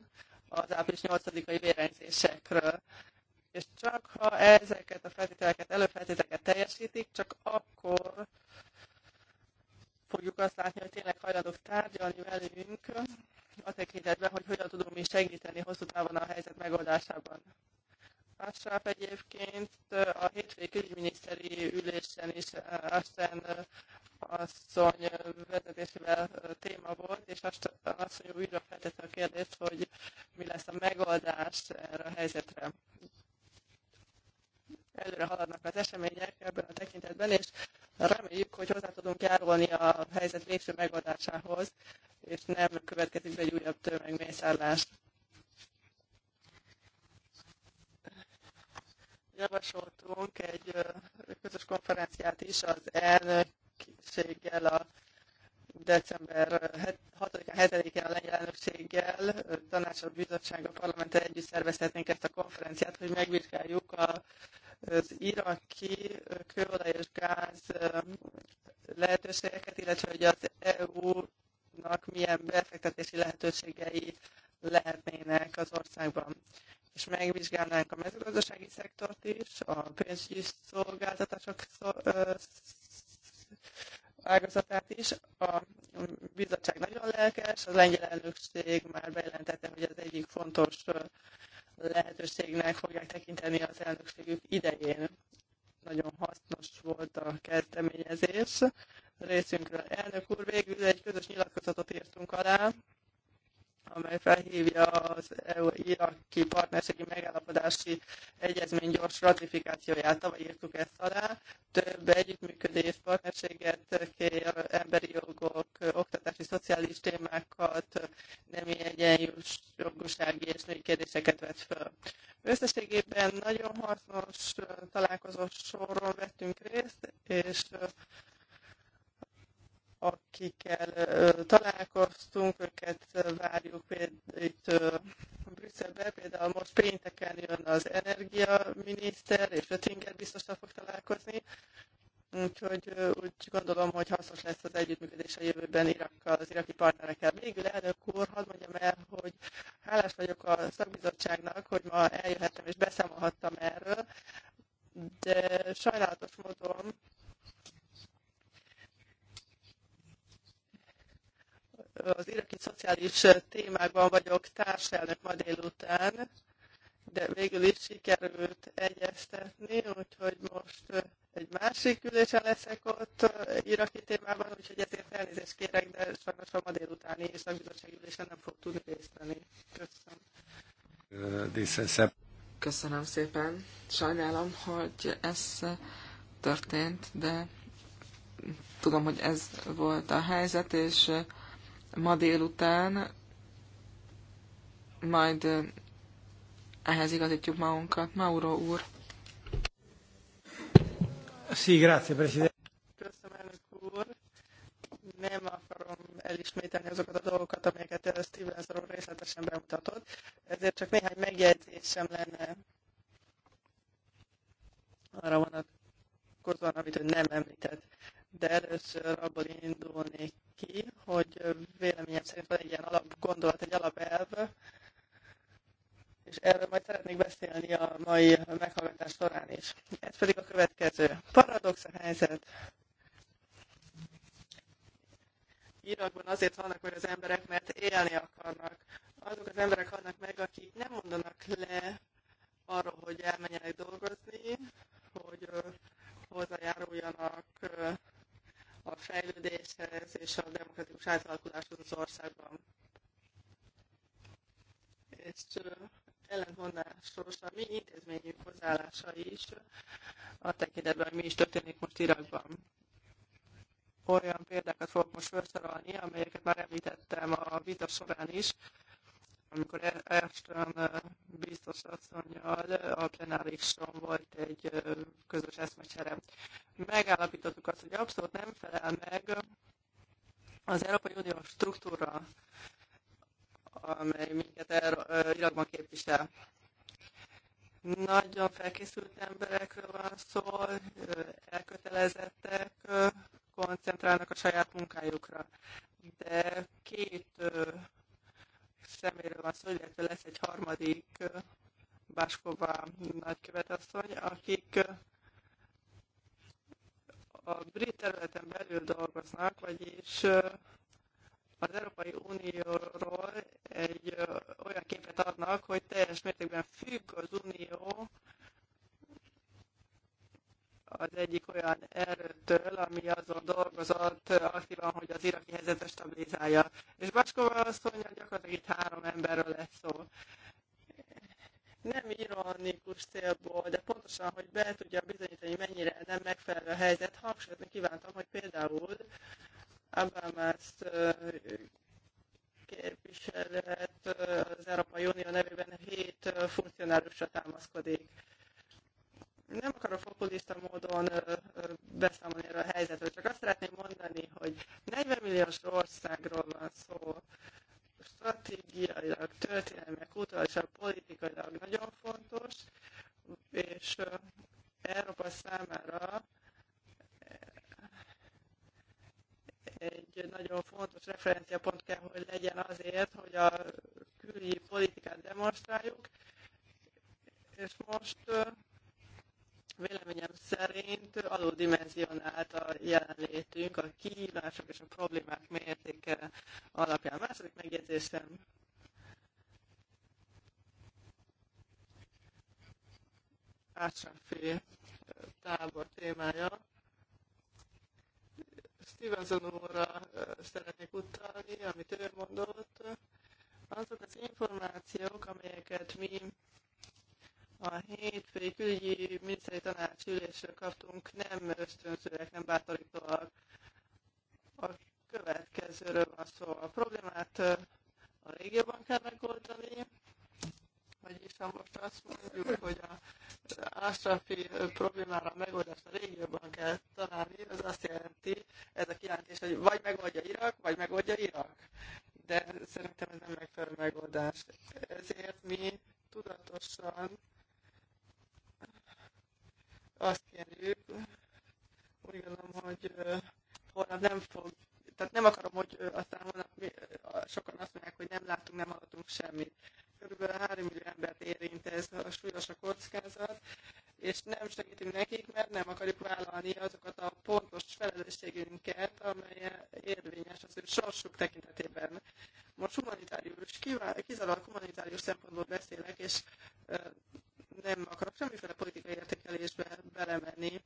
B: az április 8-ai vérengzésekről. És csak ha ezeket a feltételeket, előfeltételeket teljesítik, csak akkor fogjuk azt látni, hogy tényleg hajlandók tárgyalni velünk a tekintetben, hogy hogyan tudunk mi segíteni hosszú távon a helyzet megoldásában. Ashraf egyébként a hétvégi külügyminiszteri ülésen is eh, aztán asszony vezetésével eh, téma volt, és azt asszony újra feltette a kérdést, hogy mi lesz a megoldás erre a helyzetre előre haladnak az események ebben a tekintetben, és reméljük, hogy hozzá tudunk járulni a helyzet végső megoldásához, és nem következik be egy újabb tömegmészárlás. Javasoltunk egy közös konferenciát is az elnökséggel a december 6 7-én a lengyel elnökséggel, tanácsadó bizottság, a parlamenttel együtt szervezhetnénk ezt a konferenciát, hogy megvizsgáljuk a az iraki kőolaj és gáz lehetőségeket, illetve hogy az EU-nak milyen befektetési lehetőségei lehetnének az országban. És megvizsgálnánk a mezőgazdasági szektort is, a pénzügyi szolgáltatások ágazatát is. A bizottság nagyon lelkes, a lengyel elnökség már bejelentette, hogy az egyik fontos lehetőségnek fogják tekinteni az elnökségük idején. Nagyon hasznos volt a kezdeményezés részünkről. Elnök úr, végül egy közös nyilatkozatot írtunk alá, amely felhívja az EU-iraki partnerségi megállapodási egyezmény gyors ratifikációját. Tavaly írtuk ezt alá. Több együttműködés, partnerséget kér emberi jogok, oktatási, szociális témákat, nemi egyenjogúsági és női kérdéseket vett föl. Összességében nagyon hasznos találkozó soron vettünk részt, és akikkel találkoztunk, őket várjuk itt Brüsszelbe. Például most pénteken jön az energiaminiszter, és Ötinger biztosan fog találkozni. Úgyhogy úgy gondolom, hogy hasznos lesz az együttműködés a jövőben Irakkal, az iraki partnerekkel. Végül elnök úr, hadd mondjam el, hogy hálás vagyok a szakbizottságnak, hogy ma eljöhettem és beszámolhattam erről, de sajnálatos módon az iraki szociális témákban vagyok társelnök ma délután, de végül is sikerült egyeztetni, úgyhogy most egy másik ülésen leszek ott iraki témában, úgyhogy ezért elnézést kérek, de sajnos a ma délutáni
A: és bizottság ülésen nem fog tudni részt venni. Köszönöm. Köszönöm szépen. Sajnálom, hogy ez történt, de tudom, hogy ez volt a helyzet, és ma délután, majd ehhez igazítjuk magunkat. Mauro úr.
C: Sí, grazie,
B: Presidente. Köszönöm, elnök úr. Nem akarom elismételni azokat a dolgokat, amelyeket Zoror részletesen bemutatott, ezért csak néhány megjegyzésem lenne arra vonatkozóan, amit ő nem említett de először abból indulnék ki, hogy véleményem szerint van egy ilyen gondolat, egy alapelv, és erről majd szeretnék beszélni a mai meghallgatás során is. Ez pedig a következő. Paradox a helyzet. Irakban azért vannak meg az emberek, mert élni akarnak. Azok az emberek vannak meg, akik nem mondanak le arról, hogy elmenjenek dolgozni, hogy hozzájáruljanak a fejlődéshez és a demokratikus átalakuláshoz az országban. És ellentmondásos a mi intézményünk hozzáállása is a tekintetben, hogy mi is történik most Irakban. Olyan példákat fogok most felsorolni, amelyeket már említettem a vita során is, amikor Ashton e- e, biztos asszonyjal a plenárison volt egy e, közös eszmecsere. Megállapítottuk azt, hogy abszolút nem felel meg az Európai Unió struktúra, amely minket Irakban képvisel. Nagyon felkészült emberekről van szó, elkötelezettek, koncentrálnak a saját munkájukra. De két szeméről van szó, illetve lesz egy harmadik Báskova nagykövetasszony, akik a brit területen belül dolgoznak, vagyis az Európai Unióról egy olyan képet adnak, hogy teljes mértékben függ az Unió az egyik olyan erőtől, ami azon dolgozott aktívan, hogy az iraki helyzetet stabilizálja. És Bacskova hogy gyakorlatilag itt három emberről lesz szó. Nem ironikus célból, de pontosan, hogy be tudja bizonyítani, mennyire nem megfelelő a helyzet, hangsúlyozni kívántam, hogy például Abamas képviselet az Európai Unió nevében hét funkcionárusra támaszkodik nem akarok populista módon beszámolni erről a helyzetről, csak azt szeretném mondani, hogy 40 milliós országról van szó, stratégiailag, történelmileg, kulturálisan, politikailag nagyon fontos, és Európa számára egy nagyon fontos referenciapont kell, hogy legyen azért, hogy a külügyi politikát demonstráljuk, és most Véleményem szerint aludimenzionált a jelenlétünk a kihívások és a problémák mértéke alapján. Második megjegyzésem. Ácsánfé eh, tábor témája. Stevenson úrra eh, szeretnék utalni, amit ő mondott. Azok az információk, amelyeket mi a hétfői külügyi miniszteri tanács ülésről kaptunk nem ösztönzőek, nem bátorítóak. A következőről van szó. A problémát a régióban kell megoldani,
C: vagyis ha most azt mondjuk, hogy a Ásrafi problémára a megoldást a régióban kell
B: találni, az azt jelenti, ez a kijelentés, hogy vagy megoldja Irak, vagy megoldja Irak. De szerintem ez nem megfelelő megoldás. Ezért mi tudatosan azt kérjük, úgy gondolom, hogy holnap nem fog, tehát nem akarom, hogy aztán holnap mi, sokan azt mondják, hogy nem látunk, nem hallottunk semmit. Körülbelül 3 millió embert érint ez a súlyos a kockázat, és nem segítünk nekik, mert nem akarjuk vállalni azokat a pontos felelősségünket, amely érvényes az ő sorsuk tekintetében. Most humanitárius, kizárólag humanitárius szempontból beszélek, és nem akarok semmiféle politikai értékelésbe belemenni.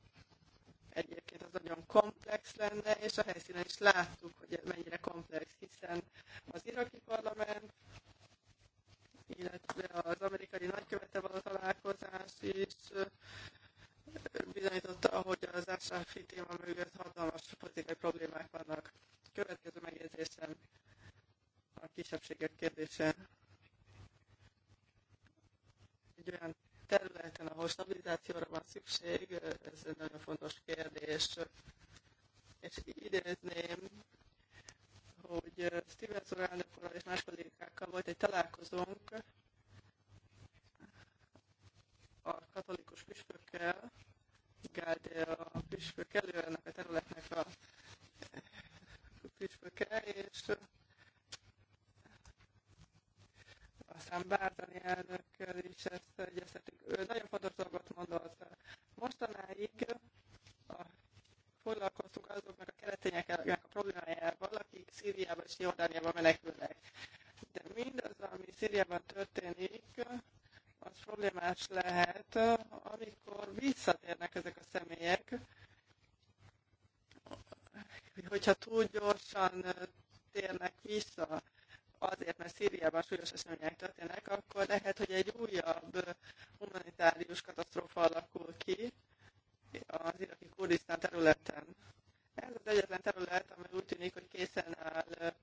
B: Egyébként az nagyon komplex lenne, és a helyszínen is láttuk, hogy ez mennyire komplex, hiszen az iraki parlament, illetve az amerikai nagykövete való találkozás is bizonyította, hogy az Ásráfi téma mögött hatalmas politikai problémák vannak. Következő megjegyzésem a kisebbségek kérdése. Egy olyan területen, ahol stabilizációra van szükség, ez egy nagyon fontos kérdés. És idézném, hogy Stevenson elnökkorral és más kollégákkal volt egy találkozónk a katolikus püspökkel, Gáldé a püspök elő ennek a területnek a püspöke, és aztán Bárdani elnökkel is ezt egyeztetünk. Ő nagyon fontos dolgot mondott. Mostanáig a, foglalkoztunk azoknak a keretényeknek a problémájával, akik Szíriában és Jordániában menekülnek. De mindaz, ami Szíriában történik, az problémás lehet, amikor visszatérnek ezek a személyek, hogyha túl gyorsan térnek vissza, azért, mert Szíriában súlyos események történnek, akkor lehet, hogy egy újabb humanitárius katasztrófa alakul ki az iraki Kurdisztán területen. Ez az egyetlen terület, amely úgy tűnik, hogy készen áll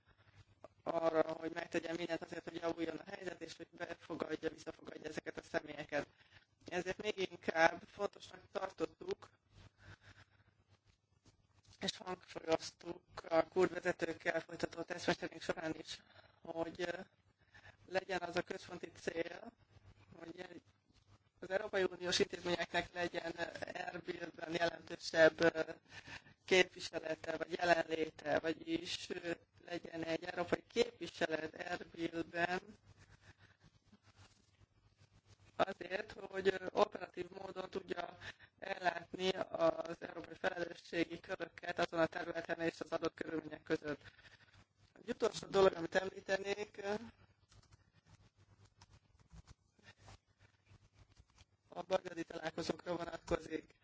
B: arra, hogy megtegye mindent azért, hogy javuljon a helyzet, és hogy befogadja, visszafogadja ezeket a személyeket. Ezért még inkább fontosnak tartottuk, és hangsúlyoztuk a kurd vezetőkkel folytatott eszmecserénk során is hogy eh, legyen az a központi cél, hogy az Európai Uniós intézményeknek legyen Erbilben eh, jelentősebb eh, képviselete, vagy jelenléte, vagyis legyen egy európai képviselet Erbilben, azért, hogy operatív módon tudja ellátni az európai felelősségi köröket azon a területen és az adott körülmények között. Egy utolsó dolog, amit említenék, a bagdadi találkozókra vonatkozik.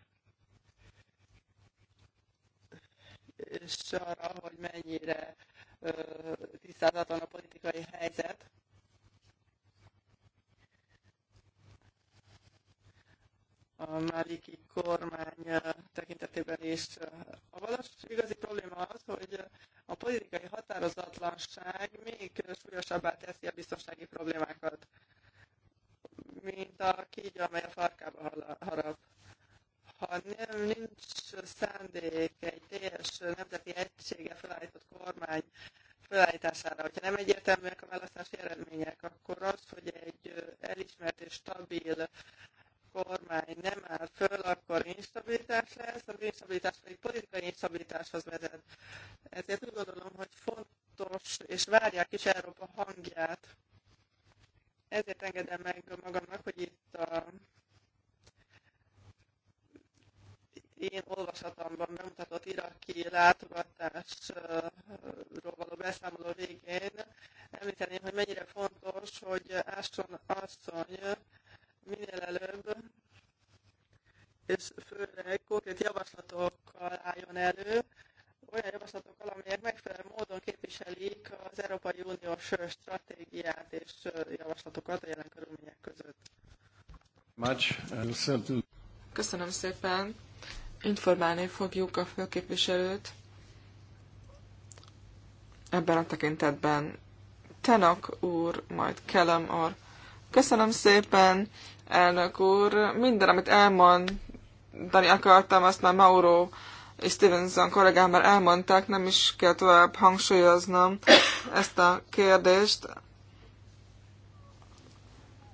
B: És arra, hogy mennyire tisztázatlan a politikai helyzet, a Máliki kormány eh, tekintetében is. Eh, a valós igazi probléma az, hogy eh, a politikai határozatlanság még súlyosabbá teszi a biztonsági problémákat, mint a kígyó, amely a farkába harap. Ha nem, nincs szándék egy teljes nemzeti egysége felállított kormány felállítására, hogyha nem egyértelműek a választási eredmények, akkor az, hogy egy elismert és stabil kormány nem áll föl, akkor instabilitás lesz, az instabilitás pedig politikai instabilitáshoz vezet. Ezért úgy gondolom, hogy fontos, és várják is Európa hangját. Ezért engedem meg magamnak, hogy itt a én olvasatomban bemutatott iraki látogatásról való beszámoló végén említeném, hogy mennyire fontos, hogy Ashton asszony minél előbb, és főleg konkrét javaslatokkal álljon elő, olyan javaslatokkal, amelyek megfelelő módon képviselik az Európai Uniós stratégiát és javaslatokat a jelen körülmények között.
C: Uh,
A: Köszönöm szépen. Informálni fogjuk a főképviselőt ebben a tekintetben. Tenak úr, majd Kelem úr. Köszönöm szépen elnök úr. Minden, amit elmondani akartam, azt már Mauro és Stevenson kollégám már elmondták, nem is kell tovább hangsúlyoznom ezt a kérdést.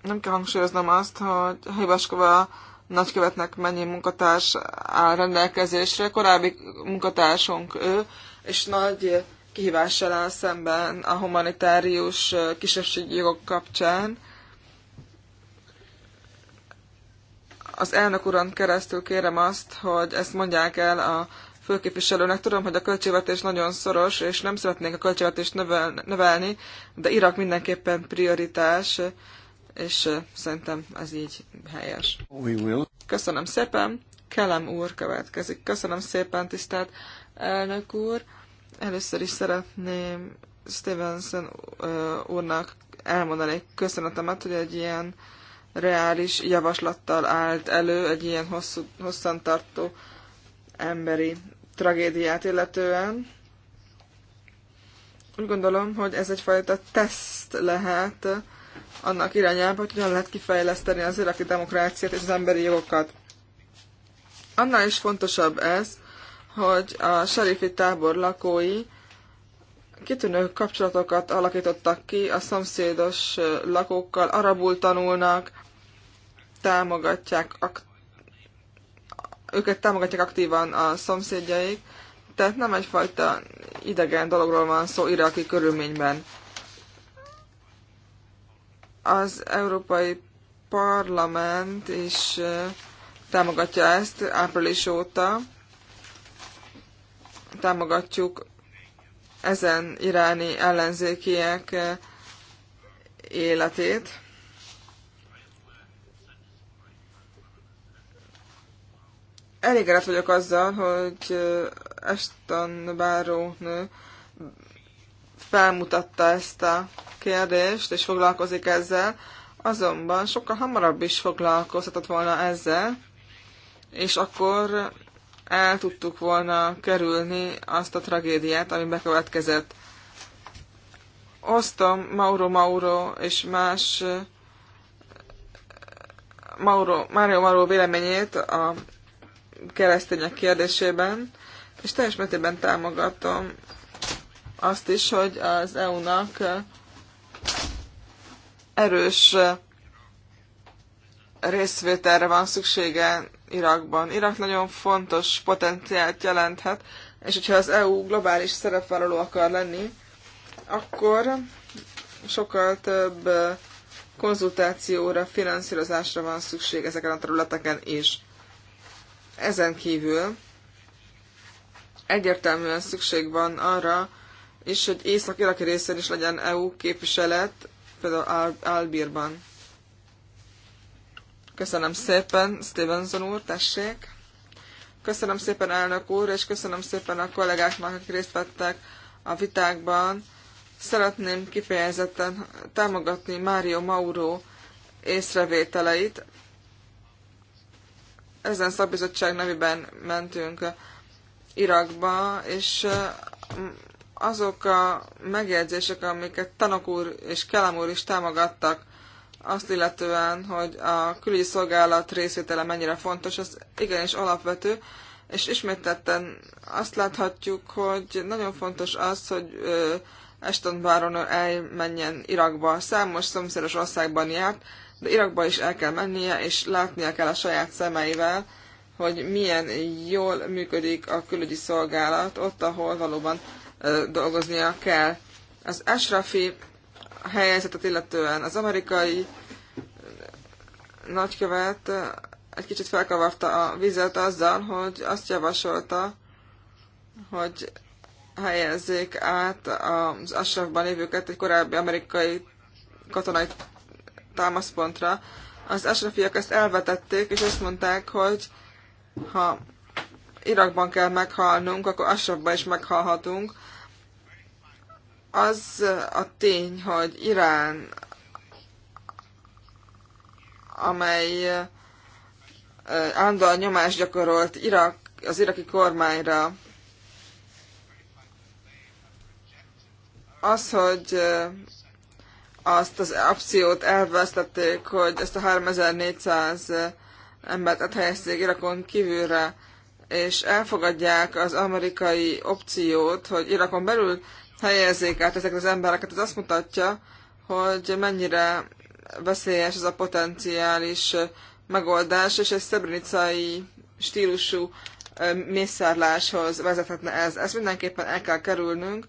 A: Nem kell hangsúlyoznom azt, hogy Hibaskova nagykövetnek mennyi munkatárs áll rendelkezésre. Korábbi munkatársunk ő, és nagy kihívással áll szemben a humanitárius kisebbségi jogok kapcsán. Az elnök uron keresztül kérem azt, hogy ezt mondják el a főképviselőnek. Tudom, hogy a költségvetés nagyon szoros, és nem szeretnénk a költségvetést növelni, de Irak mindenképpen prioritás, és szerintem ez így helyes. Köszönöm szépen. Kelem úr következik. Köszönöm szépen, tisztelt elnök úr. Először is szeretném Stevenson úrnak elmondani köszönetemet, hogy egy ilyen uh, reális javaslattal állt elő egy ilyen hosszú, hosszan tartó emberi tragédiát illetően. Úgy gondolom, hogy ez egyfajta teszt lehet annak irányába, hogy hogyan lehet kifejleszteni az iraki demokráciát és az emberi jogokat. Annál is fontosabb ez, hogy a serifi tábor lakói kitűnő kapcsolatokat alakítottak ki a szomszédos lakókkal, arabul tanulnak, támogatják ak- őket támogatják aktívan a szomszédjaik, tehát nem egyfajta idegen dologról van szó iraki körülményben. Az Európai Parlament is támogatja ezt április óta. Támogatjuk ezen iráni ellenzékiek eh, életét. Elégedett vagyok azzal, hogy eh, Eston Báró nő felmutatta ezt a kérdést, és foglalkozik ezzel, azonban sokkal hamarabb is foglalkozhatott volna ezzel, és akkor el tudtuk volna kerülni azt a tragédiát, ami bekövetkezett. Osztom Mauro Mauro és más eh, Mauro, Mario Mauro véleményét a keresztények kérdésében, és teljes mértékben támogatom azt is, hogy az EU-nak eh, erős eh, részvételre van szüksége Irakban. Irak nagyon fontos potenciált jelenthet, és hogyha az EU globális szerepvállaló akar lenni, akkor sokkal több konzultációra, finanszírozásra van szükség ezeken a területeken is. Ezen kívül egyértelműen szükség van arra is, hogy észak-iraki részén is legyen EU képviselet, például Al- Albírban. Köszönöm szépen, Stevenson úr, tessék. Köszönöm szépen, elnök úr, és köszönöm szépen a kollégáknak, akik részt vettek a vitákban. Szeretném kifejezetten támogatni Mário Mauro észrevételeit. Ezen szakbizottság nevében mentünk Irakba, és eh, azok a megjegyzések, amiket Tanok úr és Kelem úr is támogattak, azt illetően, hogy a külügyi szolgálat részvétele mennyire fontos, az igenis alapvető, és ismételten azt láthatjuk, hogy nagyon fontos az, hogy Eston Baron elmenjen Irakba. Számos szomszédos országban járt, de Irakba is el kell mennie, és látnia kell a saját szemeivel, hogy milyen jól működik a külügyi szolgálat ott, ahol valóban dolgoznia kell. Az Ashrafi helyzetet illetően az amerikai nagykövet egy kicsit felkavarta a vizet azzal, hogy azt javasolta, hogy helyezzék át az Ashrafban lévőket egy korábbi amerikai katonai támaszpontra. Az Ashrafiak ezt elvetették, és azt mondták, hogy ha Irakban kell meghalnunk, akkor Ashrafban is meghalhatunk, az a tény, hogy Irán, amely állandóan nyomást gyakorolt Irak, az iraki kormányra, az, hogy azt az opciót elvesztették, hogy ezt a 3400 embert áthelyezték Irakon kívülre, és elfogadják az amerikai opciót, hogy Irakon belül helyezzék át ezeket az embereket, az azt mutatja, hogy mennyire veszélyes ez a potenciális megoldás, és egy szebrinicai stílusú mészárláshoz vezethetne ez. Ezt mindenképpen el kell kerülnünk,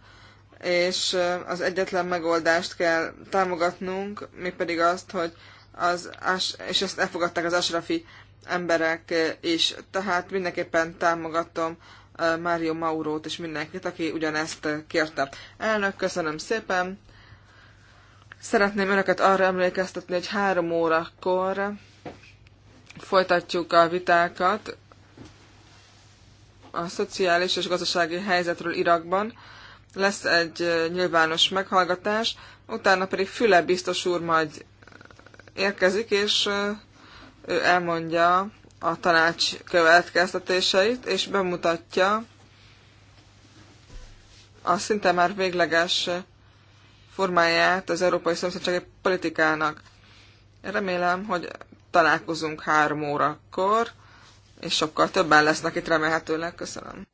A: és az egyetlen megoldást kell támogatnunk, mégpedig azt, hogy az, és ezt elfogadták az asrafi emberek is, tehát mindenképpen támogatom Mário Maurót és mindenkit, aki ugyanezt kérte. Elnök, köszönöm szépen! Szeretném önöket arra emlékeztetni, hogy három órakor folytatjuk a vitákat a szociális és gazdasági helyzetről Irakban. Lesz egy nyilvános meghallgatás, utána pedig Füle biztos úr majd érkezik, és ő elmondja a tanács következtetéseit, és bemutatja a szinte már végleges formáját az európai szomszédsági politikának. Remélem, hogy találkozunk három órakor, és sokkal többen lesznek itt remélhetőleg. Köszönöm.